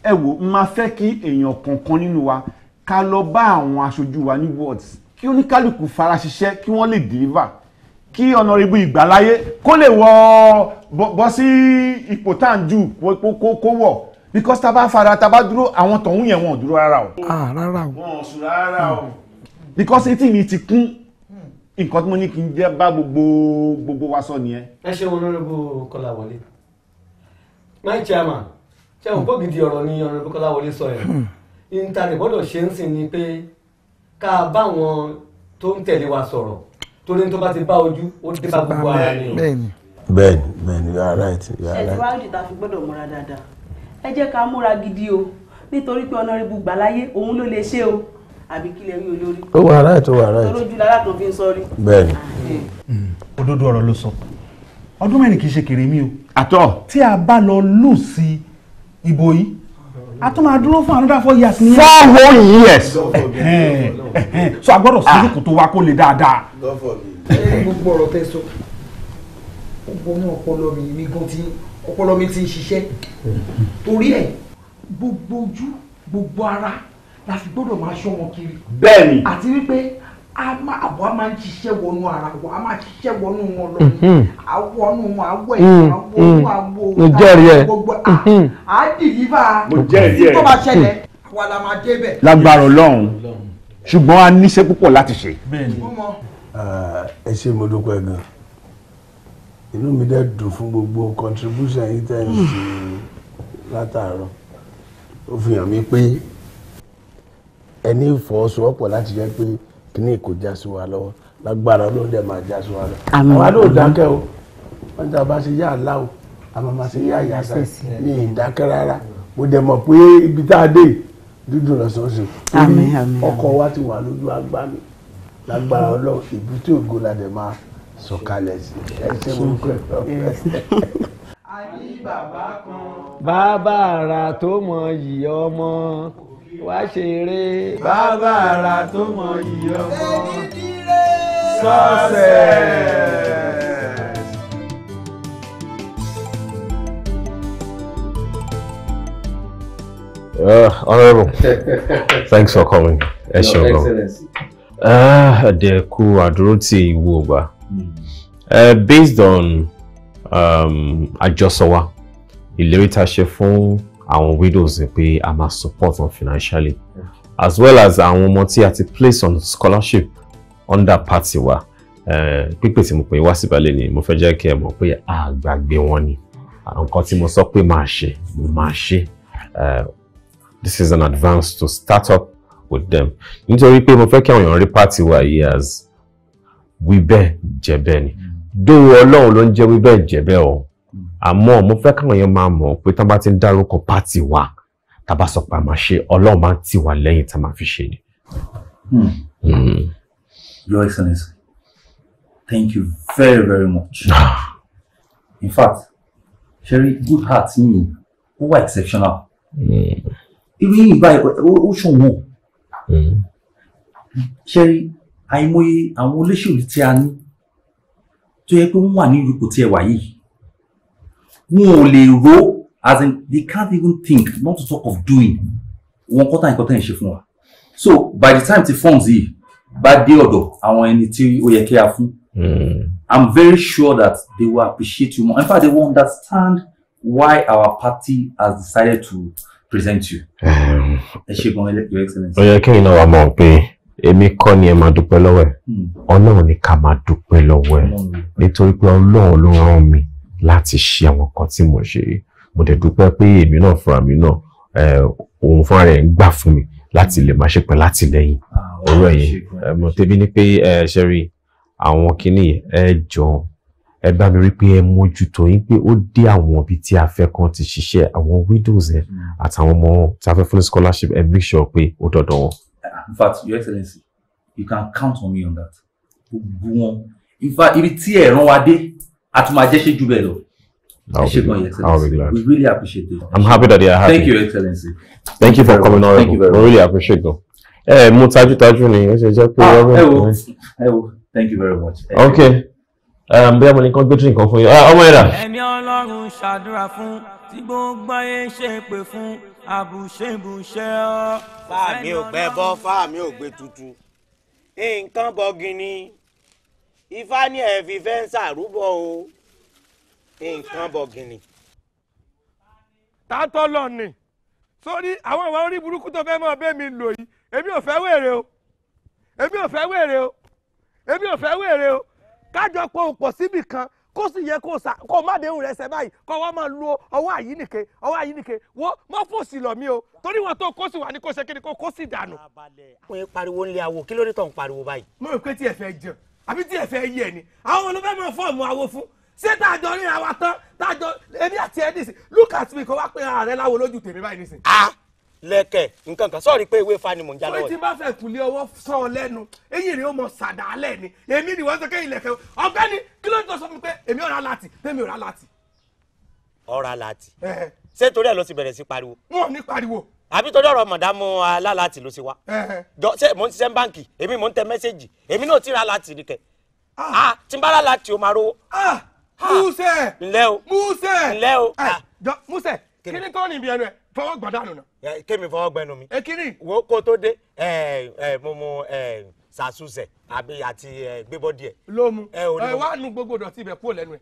ẹ wò n máa fẹ́ kí èèyàn kankan nínú wa ká lọ bá àwọn aṣojú wa ní wards kí oníkálukú fara ṣiṣẹ́ kí wọ́n lè deliver kí ọ̀nàrìbù ìgbàláyé kó lè wọ bọ́ sí ipò tá à ń jù kó wọ̀ because taba fara taba bá dúró àwọn tọ̀hún yẹn wọn ò dúró rárá o. ah rárá o. wọn ò sùn rárá o. Hmm. because etí mi ti kún hmm. nǹkan tí mo ní kí n jẹ́ bá gbogbo gbogbo wa sọ nìyẹn. ẹ ṣe Honorable Kọ́láwọlé my chairman ṣé òun kò gidi ọ̀rọ̀ ni Honorable Kọ́láwọlé sọ yẹn intanet hmm. gbọ́dọ̀ ṣe ń sìn ni pé ká báwọn tó ń tẹ̀lé wa sọ̀rọ̀ torí tó bá ti bá ojú ó dé bá gbogbo ara ni. bẹ́ẹ̀ni bẹ́ẹ̀ni you are right you are right. ẹ̀sìwájú ta fi gbọ́dọ̀ múra dáadáa ẹ jẹ́ ká múra gidi o nítorí pé ọ̀nàrẹ́bù gbàláyé òun ló lè ṣe o àbí kí lè rí olórí. ó wà right ó wà right. tọ́lójú lára kan fi ń sọrí. bẹ́ẹ̀ni. Hmm, òdodo ọ̀rọ̀ ló sọ ọdún mẹ́rin kì í ṣe kèrè mi o. àtọ̀. tí a bá lọ lù sí ibo yìí a tún máa dúró fún another four years ní. four whole years. so a gbọ́dọ̀ sí ah. ìlú tó wa kó lè dáadáa. gbogbo ọ̀rọ̀ tẹ́ sọ gbogbo ní ọpọlọ mi mi gan ti ọpọlọ mi ti ń ṣiṣẹ́ torí ẹ̀ gbogbo ojú gbogbo ara la sì gbọ́dọ̀ máa ṣọ́ wọn kiri. bẹ́ẹ̀ni àti wípé a abo àbọ̀ a máa ń ṣiṣẹ́ wọnú ara wa a máa ṣiṣẹ́ wọnú wọn lọ àwọ mhm. ọnù wọn àwọ ẹ̀yìn àwọ ọnù àwọ ọ̀tá gbogbo à á dìlíbà tí tó bá ṣẹlẹ̀ àwa la máa débẹ̀. lágbára Ọlọ́run ṣùgbọ́n a níṣẹ́ púpọ̀ láti ṣe. ẹ ṣé mo dúpẹ́ gan inú mi dẹ̀ dùn fún gbogbo contribution yìí tẹ̀ ń ṣe látàárọ̀ ó fi hàn mí pé ẹni ìfọwọ́sowọ́pọ̀ láti jẹ́ pé kíní kò já sí wa lọ́wọ́ lágbára ló dẹ̀ máa já sí wa lọ. àwọn àdó dákẹ́ o wọ́n ti bá ṣe yá àlá o àmọ́ máa ṣe yá àyàsá ní ìdákẹ́ rárá mo dẹ̀ mọ̀ pé ibi tá a dé dúdú lọ́sọ̀ọ̀sẹ̀ ọkọ̀ wa ti wà lójú agbá mi lágbára ọlọ́run ìbútó ògo la dẹ̀ máa sọ̀kalẹ̀ sí ẹ ṣe mú pẹ́ a ní bàbá kan. bàbá àrà tó mọ yìí ọmọ wá ṣe eré. bàbá ara tó mọ iyì ọmọ sọ́ọ̀sẹ̀. Uh, Honorable, thanks for coming. Ẹ ṣeun gan. Ẹ̀dẹ̀ kú àdúró tí ìwú ọba. Hmm. Based on um, àjọsọ wa, ìlérí tá a ṣe fún àwọn widows ni pé a máa support wọn financially as well as àwọn ọmọ tí a ti place on scholarship under party wa eh, pípè tí mo pè wá síbalẹ̀ ni mo fẹ́ jẹ́ kí ẹ mọ̀ pé a gbàgbé wọn ni nǹkan tí mo sọ pé máa ṣe mo máa ṣe eh, this is an advance to start up with them nítorí pé mo fẹ́ kí àwọn èèyàn rí party wa yìí as wíbẹ̀ jẹ̀bẹ̀ ni dóò mm. ọlọ́run ló ń jẹ́ wíbẹ̀ jẹ̀bẹ̀ o àmọ́ mo fẹ́ káwọn èèyàn máa mọ̀ pé tán bá ti ń dárúkọ pátì wa tá a bá sọ pé a máa ṣe ọlọ́run máa ń tì wá lẹ́yìn tá a máa fi ṣe ni. Hmm. Hmm. Your Excellency, thank you very very much. (sighs) In fact, Sherry, good heart yìí ó wà exceptional. Hmm. irú yìí báyìí ó ṣòwò. Sherry, àìmọye àwọn olóṣèlú tí a ní tó yẹ pé wọ́n wà ní ipò tí ẹ wà yìí wọn ò lè ro as in they can't even think not to talk of doing wọn kọ́ta nǹkan tẹ̀ ń ṣe fún wa so by the time ti funds yìí bá dé ọ̀dọ̀ àwọn ẹni tí ó yẹ kí a fún hmm. I'm very sure that they will appreciate you more in fact they will understand why our party has decided to present you. Ehm. ẹ ṣe gan your excellence. ó yẹ kí n náà wá mọ̀ pé èmi kọ́ ni ẹ máa dúpẹ́ lọ́wọ́ ẹ̀ hmm. ọlọ́run ni ká máa dúpẹ́ lọ́wọ́ ẹ̀ nítorí pé ọlọ́run ló rán mi láti ṣe àwọn nǹkan tí mo ṣe yìí mo dẹ̀ dúpẹ́ pé èmi náà fúnra mi náà òun fúnra rẹ̀ ń gbà fún mi láti lè máa ṣe pẹ́ láti lẹ́yìn ah, ọ̀rọ̀ ẹ̀yìn mo tẹ́bí ni pé ṣe rí àwọn kìíní ẹ jọ ẹ bá mi rí pé ẹ mójútó yín pé ó dé àwọn ibi tí a fẹ́ kan ti ṣiṣẹ́ àwọn widows ẹ hmm. àtàwọn ọmọ tí a fẹ́ fún scholarship ẹ make sure pé ó dọ̀dọ̀ wọn. Ah, in fact your excellency you can count on me on that gbogbo wọn in fact ibi tí ẹ̀ràn wa dé a tún máa jẹ́ ṣe jù bẹ́ẹ̀ lọ. We really appreciate it. I'm happy that you are happy. Thank you, Excellency. Thank you for very coming on. Thank you very much. We really appreciate you. Eh, ẹ mú tajútajú ni ó ṣe jẹ́ pé ah, ọgbọ́n. Ẹ wo Ẹ wo thank you very much. Thank okay. Um, bóyá mo ní kán gbẹ́tìrì nǹkan fún yín. Ah, ọmọ ẹ̀dá. Ẹ̀mí Ọlọ́run ṣàdúrà fún tí gbogbo ayé ṣe pé fún àbùṣebùṣẹ́ ọ. Fáàmì ò gbẹ bọ́, fáàmì ò gbẹ tuntun. Nǹkan bọ́gin ni ifá ní ẹ̀ fi fẹ́ ń ṣàrúbọ o nǹkan bọ̀gìnì. tààtọ́ lọ nì sórí àwọn ìwà orí burúkú tó fẹ́ mọ́ bẹ́ẹ̀ mi lò yìí èmi ò fẹ́ wèrè o èmi ò fẹ́ wèrè o èmi ò fẹ́ wèrè o kájọ pé o pọ̀ síbì kan kó sì yẹ kó sa kó má déhùn rẹ sẹ báyìí kó wá máa lo ọwọ́ àyínìke ọwọ́ àyínìke wo mọ́ fòsì lọ mí o torí wọn tó kó sì wà ní kó ṣe kí ni kó kó sì dànù. mo ń pariwo ń awo kí ló dé tó ń pariwo báyìí. mo rò pé tí ẹ fẹ́ jẹun àbí tí ẹ fẹ́ yí ẹ ni àwọn olùfẹ́ mọ fọ́ọ̀mù awo fún ṣé tá a jọ rí àwa tán tá a jọ èmi àti ẹ nìsín look at me kó wá pé ààrẹ láwo lójú tèmi báyìí nìsín. a ah, lẹkẹ nǹkan kan sọ̀rọ̀ pé ìwé fani mò ń já lọ́wọ́ yìí. orí tí bá fẹ́ kùlé ọwọ́ sọ ọ lẹ́nu eyín rẹ̀ ó mọ sàdálẹ̀ ni èmi ni wọ́n sọ kéyìn lẹ̀kẹ́ ọ̀gbẹ́ni kí ló ń tọ́ sọ fún mi pé èmi ọ̀rá láti tẹ́mi ọ̀rá láti. ọ̀rá láti ṣé torí ẹ̀ ló ti bẹ̀rẹ̀ sí pariwo. wọn ò ní pariwo àbí torí ọ̀rọ̀ mọ̀dámù alálàtì ló ṣe wá ṣe mò ń ṣiṣẹ́ báǹkì èmi mò ń tẹ mẹ́sẹ̀gì èmi náà ti ra láti nìkẹ́ ah. ah tí n bá rà láti o máa rówó. Ah, ah. musẹ musẹ ǹlẹ́ o musẹ kí ni tó ní ibi ẹnu ẹ fọwọ́ gbọ́dọ̀ àná. kémi fọwọ́ gbẹnu mi. ekiri. wo kó tó dé mo mu sàṣùṣẹ àbí àti gbébọdì ẹ. lómu ẹ wá nu gbogbo dọ̀tí ibẹ̀ kúrò lẹ́nu ẹ̀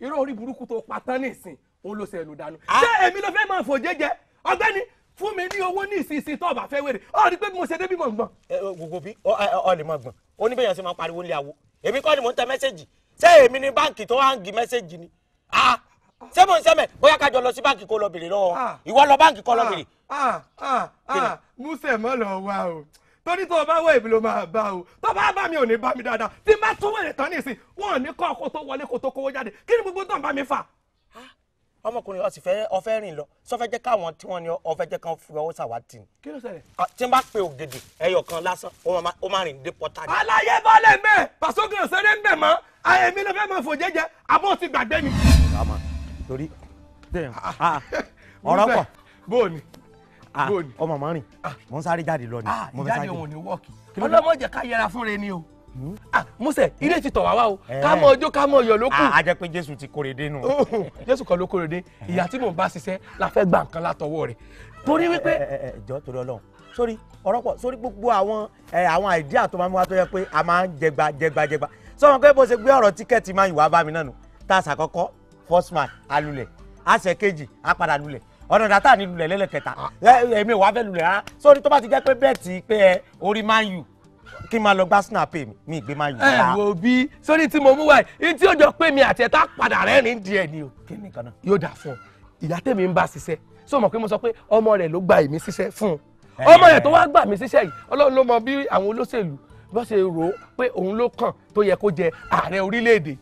irú orí burúkú tó pa tán ní ìsìn olóṣèlú dànù. ṣé èmi ló fẹ́ máa fò jẹ́jẹ́ ọ̀gbẹ́ni fún mi ní owó ní ìsinsìn tó ọba fẹ́ wèrè ọ rí pé mo ṣe débi mọ̀ gbọ̀n. gbogbo bí ọ lè mọ̀ gbọ̀n ó ní bẹ́ẹ̀ yẹn ṣe máa pariwo ní àwo èmi kọ́ ni mò ń tẹ mẹ́sẹ̀gì ṣé èmi ni báǹkì tó wá ń gi mẹ́sẹ̀gì ni ṣé mò ń sẹ́mẹ̀ bóyá kájọ lọ sí báǹkì kó lọ bèrè lọ́wọ́ ìwọ lọ báǹkì kó lọ bèrè. musa mọ́ lọ wá o torí tó o bá wọ èmi ló máa bá o tó bá bá mi ò ní bá mi dáadáa tí n bá tún wèrè tán nísìn wọn ò ní kọ́ ọkọ tó wọlé kó tó kówó jáde kí ni gbogbo tó ń bá mi fà ọmọkùnrin ó sì fẹ́ ó fẹ́ rìn lọ sọ fẹ́ jẹ́ káwọn tí wọ́n ní ó fẹ́ jẹ́ kán fi ọwọ́ sàwátì ni. kí ló ṣẹlẹ̀. tí n bá pe ògèdè ẹyọ kan lásán ó máa rìn dé pọ́tà ni. aláyé balẹ̀ ń bẹ̀ pàṣọkàn sẹ́rẹ̀ ń bẹ̀ mọ́ àyẹ̀mí ló fẹ́ máa fò jẹ́jẹ́ àbọ̀ ti gbàgbé mi. torí ah, ah, ọ̀rọ̀ pọ̀ bóòni ah, bóòni ọmọ mọ́rin mo ń sáré jáde lọ ni mo fẹ́ sáré. ìjáde òun ni wọ́ọ̀kì ọlọ́mọ jẹ́ ká yẹra fúnra ẹni o ah Mósè ilé ti tọ̀ wá wá o eh. ká mọ ọjọ́ ká mọ ọyọ̀ ló kù. Ah, a jẹ pé Jésù ti kórede nù. Oh, Jésù kan ló kórede ìyá tí mò ń bá ṣiṣẹ́ la fẹ́ gba nǹkan látọwọ́ rẹ̀ torí eh, wípé. Eh, jọ torí Ọlọ́run sórí ọ̀rọ̀pọ̀ sórí gbogbo àwọn àwọn àìdíà tó máa ń wá tó yẹ pé a máa ń jẹgba jẹgba jẹgba sọ̀rọ̀ pé bó ṣe gbé ọ̀rọ̀ tíkẹ́ẹ̀tì máa ń wá bá mi náà nù tá a ṣàkọ́kọ́ first man alulẹ̀ àṣẹ kejì á padà lulẹ̀ ọ̀nà dàtà ni lulẹ̀ lẹ́lẹ̀kẹta ah. èmi ò wá fẹ́ lulẹ̀ rárá sórí tó bá ti jẹ́ pé bẹ́ẹ̀ tí pé orí máa ń yù kí n máa lọ gbá snap mi mi ìgbé máa yù. ẹ wo bí sórí tí mo mú wáyé ní tí òjò pé mi àti ẹ̀ta padà rẹ́rìn díẹ̀ ni o. kí ni kan náà. yóò dà fún ọ ìyá tèmi ń bá ṣiṣẹ́ sọ mọ̀ pé mo sọ pé ọmọ rẹ̀ ló gba èmi ṣiṣẹ́ fún un ọmọ rẹ̀ tó wá gbà mí ṣiṣẹ́ yìí ọlọ́run ló mọ bí àwọn olóṣèlú bó ṣe rò ó pé òun ló kàn tó yẹ kó jẹ ààrẹ orílẹ̀-èdè.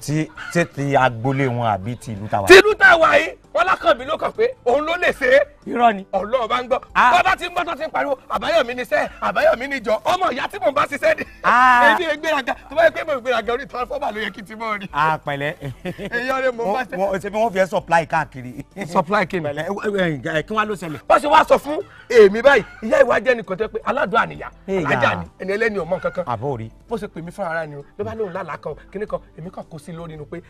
ti ti agboolé wọn àbí ti ìlú tàwa. ti ìlú tàwa yìí ọlákànmí ló kàn pé òun ló lè ṣe é. irọ́ ni. ọlọ́run bá ń gbọ́. Ah. bàbá ti ń gbọ́ tó ti ń pariwo àbáyọ̀mí ni sẹ́ àbáyọ̀mí ni jọ ọmọ ìyá tí mò ń bá ṣiṣẹ́ ni. èmi ah. ò gbéraga tó bá yẹ pé mo gbéraga orí transformer ló yẹ kí n ti mọ́ rí. a ah, pẹ̀lẹ́. èyàn rẹ mo bá tẹ. ṣe bí wọ́n fi ẹ́ supply káàkiri. supply kí ni. pẹ̀lẹ́ kí wọ́n ló ṣẹlẹ̀. wọ́n ṣe wá sọ fún èmi báyìí ìyá ìwà jẹ́ nìkan tẹ́ pé aládùn àníyá alájà ni ẹni ẹlẹ́ni ọmọ kankan. àbórí. bó ṣe pè mí fún ara ni o ló bá lóun lálàá kan kíní kan èmi kàn kó sí lórí ni pé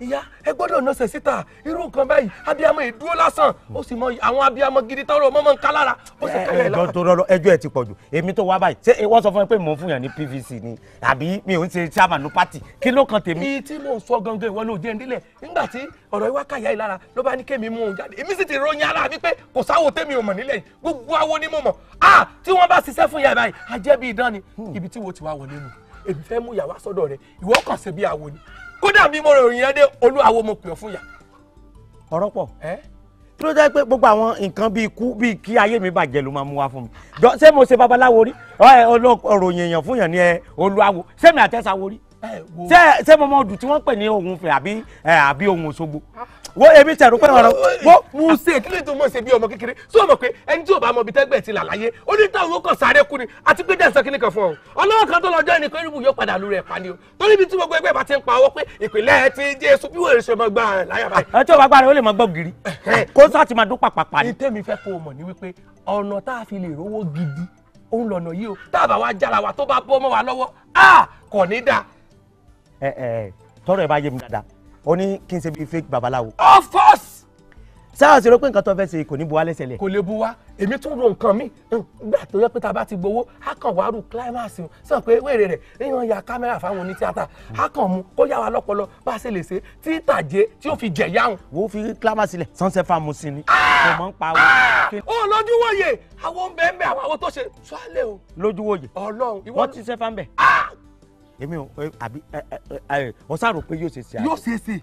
ìyá ẹ gbọ́dọ̀ nọsẹ̀ síta irú nǹkan báyìí abiyamọ ìdúró lásán ó sì mọ àwọn abiyamọ gidi tọrọ ọmọ máa ń ká lára ó sì kálẹ̀ lára. ẹjọ́ ẹjọ́ ẹ ti pọ̀ jù èmi tó wá báyìí ṣé wọ́n sọ fún mi pé mò ń fún yàn ní PVC ni àbí mi ò ń ṣe chairman pati kí ló kan tèmi. iye tí mò ń sọ gangan ìwọ ló jẹ́ ń dílẹ̀ nígbà tí ọ̀rọ̀ ìwà kàyà yìí lára ló bá ní kémi mú un jáde èmi sì ti ròyìn ara mi pé kò sáwò tèmi ò mọ̀ nílẹ̀ yìí gbogbo awo ni mo mọ̀ ah tí wọ́n bá ṣiṣẹ́ fún yàrá yìí ajẹ́bí idán ni hmm. ibi tí wo ti wá wọlé nù èmi fẹ́ mú yàrá sọ́dọ̀ rẹ̀ ìwọ kàn ṣe bí àwo ni kódà bí mo ròyìn yẹn dé olúwawo mo pè ọ fún yà. ọ̀rọ̀ pọ̀ kí ló jẹ́ pé gbogbo àwọn nǹkan bíi ikú bíi kí ayé mi bàjẹ́ ló máa mú wá fún mi ṣé mo ṣe babaláwo rí ọ̀ròyìn èèyàn fún yàn ní ẹ olúwawo ṣé mi àtẹ́sáwo rí ṣé mo mọ ọdún tí wọ́n pè ní ohun fẹ́ àbí ohun Òṣogbo ah wo èmi tẹ̀rù pé ọ̀rọ̀ wo. mo ṣe kí ló tó mọ̀ ṣe bí ọmọ kékeré sí ọmọ pé ẹni tí ò bá mọ ibi tẹ́gbẹ̀ẹ́ ti là láyé ó ní táwọn kan sáré kú ni àti pé dẹ́sán kìnnìkan fún ọ ọlọ́wọ́ kan tó lọ jọ́ ẹnìkan irúgbìn yóò padà lórí ẹ̀ pa ni o torí ibi tí gbogbo ẹgbẹ́ bá ti ń pa ọwọ́ pé ìpínlẹ̀ ti Jésù bí wọ́n ṣe mọ gbà láyà báyìí. ẹ tí o bá gbára ó lè mọ gbọ́ gírí kó sá ti máa dún pàpàpà ni. ní tèmi fẹ́ kó o a gidi òun lọ̀nà yìí o tá a bá wa jára wa tó bá bọ́ mọ́ wa lọ́wọ́ kò ní dáa. ẹ ẹ tọrọ ẹ bá yé mi dáadáa ó ní kí n ṣe bíi fake babaláwo. of course. sáà sí ro pé nǹkan tó fẹ́ ṣe kò ní bu wá lẹ́sẹ̀ lẹ̀. kò lè bu wá èmi tún ro nǹkan mi nígbà tó yẹ pé tá a bá ti gbowó a kàn wá ru climax o pé wèrè rẹ̀ èèyàn ya kámẹ́rà fáwọn onítìátà a kàn mú kó yá wa lọ́pọlọ bá a ṣe lè ṣe tí tàjé tí ó fi jẹ̀ yáhùn. wo fi climax sílẹ̀ sunset farm sí ni kò ah! mọ̀ ń pa wo. Ah! ó lójú wòye àwọn bẹ́ẹ̀ bẹ́ẹ̀ àwọn tó ṣe sọ́ọ́lẹ̀ o. lójú wòye ọlọ́run ìwọ ti sẹ́fà ń bẹ̀. Ah! èmi ò àbí ọ sáà rò pé yóò ṣe ṣe àná. yóò ṣe ṣe.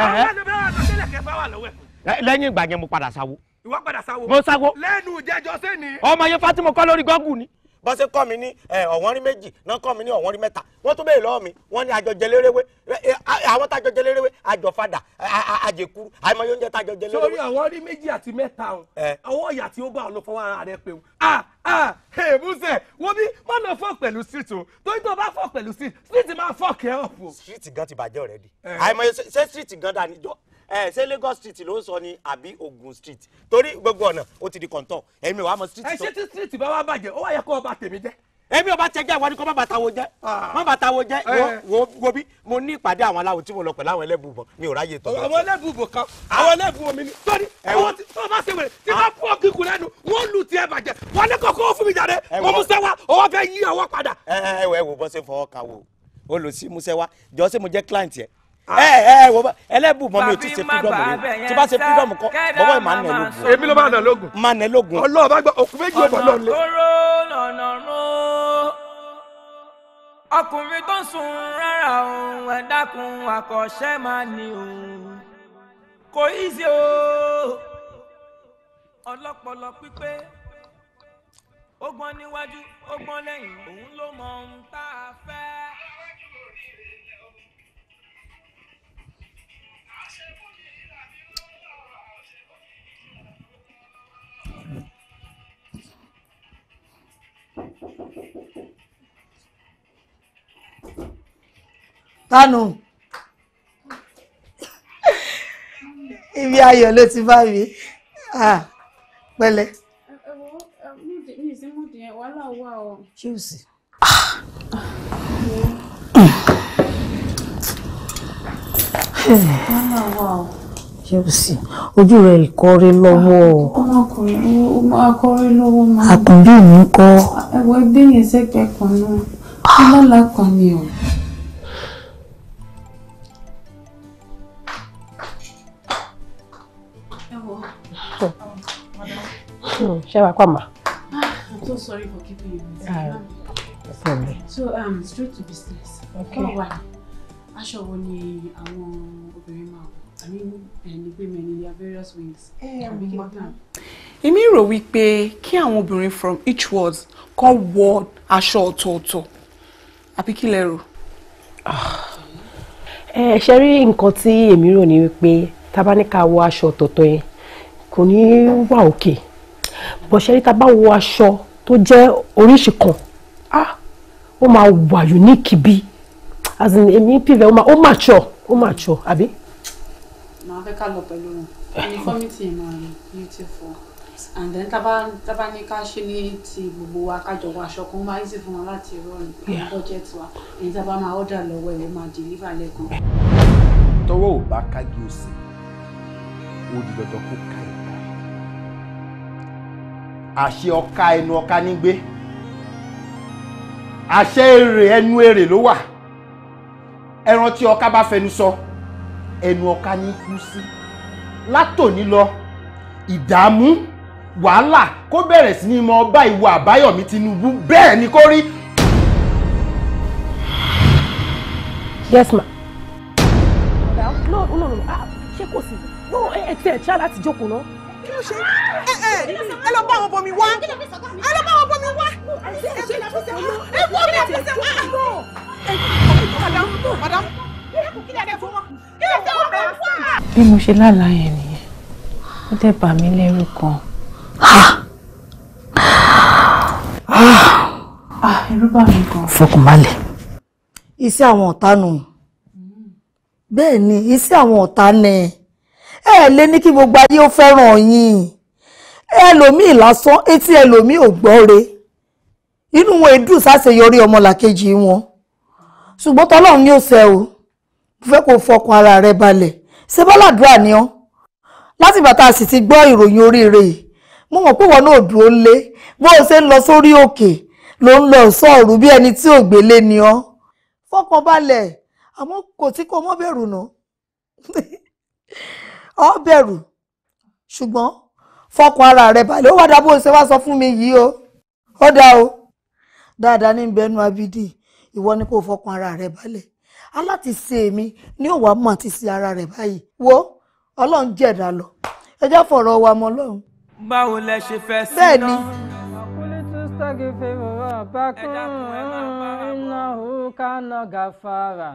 àwọn ẹni bẹ́ẹ̀ àtọ́sílẹ̀ kẹfà wà lọ́wọ́ ẹ̀. lẹ́yìn ìgbà yẹn mo padà sáwó. ìwọ padà sáwó. mo sáwó. lẹ́nu ìjẹ́jọ́ sẹ́ni. ọmọ yẹn Fatima kọ́ lórí gọ́ọ̀gù ni bọ́sẹ̀ kọ́ mi ní ọ̀wọ́n rí méjì náà kọ́ mi ní ọ̀wọ́n rí mẹ́ta wọ́n tún bẹ́ẹ̀ lọ́wọ́ mi wọ́n ní àjọ àwọn tájọ jẹlérewé àjọ fada àjẹkuru àìmọye oúnjẹ tájọ jẹlérewé. sórí àwọn rí méjì àti mẹ́ta o àwọn ìyà tí ó bá ọ̀nà fọwọ́ ara rẹ pé o ah ah hey musa wo bí má lọ fọ pẹ̀lú street o torí tó bá fọ pẹ̀lú street street máa fọ kẹ́ ọ̀pọ̀. street gan ti bàjẹ́ already àìmọye ṣé street gan dà níjọ́ ẹ ṣé Lagos street ló ń sọ ni àbí Ogun street torí gbogbo ọ̀nà ó ti di kọ̀ǹtọ̀ ẹ̀mí wa mọ street. ẹ ṣé tí street bá wá bàjẹ́ ó wà yẹ kó ọba tèmi jẹ́ èmi ò tẹ jẹ́ ìwọ ni kò má bàtà wo jẹ́ má bàtà wo jẹ́ wo wo bí mo ní ìpàdé àwọn aláwo tí mo lọ pẹ̀lú àwọn ẹlẹ́bùbọ̀ mi ò ráyè tọ́jú. àwọn ẹlẹ́bùbọ̀ kan àwọn ẹlẹ́bùbọ̀ mi ni sọ́ni àwọn tí wọ́n bá ṣe wẹ̀rẹ̀ tí wọ́n fún ọkì kù lẹ́nu wọ́n lù tiẹ̀ bàjẹ́ wọ́n ní kókó fún mi jáde mo mú sẹ́wà ọwọ́ fẹ́ yí ọwọ́ padà. ẹ ẹ wò bọ́ ṣe fọwọ́ kan wò ó ẹ ẹ wọ ẹlẹ́bù mọ́ mi ò ti ṣe freedom yìí tí bá ṣe freedom kọ bọ́bọ́ ìmọ̀ àná lógun. èmi ló máa nà lógun. máa nà lógun. ọlọ́ọ̀ bá gba òkú méjì ọ̀bọ̀ náà lé. ọ̀nà kóró lọ́nà rún ọkùnrin tó ń sùn rárá òun ẹ̀dákun àkọ́ṣẹ́ máa ní òun kò í ṣe o ọlọ́pọlọ pípé ó gbọ́n níwájú ó gbọ́n lẹ́yìn òun ló mọ ohun tá a fẹ́. tánu ibi ayọ̀ ló ti bá mi pẹ̀lẹ́. ṣé o sì. wàhálà wà o kí o sì ojú rẹ ìkọrẹ lọ́wọ́. ọmọkùnrin ó máa kọrẹ lọ́wọ́ máa. àkùnbí mi ń kọ́. ẹ̀wọ̀ ẹgbẹ́ yẹn sẹ́gbẹ̀ẹ́ kan náà ọlọ́lá kan ni o. ṣé wàá pàmò. Ah, I'm so sorry for keeping you waiting. Uh, so um, straight to business. Okay. Báwo ni aṣọ wo ni àwọn obìnrin máa Emi mean, and women in their from each ward kó wọ aṣọ ọ̀tọ̀ọ̀tọ̀ àbí kí lẹ rò. Ẹ ah. eh, ṣe rí nǹkan tí èmi rò ní wípé tá bá ní ká wọ aṣọ ọ̀tọ̀ọ̀tọ̀ yẹn kò ní wà òkè bó ṣe rí tá bá wọ aṣọ tó jẹ́ oríṣi kan ah, ó máa wà unique bí as in èmi pìfẹ́ ó máa ó mature ó mature àbí fẹ́ ká lọ pẹ̀lú wọn uniformity mọ̀ ní beautiful and then tábà tábà ní ká ṣe ní ti gbogbo wa kájọ wa aṣọ kan máa easy fún wa láti rọrùn budget wa èyí tábà máa order lọ́wọ́ ẹ̀ ó máa deliver lẹ́ẹ̀kan. tọwọ́ ò bá kági òsè ó di dandan kó ká ìta àṣẹ ọ̀ka ẹnu ọ̀ka nígbé àṣẹ èrè ẹnu èrè ló wà ẹran tí ọ̀ka bá fẹnu sọ. So ẹnu ọ̀ka ní kú sí látòní lọ ìdààmú wàhálà kó bẹ̀rẹ̀ sí ní mọ ọba ìwà àbáyọ̀mí Tinubu bẹ́ẹ̀ ni kó rí. yes ma. no no no ṣé kò sí no ẹ ti ẹ̀ ṣá láti jókòó náà. kí ló ṣe ẹ ẹ ẹ lọ bá àwọn ọmọ mi wá ẹ lọ bá àwọn ọmọ mi wá ẹ kú mi ẹ wá. madam madam bí mo ṣe lálàá yẹn nìyẹn ó dẹ̀ bà mí lẹ́rù kan. ẹ̀rù ah! ah! bà mí gan. fọkànbalẹ̀. iṣẹ́ àwọn ọ̀tá nù bẹ́ẹ̀ ni iṣẹ́ àwọn ọ̀tá ni ẹ lé ní kí gbogbo ayé ó fẹ́ràn yín ẹlòmíì lásán etí ẹlòmíì ò gbọ́re inú wọn èdùn sáṣeyọrí ọmọlàkejì wọn ṣùgbọ́n tọ́lọ́run ni ó ṣe o mo fẹ́ kó fọkàn ara rẹ balẹ̀ ṣe bọ́làdúrà ni ọ́ láti bàtà sì ti gbọ́ ìròyìn oríire yìí mo mọ̀ pé wọn náà dúró lé bó o ṣe ń lọ sórí òkè ló ń lọ sọ̀rù bí ẹni tí ò gbélé ni ọ́ fọkàn balẹ̀ àmọ́ kò tí kò mọ́ bẹ̀rù nà ọ́ bẹ̀rù ṣùgbọ́n fọkàn ara rẹ balẹ̀ ó wá dá bó o ṣe wá sọ fún mi yìí o ó dá o dáadáa ní bẹnu abidi ìwọ ni kò fọkàn ara rẹ balẹ̀ aláti ṣe èmi ní òwà mọ̀ àti ṣe ara rẹ̀ báyìí wo ọlọ́run jẹ̀dá lọ ẹ já wa mọ́ ọlọ́run. báwo lẹ ṣe fẹ́ sí náà. bẹ́ẹ̀ àkúlé tún sọ́ọ̀gì fẹ́ bàbá àbákùn iná òkà náà gàfàrà.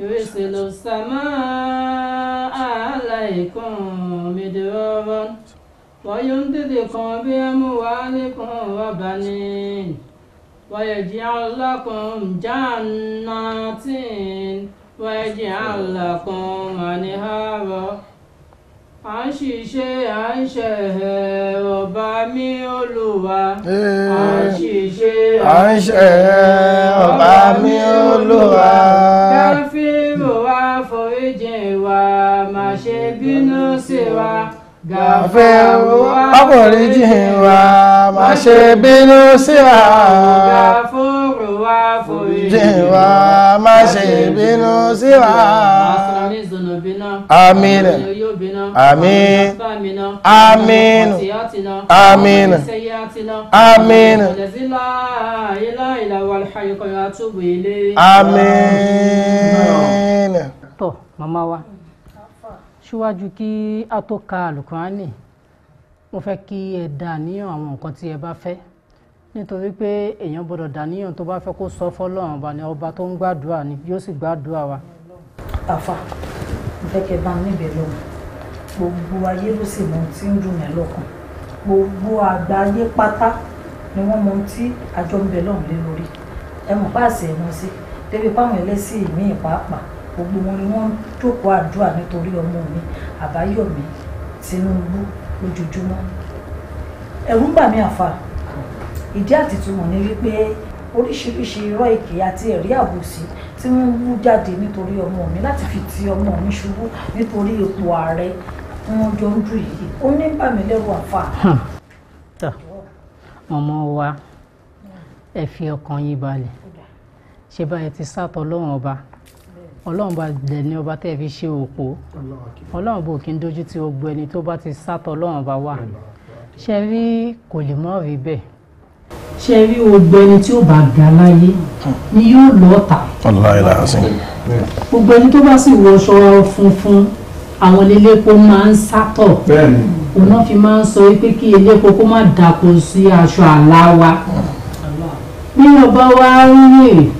ìrèsè ló sàmà àlàyékùn mìdírọ́rọ́ wọ́n yóò ń tètè kan bí ẹ mú wàá lẹ́kùn ọ̀rọ̀ bá ní. ويجعل لكم جنات ويجعل لكم أنهارا à ń ṣiṣẹ́ à ń ṣẹ̀hẹ̀ ọba mi olúwa. à ń eh. ṣiṣẹ́ à ọba mi olúwa. káfíńmù wa foríjìn wa má bínú sí wa gàfẹ́ àforíjì wa má ṣe bínú sí wa gàfúrò wa foríjì wa má ṣe bínú sí wa. Amin. Amin. Amin. Amin. Amin. Amin. Tọ́ màmá wa ṣíwájú kí a tó ka alukurani mo fẹ́ kí ẹ dàníyàn àwọn nǹkan tí ẹ bá fẹ́ nítorí pé èèyàn gbọ́dọ̀ dàníyàn tó bá fẹ́ kó sọ fọ́lọ́run ọba ni ọba tó ń gbàdúrà ni yóò sì gbàdúrà wa. àfà mo fẹ́ kẹ́ bá mi níbẹ̀ lọ́wọ́ gbogbo ayé ló sì mọ ohun tí ń dùn mí lọ́kàn gbogbo àgbáyé pátá ni wọ́n mọ ohun tí àjọ ń bẹ lọ́hùn lé lórí ẹ mọ̀ bá àṣẹ ẹ̀ mọ́ sí débi páwọn ẹlẹ́sìn míì pàápàá gbogbo wọn ni wọ́n jókòó àdúrà nítorí ọmọ mi àbáyọ̀mí Tinubu lójoojúmọ́ ẹ̀rù ń bà mí àfà ìdí àtìtúmọ̀ ni wípé oríṣiríṣi irọ́ èké àti ẹ̀rí àbòsí tí wọ́n wú jáde nítorí ọmọ mi láti fi ti ọmọ mi ṣubú nítorí ipò ààrẹ tí wọ́n jọ ń dù yìí ó ní bà mí lẹ́rù àfà. Hmm. ọmọ wa ẹ fi ọkàn yín balẹ̀ ṣe báyìí ti sátọ̀ lọ́wọ́n ọba ọlọ́run bá dẹ̀ ní ọba tẹ́ fi ṣe òpó ọlọ́run bò kí n dojú ti gbogbo ẹni tó bá ti sátọ̀ ọlọ́run bá wà ṣe rí kò lè mọ́ rí bẹ́ẹ̀ ṣe rí gbogbo ẹni tí ó bá ga láyé ni yóò lọ tà gbogbo ẹni tó bá sì wọṣọ funfun àwọn elépo máa ń sátọ̀ òun náà fi máa ń sọ pé kí elépo kó má dàpọ̀ sí aṣọ àlá wa bí ọba wa ń rìn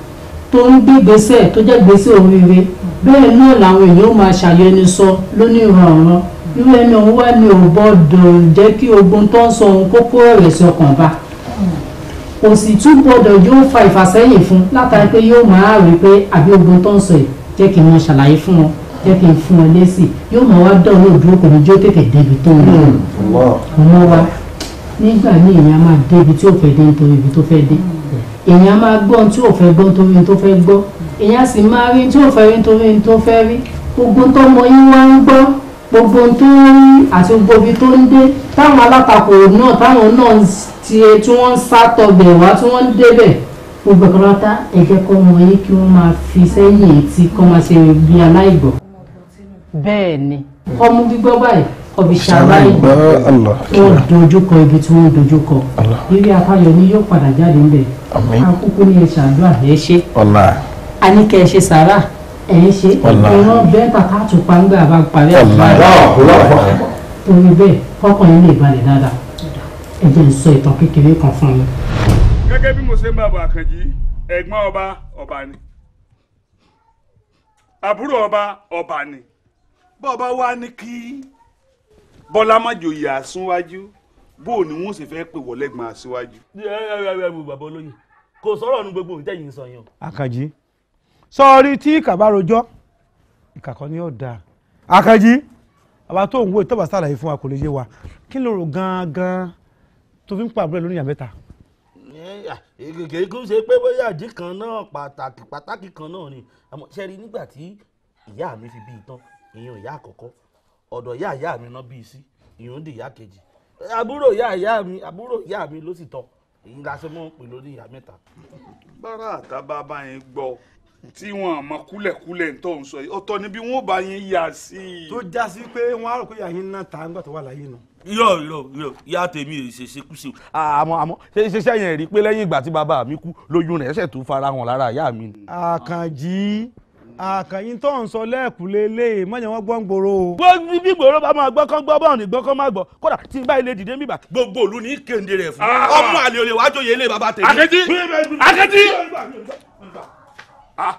tó ń gbé gbèsè tó jẹ́ gbèsè oríire bẹ́ẹ̀ náà làwọn èèyàn máa ṣàyẹni sọ lónìí ìrànràn irú ẹni òun wá ní òbọdọ̀ jẹ́ kí ogun tó ń sọ ohun kókó rẹ̀ sọkàn bá kò sì tún gbọdọ̀ yóò fa ìfàsẹ́yìn fún látàrí pé yóò máa rí pé àbí ogun tó ń sọ yìí jẹ́ kí n mọ ṣàlàyé fún wọn jẹ́ kí n fún wọn lésì yóò máa wá dán olóòdúró kò ní jó tètè débi tó ń lò ọmọ wa nígbà míì ni a máa débi tí ò fẹ́ dé nítorí ibi tó fẹ́ dé. Mm èèyàn máa gbọ́ ohun tí ò fẹ́ gbọ́ nítorí ohun tó fẹ́ gbọ́ èèyàn sì máa rí ohun tí ò fẹ́ rí nítorí ohun tó fẹ́ rí gbogbo tó mọ yín wá ń gbọ́ gbogbo tó ń rí àti gbogbo ibi tó ń dé táwọn alátakò náà táwọn náà ti tí wọ́n ń sátọ̀gbẹ̀ wá tí wọ́n ń débẹ̀ gbogbo ẹ̀kọ́ látá ẹ̀jẹ̀ kọ́ mọ yín kí wọ́n máa fi sẹ́yìn etí kọ́ máa ṣe bí aláìgbọ́. bẹ́ẹ̀ ni ọmú gbígbọ́ báyìí ọ̀bìṣàláìgbọ́ tó dojúkọ ibi tí wọ́n dojúkọ eré afáyọ ni yóò padà jáde ńbẹ̀ akókó ni ẹ ṣàdúrà ẹ ṣe àníkẹ́ ẹ ṣe sàrà ẹ ṣe ìran bẹ́ẹ̀ bàtà tún pàǹgbà bá parí àfààní torí bẹ́ẹ̀ kọ́kàn yín lè balẹ̀ dáadáa ẹ jẹ́ n sọ ìtàn kékeré kan fún yín. gẹ́gẹ́ bí mo ṣe ń bá àbọ̀ àkànjì ẹ̀gbọ́n ọba ọba ni àbúrò ọba ọba ni bọ́ọ̀bá wa ní kí bọ́lá májòyè àsúnwájú bó o ní wọ́n sì fẹ́ pè wọlé gbọ́n àsíwájú. bàbá olóyè kò sọ̀rọ̀ ọ̀nù gbogbo ìtẹ̀yìn sọ yẹn. Akaji. sọọrí tí kàbá rojọ́ ìkàkọ́ ni ó dáa àkànjí àbá tó ń wo ìtọ́ba sàlàyé fún wa kò lè yé wa kí ló rò gan-an tó fi ń pa àbúrò lórí ìyá mẹ́ta. èkèké kú ṣe pé bóyá àdí kan náà pàtàkì pàtàkì kan náà ni àmọ́ ṣẹ́rí nígbà tí ìyá mi fi bí i tán ìyẹn ìyá àkọ́kọ́ ọ̀dọ̀ ìyá ìyá mi ná bíi sí ìyún di ìyá kejì àbúrò ìyá ìyá mi àbúrò ìyá mi ló sì tọ́ èyí la ṣe mọ́ pè lórí ìyá mẹ́ta. bára àtàbà bá yẹn gbọ́ tí wọn àmọ́ kúlẹ̀kúlẹ̀ ń tọ́ ń sọ yìí ọ̀tọ̀ ni bí wọ́n bá yẹn yà sí i. tó já sí pé wọn á rò pé yàyín náà ta nígbà tó wà láyé nù. yọ yọ yọ ìyá tèmi ò ṣe ṣe kú sí i. àmọ́ àmọ́ ṣe ṣe yẹn rí i pé lẹ́yìn ìgbà tí bàbá mi kú lóyún rẹ̀ ẹ̀ṣẹ̀ tó fara hàn lára ìyá mi. àkànjì àkànyìn tó ń sọ lẹ́ẹ̀kúlé lé mọ̀nyẹ́ wọn gbọ́n gbòòrò o. gbọ́ bí gbòòrò bá máa gbọ́ kán gbọ́ bọ́ọ̀ ní gbọ́ kán máa gbọ́ kódà tí n bá ilé dìde mi bà. gbogbo olú ní kéde rẹ fún ah. ọmọ àlè olè wájú yẹlé bàbá tèmi. àkẹ́tì àkẹ́tì. Ah.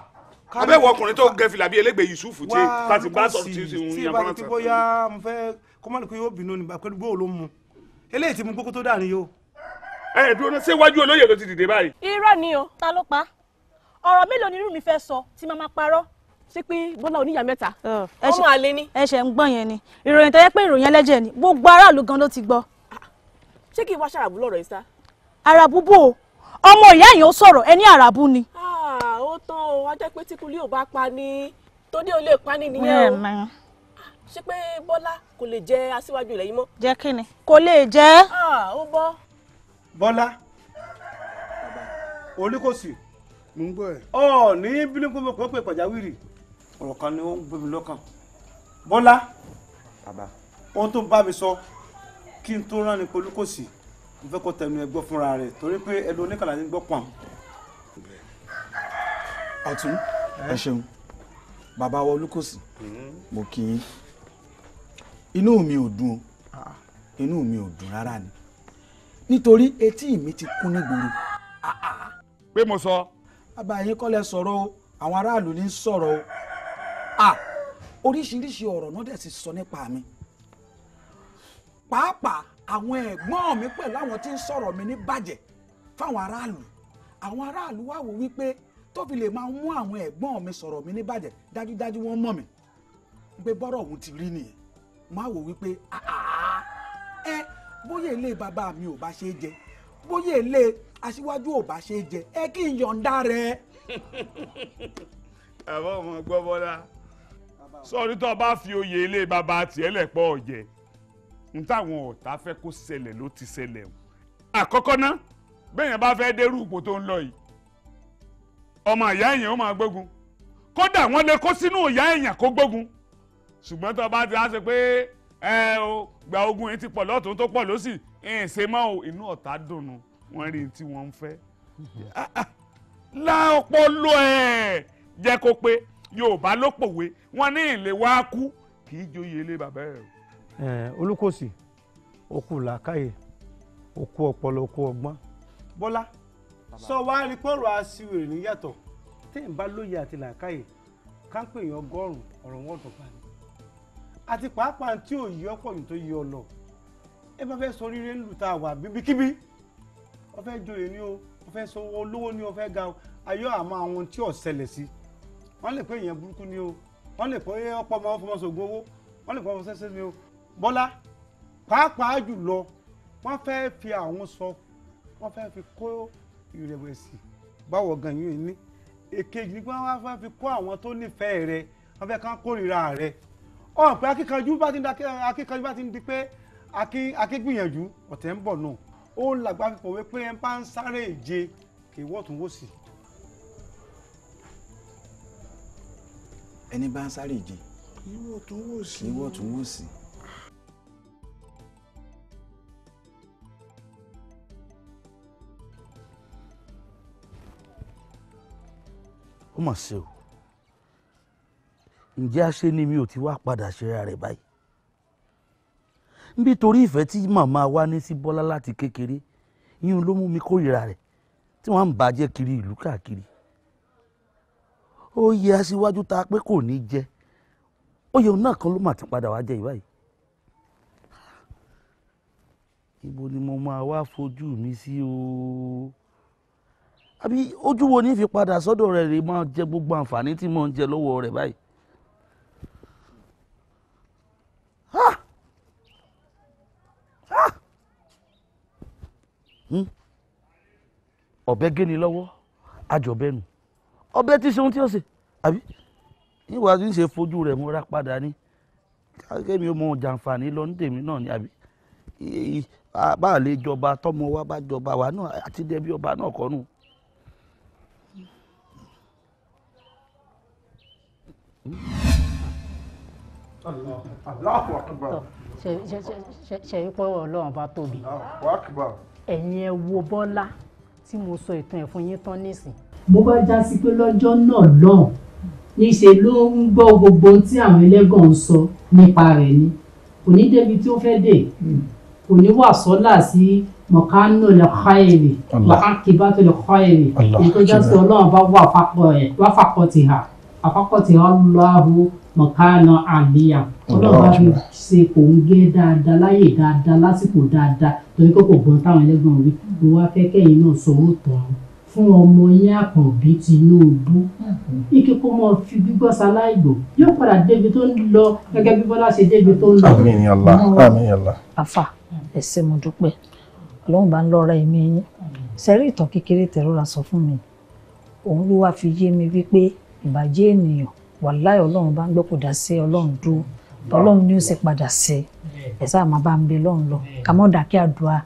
abẹ́ wọ ọkùnrin tó gẹ fìlà bíi elégbè Yusuf tí láti bá sọ̀rọ̀ tí ń yan fọlọ́sà. tí bóyá mo fẹ́ kọ́mọ́nì kó yóò bínú ni pẹ̀lú gbóò ló mu eléyìí ti mu gbókó tó dà ní yó. ẹ dúró ṣé wájú olóyè ló ti dìde báyìí. irọ́ ni o ta ló pa ọ̀rọ̀ mélòó ni irú mi fẹ́ sọ tí màmá parọ́ ṣé pé bọ́lá oníyà mẹ́ta ọmọ àlè ni. ẹsẹ̀ ń gbọ́n yẹn ni ìròyìn tó yẹ pé ìròyìn ẹlẹ́jẹ̀ ni gbogbo aráàlú gan ló ti gbọ́. ṣé kí n wá ṣàràbù lọ́rọ̀ yìí sá. àràbù bò ó ọmọ ìyá yẹn ó sọ̀rọ̀ ẹni àràbù ni. ó tó wá jẹ́ pé tíkulí ò bá pa ni tó dé ò pa ni nìyẹn o ṣé pé bọ́lá kò lè jẹ aṣíwájú ilẹ̀ yìí mọ́. jẹ́ kí ni kò lè jẹ́. ó bọ́. bọ́lá orí kò sí. pàjáwìrì ọ̀rọ̀ kan ni ó ń gbé mi lọ́kàn bọ́lá ohun tó bá mi sọ kí n tó rán ni polú kò sí mo fẹ́ kó tẹnu ẹ gbọ́ fúnra rẹ̀ torí pé ẹnu oníkàlà ní gbọ́ pọ̀n. ọ̀tún ẹ ṣeun bàbá wa olúkòsì mo kí yín inú mi ò dùn o inú mi ò dùn rárá ni nítorí etí mi ti kún nígboro. pé mo sọ. bàbá yín kọ́ lẹ sọ̀rọ̀ o àwọn aráàlú ní sọ̀rọ̀ o oríṣiríṣi ọ̀rọ̀ náà dẹ̀ sì sọ nípa mi pàápàá àwọn ẹ̀gbọ́n mi pẹ̀lú àwọn tí ń sọ̀rọ̀ mi ní bàjẹ́ fáwọn aráàlú àwọn aráàlú wá wò wípé tó fi lè máa mú àwọn ẹ̀gbọ́n mi sọ̀rọ̀ mi ní bàjẹ́ dájúdájú wọ́n mọ̀ mi pé bọ́rọ̀ òun ti rí nìyẹn má wò wípé ẹ bóyá ilé bàbá mi ò bá ṣe é jẹ bóyá ilé aṣíwájú ò bá ṣe é jẹ ẹ kí n yọ̀ǹda rẹ. (laughs) àbọ̀ ọmọ gbọ́ bọ́lá sọ́ọ́rí tó o bá fi oyè ilé bàbá tiẹ̀ lẹ̀pọ̀ ọ̀jẹ̀ n táwọn ọ̀tá fẹ́ kó ṣẹlẹ̀ ló ti ṣẹlẹ̀ o. àkọ́kọ́ ná bẹ́ẹ̀yàn bá fẹ́ dérú ipò tó ń lọ yìí ọmọ ìyá èèyàn ó máa gbógun kódà wọ́n lè kó sínú ìyá èèyàn kó gbógun ṣùgbọ́n tó o bá ti á ṣe pé ẹ o gba ogun yìí ti pọ̀ lọ́tún tó pọ̀ lọ́sì ẹ̀ ṣe mọ́ o inú ọ̀tá dùnú wọ́n rí tí wọ́n ń fẹ́. la (laughs) ọpọlọ ẹ jẹ́ kó pé yorùbá ló pòwe wọn ní wa kú kì í joyè bàbá ẹ. olùkọ́sì okú làákàyè okú ọ̀pọ̀lọ̀ okú ọgbọ́n. bọ́lá sọ wá rí pọ̀rọ̀ aṣiwèrè níyàtọ̀ tẹ́ ń bá lóye àti làákàyè káńpẹ̀ èèyàn ọgọ́rùn-ún ọ̀rọ̀ wọn dọ̀gba ni àti pàápàá tí ò yí ọ̀pọ̀ mi tó yí ẹ bá fẹ́ sọ rírẹ́ tá a wà bíbíkíbí ni o ọ fẹ́ sọ wọ́n lè pé èèyàn burúkú ni o wọ́n lè pé ọ̀pọ̀ ọmọ fọmọ sògùn owó wọ́n lè pé ọmọ sẹ́sẹ́ ni o bọ́lá pàápàá jùlọ wọ́n fẹ́ fi àwọn sọ wọ́n fẹ́ fi kó ìrẹ̀wẹ̀sì báwọ̀ gan yín ní èkejì nígbà wọ́n fẹ́ fi kó àwọn tó nífẹ̀ẹ́ rẹ wọ́n fẹ́ kán kórìíra rẹ ọ̀n pé akíkanjú bá ti di akíkanjú bá ti di pé akígbìyànjú ọ̀tẹ̀ ń bọ̀ náà ó làgbà fipò wé pé ẹ bá ń sáré ìje kì í wọ́tún wọ́sì ẹni bá ń sáré ìje ìwọ tún wò sí ó mà ṣe o ǹjẹ́ àṣé ni mi ò ti wá padà ṣera rẹ̀ báyìí níbi torí ìfẹ́ tí màmá wa ní sí Bọ́lá láti kékeré yín ló mú mi kórìíra rẹ̀ tí wọ́n ń bàjẹ́ kiri ìlú káàkiri oyè aṣíwájú tá a pé kò ní jẹ oyè òun náà kan ló mà ti padà wá jẹ ìbáyìí ibo ni mo máa wá fojú mi sí o àbí ojú wo ní fi padà sọ́dọ̀ rẹ̀ rè máa jẹ gbogbo àǹfààní tí mò ń jẹ lọ́wọ́ rẹ̀ báyìí. Hmm? ọ̀bẹ gé ni lọ́wọ́ àjọ̀bẹ́nu ọbẹ̀ tí ṣeun tí ó ṣe àbí níwàá tí ń ṣe fojú rẹ̀ múra padà ní kémi ó mọ jàǹfààní lọ ní tèmi náà ni àbí bá a lè jọba tọmọ wa bá jọba wa náà àti dẹbi ọba náà kọ́ nù. ṣe ipò ọlọ́run bá tóbi ẹ̀yin ẹ wo bọ́lá tí mo sọ ìtàn ẹ̀ fún yín tán nísìn bó bá já sí pé lọ́jọ́ náà lọ́hùn níṣẹ́ ló ń gbọ́ gbogbo ohun tí àwọn ẹlẹ́gàn ń sọ nípa rẹ̀ ni kò ní débi tí ó fẹ́ dé kò ní wà sọ́là sí mọ̀kánù lè kọ́ èrè wákàkíbá tó lè kọ́ èrè ìtọ́jà sí ọlọ́run bá wà fàkọ́ ti hà àfàkọ́ ti hà lọ́hùn mọ̀kánà àlíyà ọlọ́run bá fi ṣe kò ń gé dáadáa láyè dáadáa lásìkò dáadáa torí kò kò gbọ́n táwọn ẹlẹ́gbọ̀n wí ló wá fẹ́ kẹ́yìn náà sọ òótọ́ fún ọmọ yín àkànbí tinubu hmm. ike kó mọ fi gbígbọ́ ṣaláìgbò yóò padà débi tó ń lọ gẹ́gẹ́ bí bọ́lá ṣe débi tó ń lọ. àmín ya Allah àmín ya Allah. àfà ẹ ṣé mo dúpẹ́ ọlọ́run bá ń lọ́ra ẹ̀mí yín sẹ́rí ìtàn kékeré tẹ̀rọ̀ra sọ fún mi òun ló wáá fi yé mi wípé ìbàjẹ́ ènìyàn wàláì ọlọ́run bá ń gbọ́ kò dá sí ọlọ́run dúró ọlọ́run ni ó sì padà sí ẹ̀ sáà máa bá ń bẹ lọ́run lọ kàmọ́dà kí àdúrà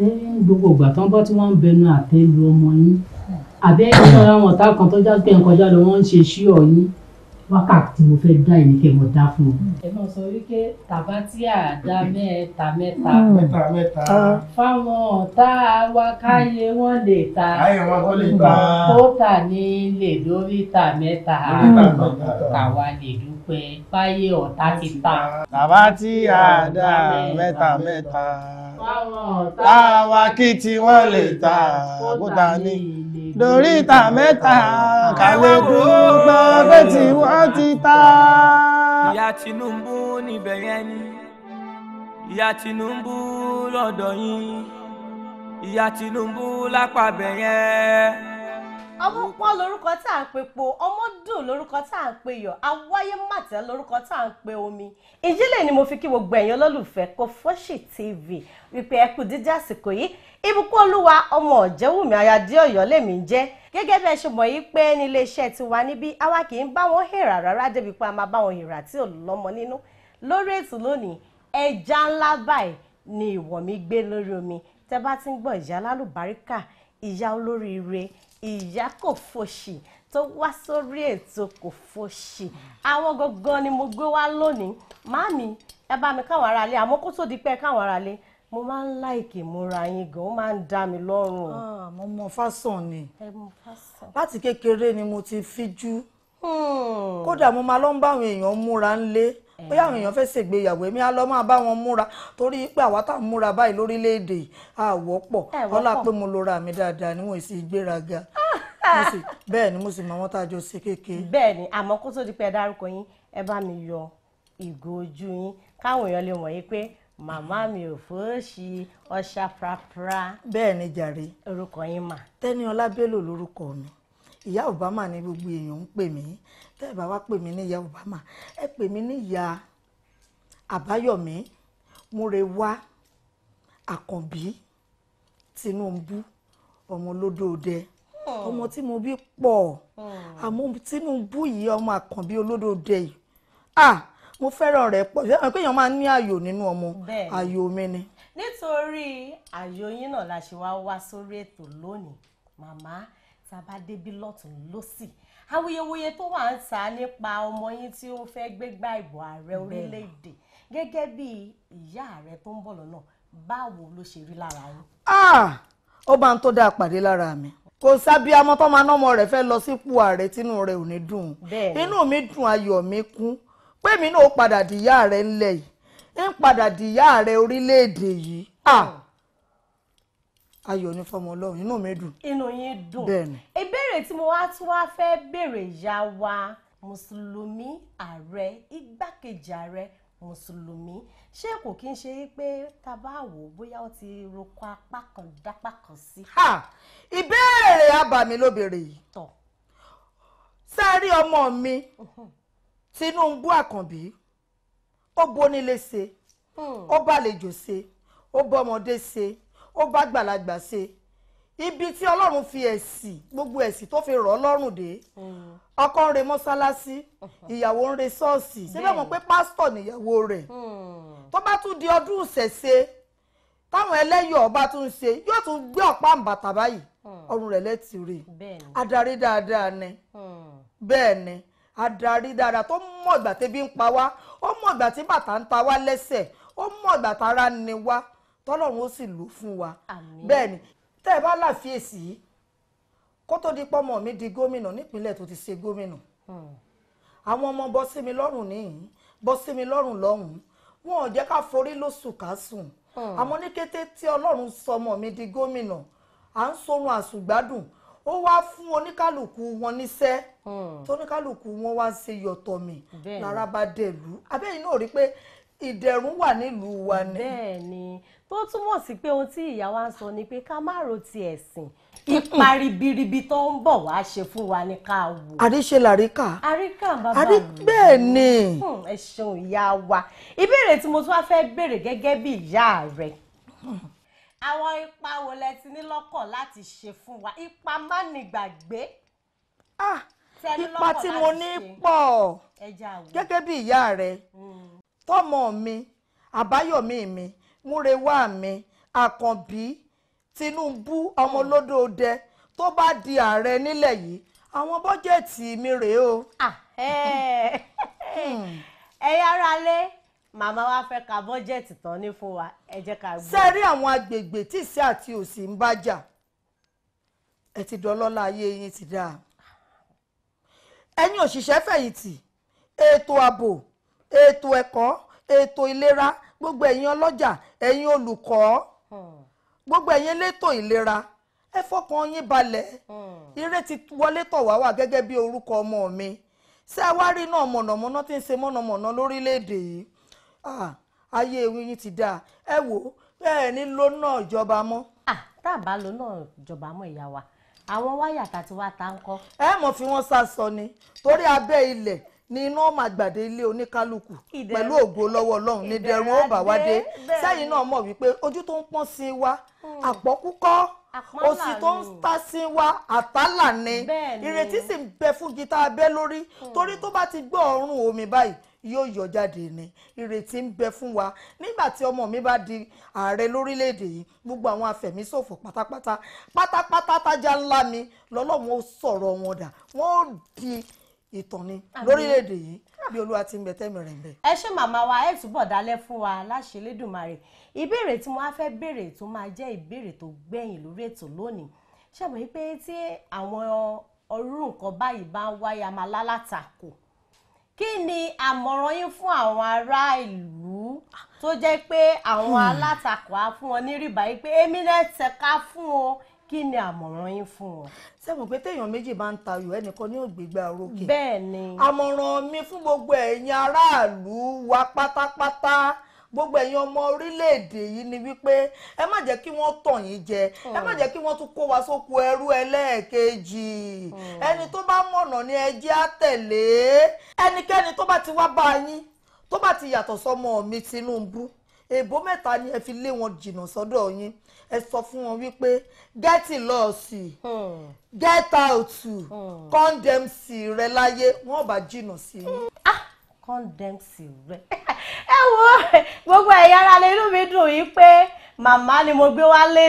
ṣé gbogbo ìgbà tán bá tí wọ́n ń bẹnu àtẹ́ lu ọmọ yín àbẹ́ ìṣọ́ àwọn ọ̀tá kan tó já pé nǹkan jáde wọ́n ń ṣe sí ọ̀ yín wákàtí mo fẹ́ dá ìní kẹ́ mo dá fún un. ẹ máa sọ wípé tàbá tí a dá mẹ́ta mẹ́ta hmm. mẹ́ta mẹ́ta ah. fáwọn ọ̀tá wa káyé wọ́n lè ta káyé wọn kọ́ lè ta kóòtà ní lè lórí ta mẹ́ta káwa lè dúpẹ́ báyé ọ̀tá ti ta. tàbá tí a dá mẹ́ta mẹ́ta fáwọn ọ̀tá wa kí tí wọ́n lè ta àkótá ní dóríta mẹ́ta kàlẹ́kùn gbọ́ pé tí wọ́n ti ta. ìyá Tinubu níbẹ̀ yẹn ni ìyá Tinubu lọ́dọ̀ yín ìyá Tinubu lápàbẹ̀ yẹn ọmọ pọ́n lórúkọ tá à ń pe po ọmọ dùn lórúkọ tá à ń pe yọ̀ awáyé màtẹ́ lórúkọ tá à ń pe omi ìjìnlẹ̀ ni mo fi kí gbogbo ẹ̀yin olólùfẹ́ Kofoshy TV wípé ẹ kú dídí àsìkò yìí Ìbùkún Olúwa ọmọ ọ̀jẹ̀wùmí ayáde ọ̀yọ́ lèmi ń jẹ́ gẹ́gẹ́ bẹ́ẹ̀ ṣe mọ̀ yìí pé nílé iṣẹ́ tiwa níbí àwa kì í bá wọn hèrà rárá débi pé a máa bá wọn hèrà tí ò lọ́mọ nínú lórí ètò lónìí ẹja ńlá báyìí ni ìwọ̀ mi gbé lórí omi tẹ́ bá ti ń gbọ́ ìyá alálùbáríkà ìyá olóríire ìyá kò fòṣì tó wá sórí ètò kò fòṣì àwọn gangan ni mo gbé wá lónìí màámi ẹ bá mi káwọn aráalé àmọ́ kó tó di pé káwọn aráalé mo máa ń láìkè múra yín gan ó máa ń dá mi lọ́rùn. Ah, mo mọ fásán ni láti kékeré ni mo ti fíjú hmm. kódà mo máa lọ ń bá èèyàn múra ńlé bóyá àwọn èèyàn fẹ́ ṣègbéyàwó èmi á lọ máa bá wọn múra torí pé àwa tá à ń múra báyìí lórílẹ̀‐èdè àwọ̀pọ̀ ọlá pé mo lora mi dáadáa níwọ̀n èsì ìgbéraga ah! bẹ́ẹ̀ ni mo sì mọ àwọn tá a jọ ṣe kékeré. bẹ́ẹ̀ ni àmọ́ kó tó di pé ẹ dárúkọ yín ẹ bá mi yọ ìgò ojú yín káwọn èèyàn lè wọ̀nyí pé màmá mi ò fòóṣì ọ̀ṣà prapra. bẹ́ẹ̀ ni jàre. orúkọ yín mà. Tẹ́níọlá Bello lorúkọ mi ìyá Obama ni gbogbo èèyàn ń pè mí tẹ́ ẹ bá wá pè mí ní ìyá Obama ẹ pè mí ní ìyá Àbáyọ̀mí Múrewá Àkànbí Tinubu ọmọ olódòdẹ hmm. ọmọ tí mo bí pọ̀ hmm. àmọ́ Tinubu yìí ọmọ Àkànbí olódòdẹ yìí ah mo fẹ́ràn rẹ̀ pọ̀ ṣé àwọn èèyàn máa ń ní ayò nínú ọmọ ayò mi ni. nítorí ayò náà la ṣe wá wá sórí ètò lónìí màmá tá a bá débi lọ́tún lọ́sì awuyewuye tó wà ń ta nípa ọmọ yín tí ó fẹ́ gbégbá ìbò ààrẹ orílẹ̀-èdè gẹ́gẹ́ bí ìyá ààrẹ tó ń bọ̀ lọ́nà báwo ló ṣe rí lára yín. Ah! ó bá ń tó dáa pàdé lára mi kò sábí amọ́ tó máa nọ́mọ rẹ̀ fẹ́ lọ sípò ààrẹ tínú rẹ̀ ò ní dùn inú mi dùn ayọ̀ mi kún pé mi náà padà di ìyá ààrẹ ńlẹ̀ yìí ń padà di ìyá ààrẹ orílẹ̀-èdè yìí. Ah! ayọ̀ ní fọmọ ọlọ́run inú mi dùn. inú yín dùn bẹ́ẹ̀ni. ìbéèrè tí mo wá tún wá fẹ́ béèrè ìyá wa mùsùlùmí ààrẹ igbákejì ààrẹ mùsùlùmí ṣé kò kí n ṣe pé tá a bá wò bóyá ó ti roko apá kan dápá kan sí. ìbéèrè abàmì ló béèrè yìí. tọ́ sáré ọmọ mi Tinubu Àkànbí ó bónílé ṣe hmm. ó bàlejò ṣe ó bọ́mọdé ṣe ó bá gbàlagbà se ibi tí ọlọ́run fi ẹ̀sìn gbogbo ẹ̀sìn tó fi rọ̀ ọlọ́run dé mm. ọkọ ń re mọ́sálásí mm-hmm. ìyàwó ń re ṣọ́ọ̀ṣì síbẹ̀ mọ̀ pé pásítọ̀ nìyàwó rẹ̀ mm. tó bá tún di ọdún ìṣẹ̀ṣe táwọn ẹlẹ́yọ̀ ọba tún ń ṣe yóò tún gbé ọ̀pá àǹbàtà báyìí mm. ọrùn rẹ̀ lẹ́tì rè adarí dáadáa ni bẹ́ẹ̀ ni adarí dáadáa tó mọ̀ ìgbà tẹ́bí ń pa wá ó mọ̀ ìgbà tí bàtà ń ta wá lẹ́sẹ̀ ó mọ̀ ìgbà tára ń ni wá tọ́lọ́run ó sì lò fún wa bẹ́ẹ̀ ni tẹ́ ẹ bá láfiyèsí kó tó di pọ́mọ mi di gómìnà nípínlẹ̀ tó ti ṣe gómìnà hmm. àwọn ọmọ bọ́ sí mi lọ́rùn níhìn bọ́ sí mi lọ́rùn lọ́hùn wọn ò jẹ́ ká forí lóṣù ká sùn hmm. àmọ́ ní kété tí ọlọ́run sọmọ mi di gómìnà à ń sorun àsùngbádùn ó wá fún oníkálùkù wọn níṣẹ́ hmm. tóníkálùkù wọn wá ń ṣe yọ̀tọ̀ mi lára bá dẹ̀lú abẹ́yìn náà rí pé ìdẹ̀rùn wà nílùú wa ni. bẹ́ẹ̀ ni tó túmọ̀ sí pé ohun tí ìyá wa ń sọ ni pé ká má ro ti ẹ̀sìn ipa ribiribi tó ń bọ̀ wá ṣe fún wa ni ká wò. àríṣe làríkà. àríkà bàbá mi bẹ́ẹ̀ hmm, ẹ ṣeun ìyá wa ìbéèrè tí mo tún wá fẹ́ béèrè gẹ́gẹ́ bí ìyá rẹ̀ àwọn ipa wo lẹ ti ní lọ́kàn láti ṣe fún wa ipa má nìgbàgbé. Ah, ipa tí mo ní pọ̀ gẹ́gẹ́ bí ìyá rẹ̀ hmm tọmọ mi àbáyọ̀mí mi múrewá mi àkànbí tinubu ọmọlódóòdẹ hmm. tó bá di ààrẹ nílẹ̀ yìí àwọn bọ́jẹ̀tì mi rèé o. Hmm. ẹ̀yin aráalé màmá wa fẹ́ ka bọ́jẹ̀tì tán ní fún wa ẹ jẹ́ ká gbọ́. sẹ́rí àwọn agbègbè tí ìṣẹ́ àti òsì ń bá jà ẹ ti dọlọ́lá ayé yín ti dáa ẹ̀yin òṣìṣẹ́ fẹ̀yìntì ètò ààbò ètò ẹ̀kọ́ ètò ìlera gbogbo ẹ̀yin ọlọ́jà ẹ̀yin olùkọ́ gbogbo ẹ̀yin elétò ìlera ẹ fọkàn yín balẹ̀ ire hmm. ti wọlé tọ̀ wá wà gẹ́gẹ́ bí orúkọ ọmọ mi ṣé ẹ wá rí náà mọ̀nàmọ́ná tí ń ṣe mọ̀nàmọ́ná lórílẹ̀‐èdè yìí ayé yín ti dáa ẹ wò ẹ ní ló náà jọba mọ́. tá a bá ló náà jọba mọ́ ìyá wa àwọn wáyà tá a ti ta ń kọ́. ẹ mọ̀ fi wọ́n sá sọ ni torí abẹ́ ilẹ̀ ni iná máa gbàdé ilé oníkálukú pẹ̀lú ògo lọ́wọ́ ọlọ́run ní dẹrùn ó bà sẹ́yìn náà mọ̀ wípé ojú tó ń pọ́n sí wa hmm. àpọ́kúkọ́ òsì tó ń ta sí wa àtàlà ni ìrètí sì ń bẹ fún gita abẹ́ lórí hmm. torí tó bá ti gbọ́ ọ̀run omi báyìí yóò yọ jáde ni ìrètí ń bẹ fún wa nígbà tí ọmọ mi bá di ààrẹ lórílẹ̀‐èdè yìí gbogbo àwọn afẹ̀míṣòfò pátápátá pátápátá tájà ńlá mi lọ́lọ́run ó sọ̀rọ̀ ìtàn ni lórílẹ̀‐èdè yìí bí olúwa ti ń bẹ tẹ́mi rẹ̀ ń bẹ. ẹ ṣé màmá wa ẹ túbọ̀ dálẹ̀ fún wa láṣẹ Elédùmarè ìbéèrè tí mo á fẹ́ béèrè tó máa jẹ́ ìbéèrè tó gbẹ̀yìn lórí ètò lónìí ṣàmì pé tí àwọn orú nǹkan báyìí bá ń wáyé a máa lálátakò kí ni àmọ̀ràn yín fún àwọn ará ìlú tó jẹ́ pé àwọn hmm. alátakò á fún wọn ní rìbá yìí pé èmi náà fún o kí ni àmọ̀ràn yín fún wọn. sẹ́wọ̀n pé téèyàn méjì bá ń tayò ẹnìkan ní ògbégbá orókè. bẹ́ẹ̀ ni. àmọ̀ràn mi fún gbogbo ẹ̀yin aráàlú wa pátápátá gbogbo ẹ̀yin ọmọ orílẹ̀-èdè yìí ni wípé ẹ má jẹ́ kí wọ́n tàn yín jẹ ẹ má jẹ́ kí wọ́n tún kó wa sóko ẹrú ẹlẹ́ẹ̀kejì hmm. ẹni tó bá mọ̀nà ni ẹ jẹ́ á tẹ̀lé ẹnikẹ́ni tó bá ti wá bá yín tó bá ti yàtọ̀ sọmọ mi Tinubu èèbó mẹ́ta ni ẹ fi lé wọn jìnnà sọ́dọ̀ yín ẹ sọ fún wọn wípé get lost hmm. get out hmm. condemn sí rẹ láyé wọn ò bá jìnnà sí i. ah condemn sí rẹ (laughs) ẹ wo gbogbo ẹ̀yà ara lè inú mi dùn yìí pé màmá ni mo gbé wá lé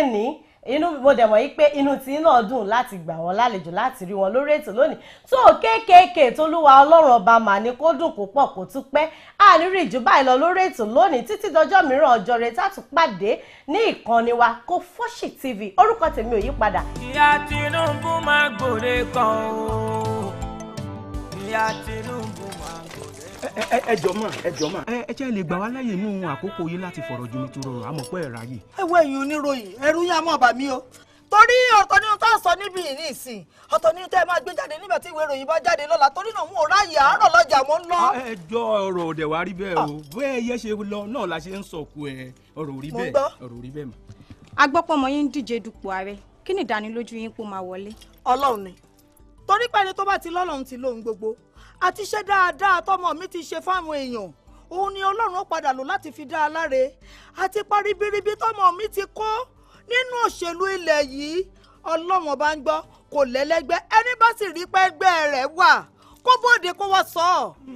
inú mo dẹ̀ mọ̀ yí pé inú tí náà dùn láti gbà wọ́n lálejò láti rí wọn lórí ètò lónìí tó kéékèèké tolúwa ọlọ́run ọba mà ní kó dùn kó pọ̀ kó tún pẹ́ àníríì jù báyìí lọ lórí ètò lónìí títí dọjọ́ mìíràn ọjọ́ rẹ tàtún pàdé ní ìkànnì wa KOFOSHI TV orúkọ tèmi ò yí padà. ìyá Tinubu máa gbòde kan o ìyá Tinubu máa ẹ jọ mà ẹ jọ mà. ẹ jẹ́ lè gbà wá láyè nínú àkókò yìí láti fọ̀rọ̀ ju mi tó rọrùn àmọ́ pé ẹ̀rọ ayé. ẹ wo ẹ̀yin oníròyìn ẹrú yín àmọ́ bà mí o torí ọ̀tọ̀ nínú tá a sọ níbi yìí nísìn ọ̀tọ̀ nínú tẹ́ ẹ máa gbé jáde nígbà tí ìwé ìròyìn bá jáde lọ́la torí náà mú ọ̀rá yìí àárọ̀ lọ́jà mọ́ ń lọ. ẹ jọ ọ̀rọ̀ ọdẹ wa rí bẹ́ẹ̀ o ah. bẹ́ẹ̀ yẹ ṣe lọ náà la ṣe ń sọkù ẹ ọ̀rọ̀ rí bẹ́ẹ̀ ọ̀rọ̀ rí bẹ́ẹ̀ mọ. agbọ́pọ̀mọ yín ń díje dupò ààrẹ kí ni ìdánilójú yín kó máa wọlé. Ọlọ́run ni torí pé ẹni tó bá ti lọ́lọ́run ti lóhun gbogbo àti iṣẹ́ dáadáa tọmọ mi ti ṣe fáwọn èèyàn òun ni ọlọ́run ó padà lò láti fi dá a láre àti paribiribi tọmọ mi ti kó nínú òṣèlú ilẹ̀ yìí ọlọ́run ọba ń gbọ́ kò lẹ́lẹ́gbẹ́ ẹni bá sì rí pé ẹgbẹ́ rẹ̀ wà kó bóde kó wá sọ.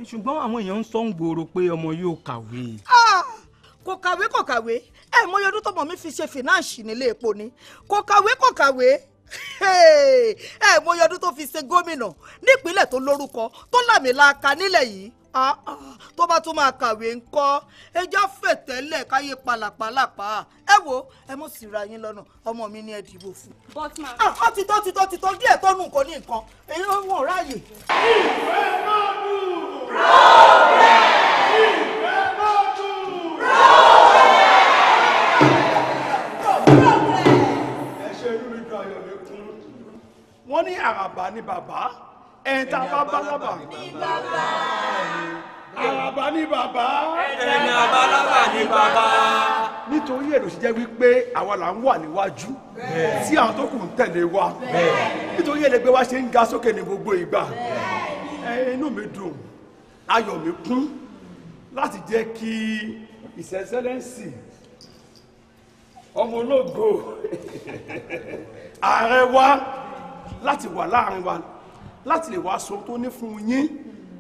ṣùgbọ́n àwọn èèyàn ń sọ ń gbòòrò pé ọmọ yóò kàwé. kò kàwé kò kàwé ẹ̀ mọ́yọ́dún tọmọ mi fi ṣe fìnáàṣì nílé epo ni kò kàwé kò kàwé ẹ mọ iye ọdún tó fi ṣe gómìnà nípínlẹ̀ tó lórúkọ tó làmìlaka nílẹ̀ yìí ah, ah, tó bá tún máa kàwé ńkọ́ ẹjọ́ fètẹ́lẹ̀ káyé palàpalàpà ẹ wo ẹ mọ̀ sí ra yín lọ́nà ọmọ mi ni ẹ dìbò fún. Ah, ó ti tó ti tó ti tó díẹ̀ tó nù kó ní nǹkan èyí ó wọ̀n ráàyè. ìfẹ́ náà dùn. rọ́ọ̀rẹ́. wọ́n ní àràbà ni bàbá ẹni tá a ni bàbá àràbà ni bàbá ẹni àbálábà ni bàbá. nítorí èrò ṣe jẹ́ wípé àwa là ń wà níwájú tí àwọn tó kù ń tẹ̀lé wa nítorí ẹlẹgbẹ́ wa ṣe ń ga sókè ní gbogbo ìgbà inú mi dùn ayọ̀ mi kún láti jẹ́ kí ìsẹ̀sẹ̀lẹ́sì ọmọ ológo (laughs) ààrẹ wa láti wà láàrin wa láti lè wá sọ tó ní fún yín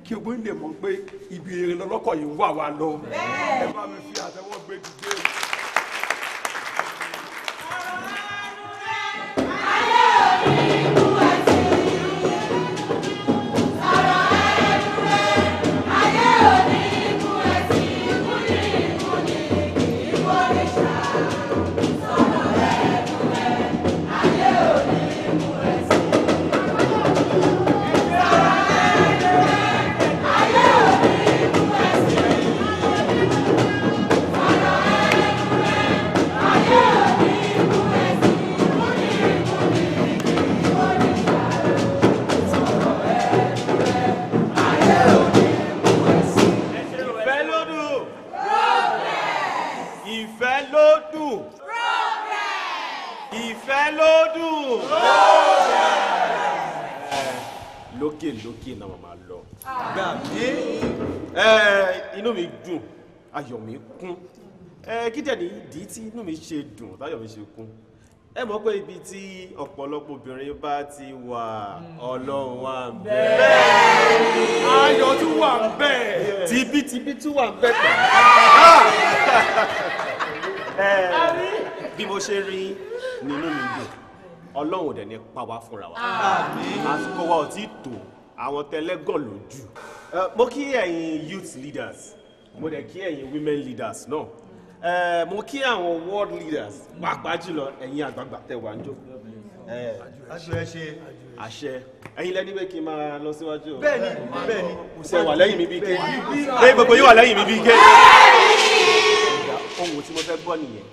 kí o gbé lè mọ̀ pé ibi èrè lọ́lọ́kọ̀ yìí ń wà wá lọ ẹ bá mi fi àtẹ́wọ́ gbé dìde. lókè lókè náà màmá lọ. gbà mí. inú mi dùn ayọ̀ mi kún kí dẹ̀ ní ìdí tí inú mi ṣe dùn táyọ̀ mi ṣe kún ẹ mọ̀ pé ibi tí ọ̀pọ̀lọpọ̀ obìnrin bá ti wà ọlọ́run wà ń bẹ̀. bẹ́ẹ̀ni ayọ̀ tún wà ń bẹ̀. tibítibí tún wà ń bẹ̀ tán. bí mo ṣe rí nínú mi dùn ọlọ́run ò dẹ̀ ní pa wá fúnra wa àsìkò wa ò tí ì tó àwọn tẹlẹ́gàn lójú. mo kí ẹ̀yin youth leaders mo dẹ̀ kí ẹ̀yin women leaders náà mo kí àwọn world leaders pàápàá jùlọ ẹ̀yin àgbààgbà tẹ̀ wá ń jó àṣẹ ẹ̀yin lẹni pé kí n máa lọ síwájú o bẹ́ẹ̀ni bẹ́ẹ̀ni kò sẹ wà lẹ́yìn mi bí ké bẹ́ẹ̀ gbogbo yìí wà lẹ́yìn mi bí ké ohun tí mo fẹ́ gbọ́ nìyẹn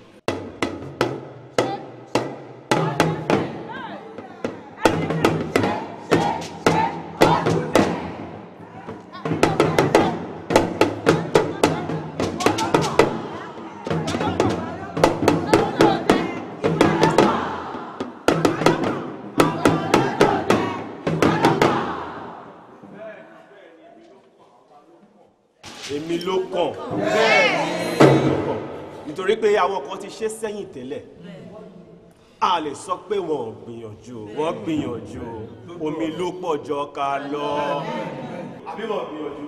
àwọn kan ti ṣe sẹ́yìn tẹ́lẹ̀ a lè sọ pé wọn ò gbìyànjú wọn gbìyànjú omi ló pọ̀ jọ ká lọ àbí wọn gbìyànjú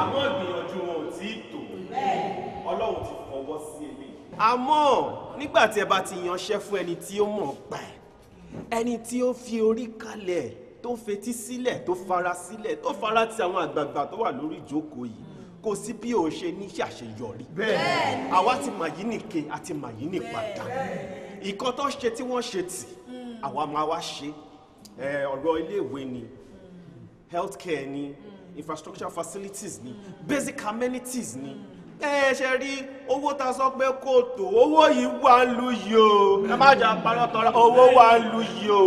àmọ́ gbìyànjú wọn ò tí ì tò ọlọ́run ti fọwọ́ sí eléyìí. àmọ́ nígbà tí ẹ bá ti yanṣẹ́ fún ẹni tí ó mọ̀ pa ẹ̀ ẹni tí ó fi orí kalẹ̀ tó fetí sílẹ̀ tó fara sílẹ̀ tó fara ti àwọn àgbààgbà tó wà lórí ìjókòó yìí kò sí bí o ṣe ní ṣàṣeyọrí bẹ́ẹ̀ àwa ti mà yí nìke àti mà yí nìpadà ìkan tó ṣe tí wọ́n ṣe tì hmm. àwa máa wá ṣe ọ̀rọ̀ iléèwé ni hmm. health care ni hmm. infrastructure facilities ni basic amenities ni ẹ ṣe rí owó ta sọ pé kò tó owó yìí wà ń lu yìí o ẹ má jà parọ́ tọ́ra owó wà ń yìí o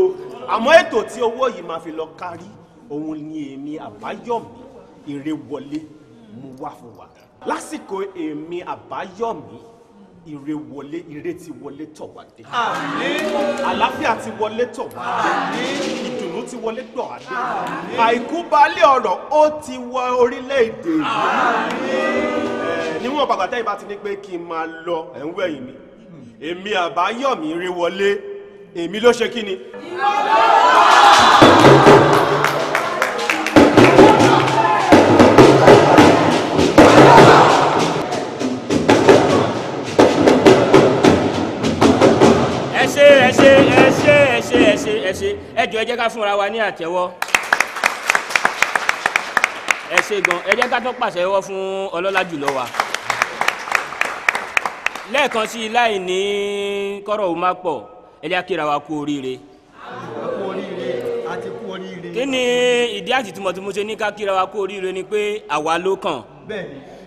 àmọ́ ètò tí owó yìí máa fi lọ kárí òun ni èmi àbáyọ̀mí èrè wọlé mo wá fún wa lásìkò èmi àbáyọ̀mí ire wọlé ire ti wọlé tọ̀ wá dé. àmín. àlàáfíà ti wọlé tọ̀ wá dé. àmín. ìdùnnú ti wọlé tọ̀ wá dé. àmín. àìkú baálẹ̀ ọ̀rọ̀ ó ti wọ orílẹ̀ yìí. àmín. bàbá tẹ́yìn bá ti ní pé kí n máa lọ ẹ̀ ń wẹ̀yìn mi. èmi àbáyọ̀mí ire wọlé èmi ló ṣe kí ni. ìwọ ló ẹ ṣé ẹ jọ̀ọ́ ẹ jẹ́ ká fúnra wa ní àtẹ́wọ́ ẹ ṣé gan ẹ jẹ́ ká tó pàṣẹwọ́ fún ọlọ́lá jùlọ wa lẹ́ẹ̀kan sí i láì ní kọ́rọ̀ ò má pọ̀ ẹ kíra wa kú oríire. kí ni ìdí àti tìmọ̀tìmọ̀ ṣe ní ká kíra wa kú oríire ni pé àwa ló kàn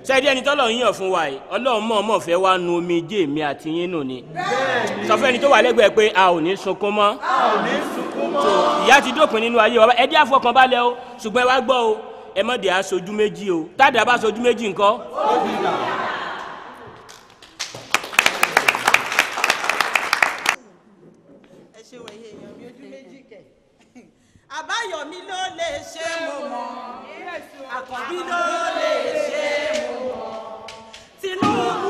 sẹ́ẹ̀dí ẹni tọ́lọ̀ yíyàn fún wa yìí ọlọ́run mọ̀ ọmọ fẹ́ wá nu omi jẹ́ èmi àti yín nù ni sọfẹ́ ẹni tó wà lẹ́gbẹ̀ẹ́ pé a ò ní sunkún mọ́ a ò ní sunkún mọ́ ìyà ti dópin nínú ayé wa ẹ jẹ́ àfọkànbalẹ̀ o ṣùgbọ́n ẹ wá gbọ́ o ẹ mọ̀ dé aṣojú méjì o tádàá bá aṣojú méjì ńkọ́. àbáyọ̀mí ló lè ṣe mo mọ̀ àkànbí ló lè ṣe. See, no.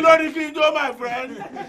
me lórí kí do jó my friend.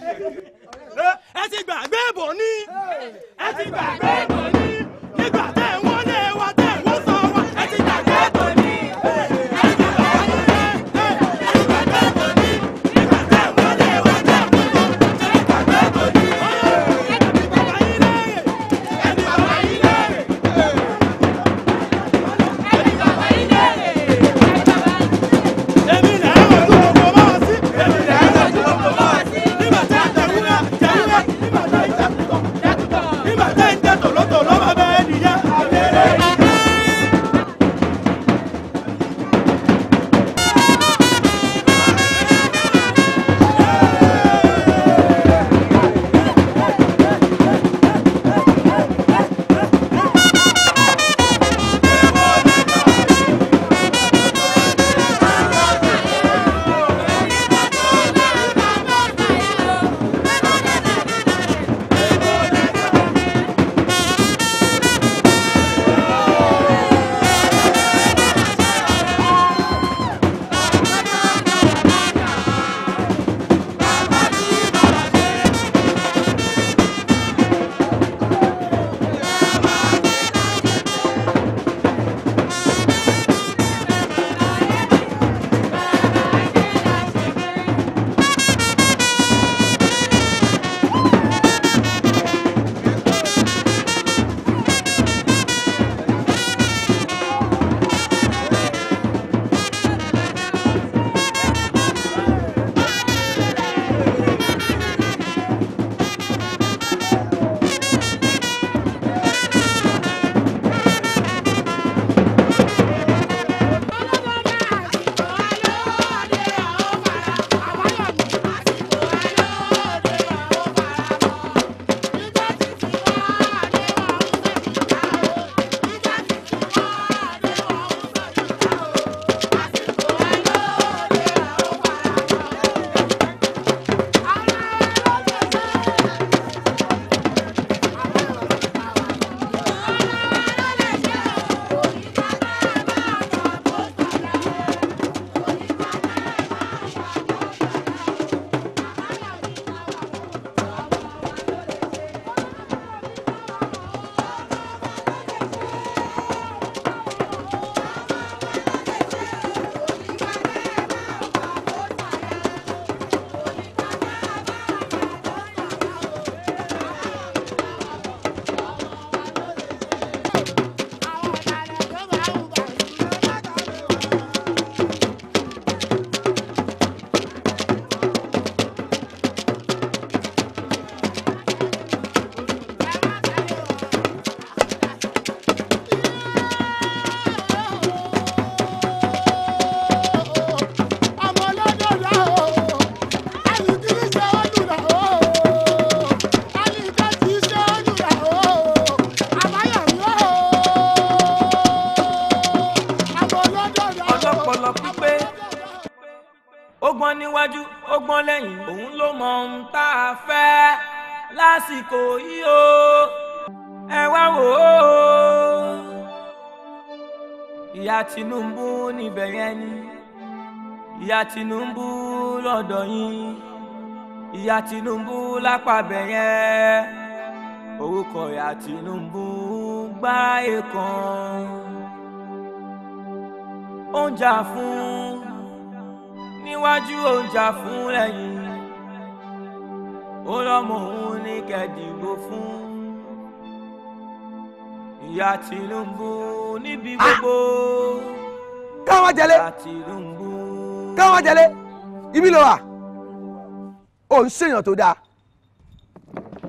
Tinubu níbẹ̀ yẹn ni ìyá Tinubu lọ́dọ̀ yín ìyá Tinubu lápàbẹ̀ yẹn orúkọ ìyá Tinubu gbá èèkàn ó ń jà fún níwájú ó fún lẹ́yìn ó lọ́mọ òun ní kẹ́dìgbò fún ìyá Tinubu. Ah! káwọn jẹlé káwọn jẹlé ibi ló wà ó ń ṣèyàn tó dáa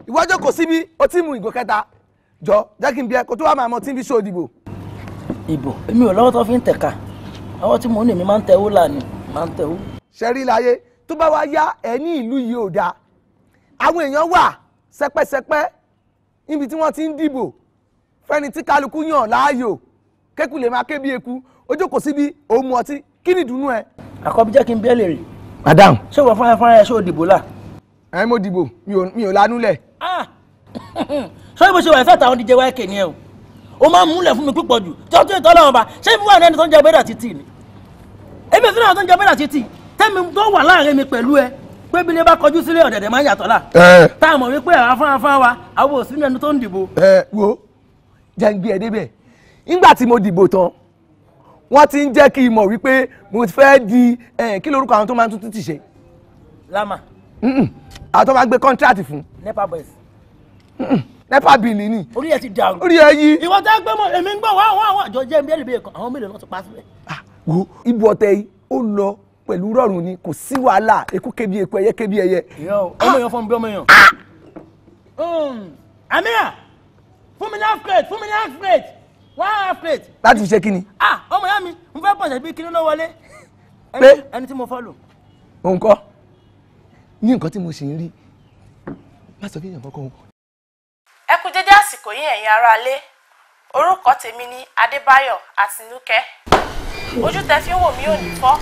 ìwájú kò síbi ó ti mú ìgò kẹta jọ jẹ́ kí n bí ẹ kó tó wà máa mọ tí n fi ṣó ìdìbò. ìbò èmi ò lọ́wọ́ tó fi ń tẹ̀ka àwọn tí mò ń lè mi máa ń tẹ̀wó là ní máa ń tẹ̀wó. ṣẹ́rí láyé tó bá wá yá ẹ ní ìlú yìí ò dáa àwọn èèyàn wà sẹpẹsẹpẹ níbi tí wọ́n ti ń dìbò fẹ́ni tí kálukú yàn láàyò kékun lè máa ké bí eku ojú kò síbi òun mu ọtí kí ni ìdùnnú ẹ. àkọ́bí jẹ́ kí n bẹ́ẹ̀ lè rè. madam. ṣé ìwọ fúnra fúnra ẹ ṣó dìbò là. ẹ mo dìbò mi ò lanú lẹ. sọ ibo ṣe wà ìfẹ́ tàwọn díje wáìkè ni ẹ o o máa ń múlẹ̀ fún mi púpọ̀ jù tí wọ́n tún ètò ọlọ́run ba ṣé fún wa ní ẹni tó ń jẹ bẹ́ẹ̀dà títì ni èmi fún àwọn tó ń jẹ bẹ́ẹ̀dà títì tẹ́mi tó wà láàrin mi pẹ̀lú ẹ pé bí ilé bá kọjú sílé ọ̀dẹ̀dẹ̀ máa ń yàtọ̀ là tá mọ̀ wípé àwọn afárafá wa àwọn òsínú ẹni tó ń dìbò. ẹ wo jẹ́ ń gbé ẹ débẹ̀ nígbà tí mo dìbò tán wọ́n ti ń jẹ́ kí n mọ̀ wípé mo fẹ́ di kí lorúkọ àwọn tó máa ń tuntun ti ṣe. lama. àwọn tó máa ń gbé kọ́ńtíráàtì fún. nepa boys. nepa bìlì ni. orí ẹ ti dàrú. orí ẹ yí. ìwọ tẹ́ gbé mọ èmi ń gbọ́ wá àwọn àwọn àjọ jẹ́ ẹ̀mí ẹ̀lẹ́bẹ̀ẹ́ kan àwọn mélòó náà ti pa sílẹ̀. Ah, wo ibu ọ̀tẹ̀ yìí ó lọ pẹ̀lú rọrùn ni kò sí wàhálà eku kébi eku ẹyẹ kébi ẹyẹ. Ah! ọmọ èèyàn fún mi bí ọmọ èèyàn. àmì ah! um, à fún mi ní half plate fún mi ní half plate one half plate. láti fi ṣe kíni. ah ọmọ ya mi n fẹ́ pọ̀ṣẹ̀ bí kíni ló wọlé. pé ẹni tí mo fọ́lò. òun kọ́ ní nǹkan tí mo ṣì ń rí má sọ fíyàn kankan o. ẹ kú dédé àsìkò yìí ẹ̀yin aráalé orúkọ tèmi ni adébáyọ̀ àtinúkẹ́ ojú tẹ fi ń wò mí ò ní fọ́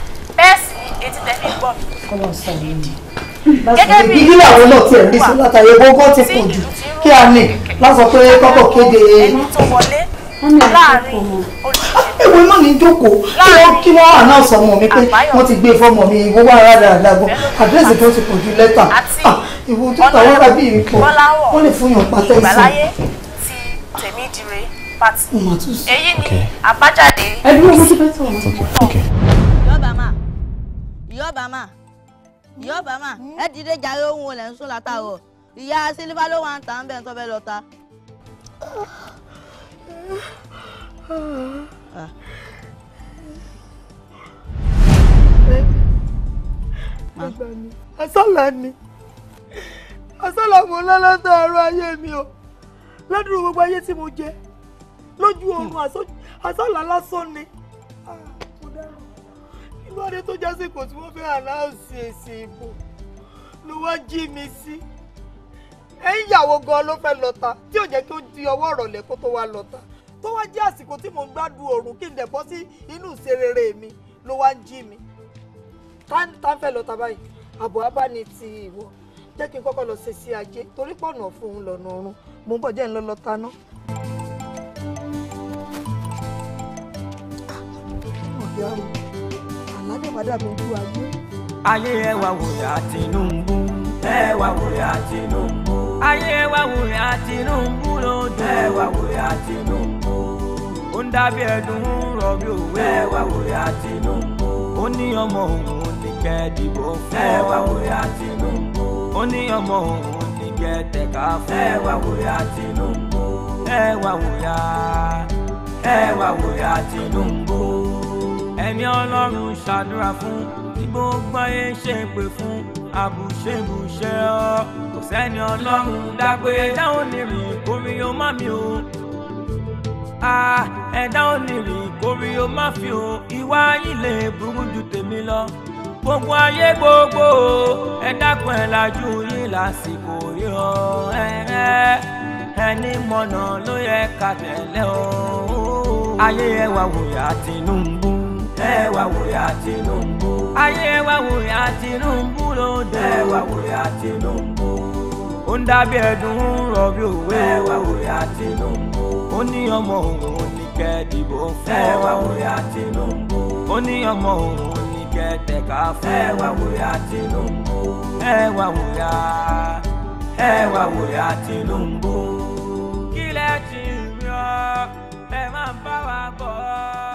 sì ni etí tẹ fi ń gbọ́ mi. kọ́lọ́ sọ yìí di gẹ́gẹ́ bí ìlú àwọn náà ti ẹ̀rí sí látàrí gbogbo ti pọ̀ jù kí a ní lásán pé kọ́kọ́ kéde. ẹni tó wọlé láàrin ewu iná ní jókòó kí wọ́n wà náà sọmọ mi pé wọ́n ti gbé e fọmọ mi ìwọ wà rárá àdàgbọ́ àdírẹ́sì tó ti pọ̀ ju lẹ́tà ah, ìwọ tó tàwọn rábì yìí pọ̀ wọ́n lè fún yàn pátá ìsìn. Tèmídire pati èyí ni àbájáde. ẹbí wọn ti bẹ́ẹ̀ sọ̀rọ̀. yọba máa yọba máa yọba máa ẹ dìde jàre ohun olè ń sún látàrọ ìyá sílífà ló wà ń tà ń bẹ̀ ń tọ́ bẹ́ẹ̀ lọ ta asálà ah. ni asálà mo lọ́lá tààrọ̀ ayé mi o ládùúgbò gbogbo ayé tí mo jẹ lójú oorun asálà hmm. lásán ni inú ah, adé tó jásìkò tí wọ́n fẹ́ àláùsì èsì ìbò ló wá jí mi sí ẹ̀yìn ìyàwó gan ló fẹ́ lọ́ta tí ò jẹ́ kí ó di ọwọ́ ọ̀rọ̀lẹ́ kó tó wá lọ́ta tó wá jẹ́ àsìkò tí mò ń gbádùn oòrùn kí n dẹ̀ bọ́ sí inú ìserere mi ló wá ń jí mi tá lọ tàbá yìí àbọ̀ abá ni ti ìwọ jẹ́ kí n kọ́kọ́ lọ ṣe sí ajé torí pọ̀nà fún un lọ́nà ọ̀run mo ń bọ̀ jẹ́ ń lọ lọ taná. àlájọ̀padà mi ju ayé. ayé ẹ wá wòyà Tinubu. ẹ wá wòyà Tinubu. ayé ẹ wá wòyà Tinubu lójú. ẹ wá wòyà Tinubu ó ń dábí ẹdùn rọbí òwe ẹ wá wòye Tinubu ó ní ọmọ òun nìkẹ́ dìbò fún ẹ wá wòye Tinubu ó ní ọmọ òun nìkẹ́ tẹ̀ka fún ẹ wá wòye Tinubu ẹ wá wòye ẹ wá wòye Tinubu ẹ̀mí ọlọ́run ṣàdúrà fún kí gbogbo ayé ṣe pé fún àbùṣebùṣe ọ kò sẹ́ni ọlọ́run dágbé dáhùn nírìn orí yóò má mi o. Ah, ẹ̀dá ò ní rí o má fi hàn ìwà yín lè burú ju tèmi lọ gbogbo ayé gbogbo ẹ dákun ẹ lajú yín lásìkò yíyan ẹ̀rẹ́ ẹni mọ̀nà ló yẹ ká tẹ̀lé o. ayé ẹ wá wòyà Tinubu ẹ wá wòyà Tinubu ayé ẹ wòyà Tinubu ló dé ẹ wòyà Tinubu ó ń dábìí ẹ̀dùn rọ̀bì òwe ẹ wòyà Tinubu ó ní ọmọ òun ní kẹ́ẹ̀dìbò fún ọ. ẹ wá wòyà Tinubu. ó ní ọmọ òun ní kẹ́ẹ̀tẹ̀ka fún ọ. ẹ wá wòyà Tinubu. ẹ wá wòyà ẹ wá wòyà Tinubu. kílẹ̀ tì mí ọ́ ẹ máa ń bá wa bọ̀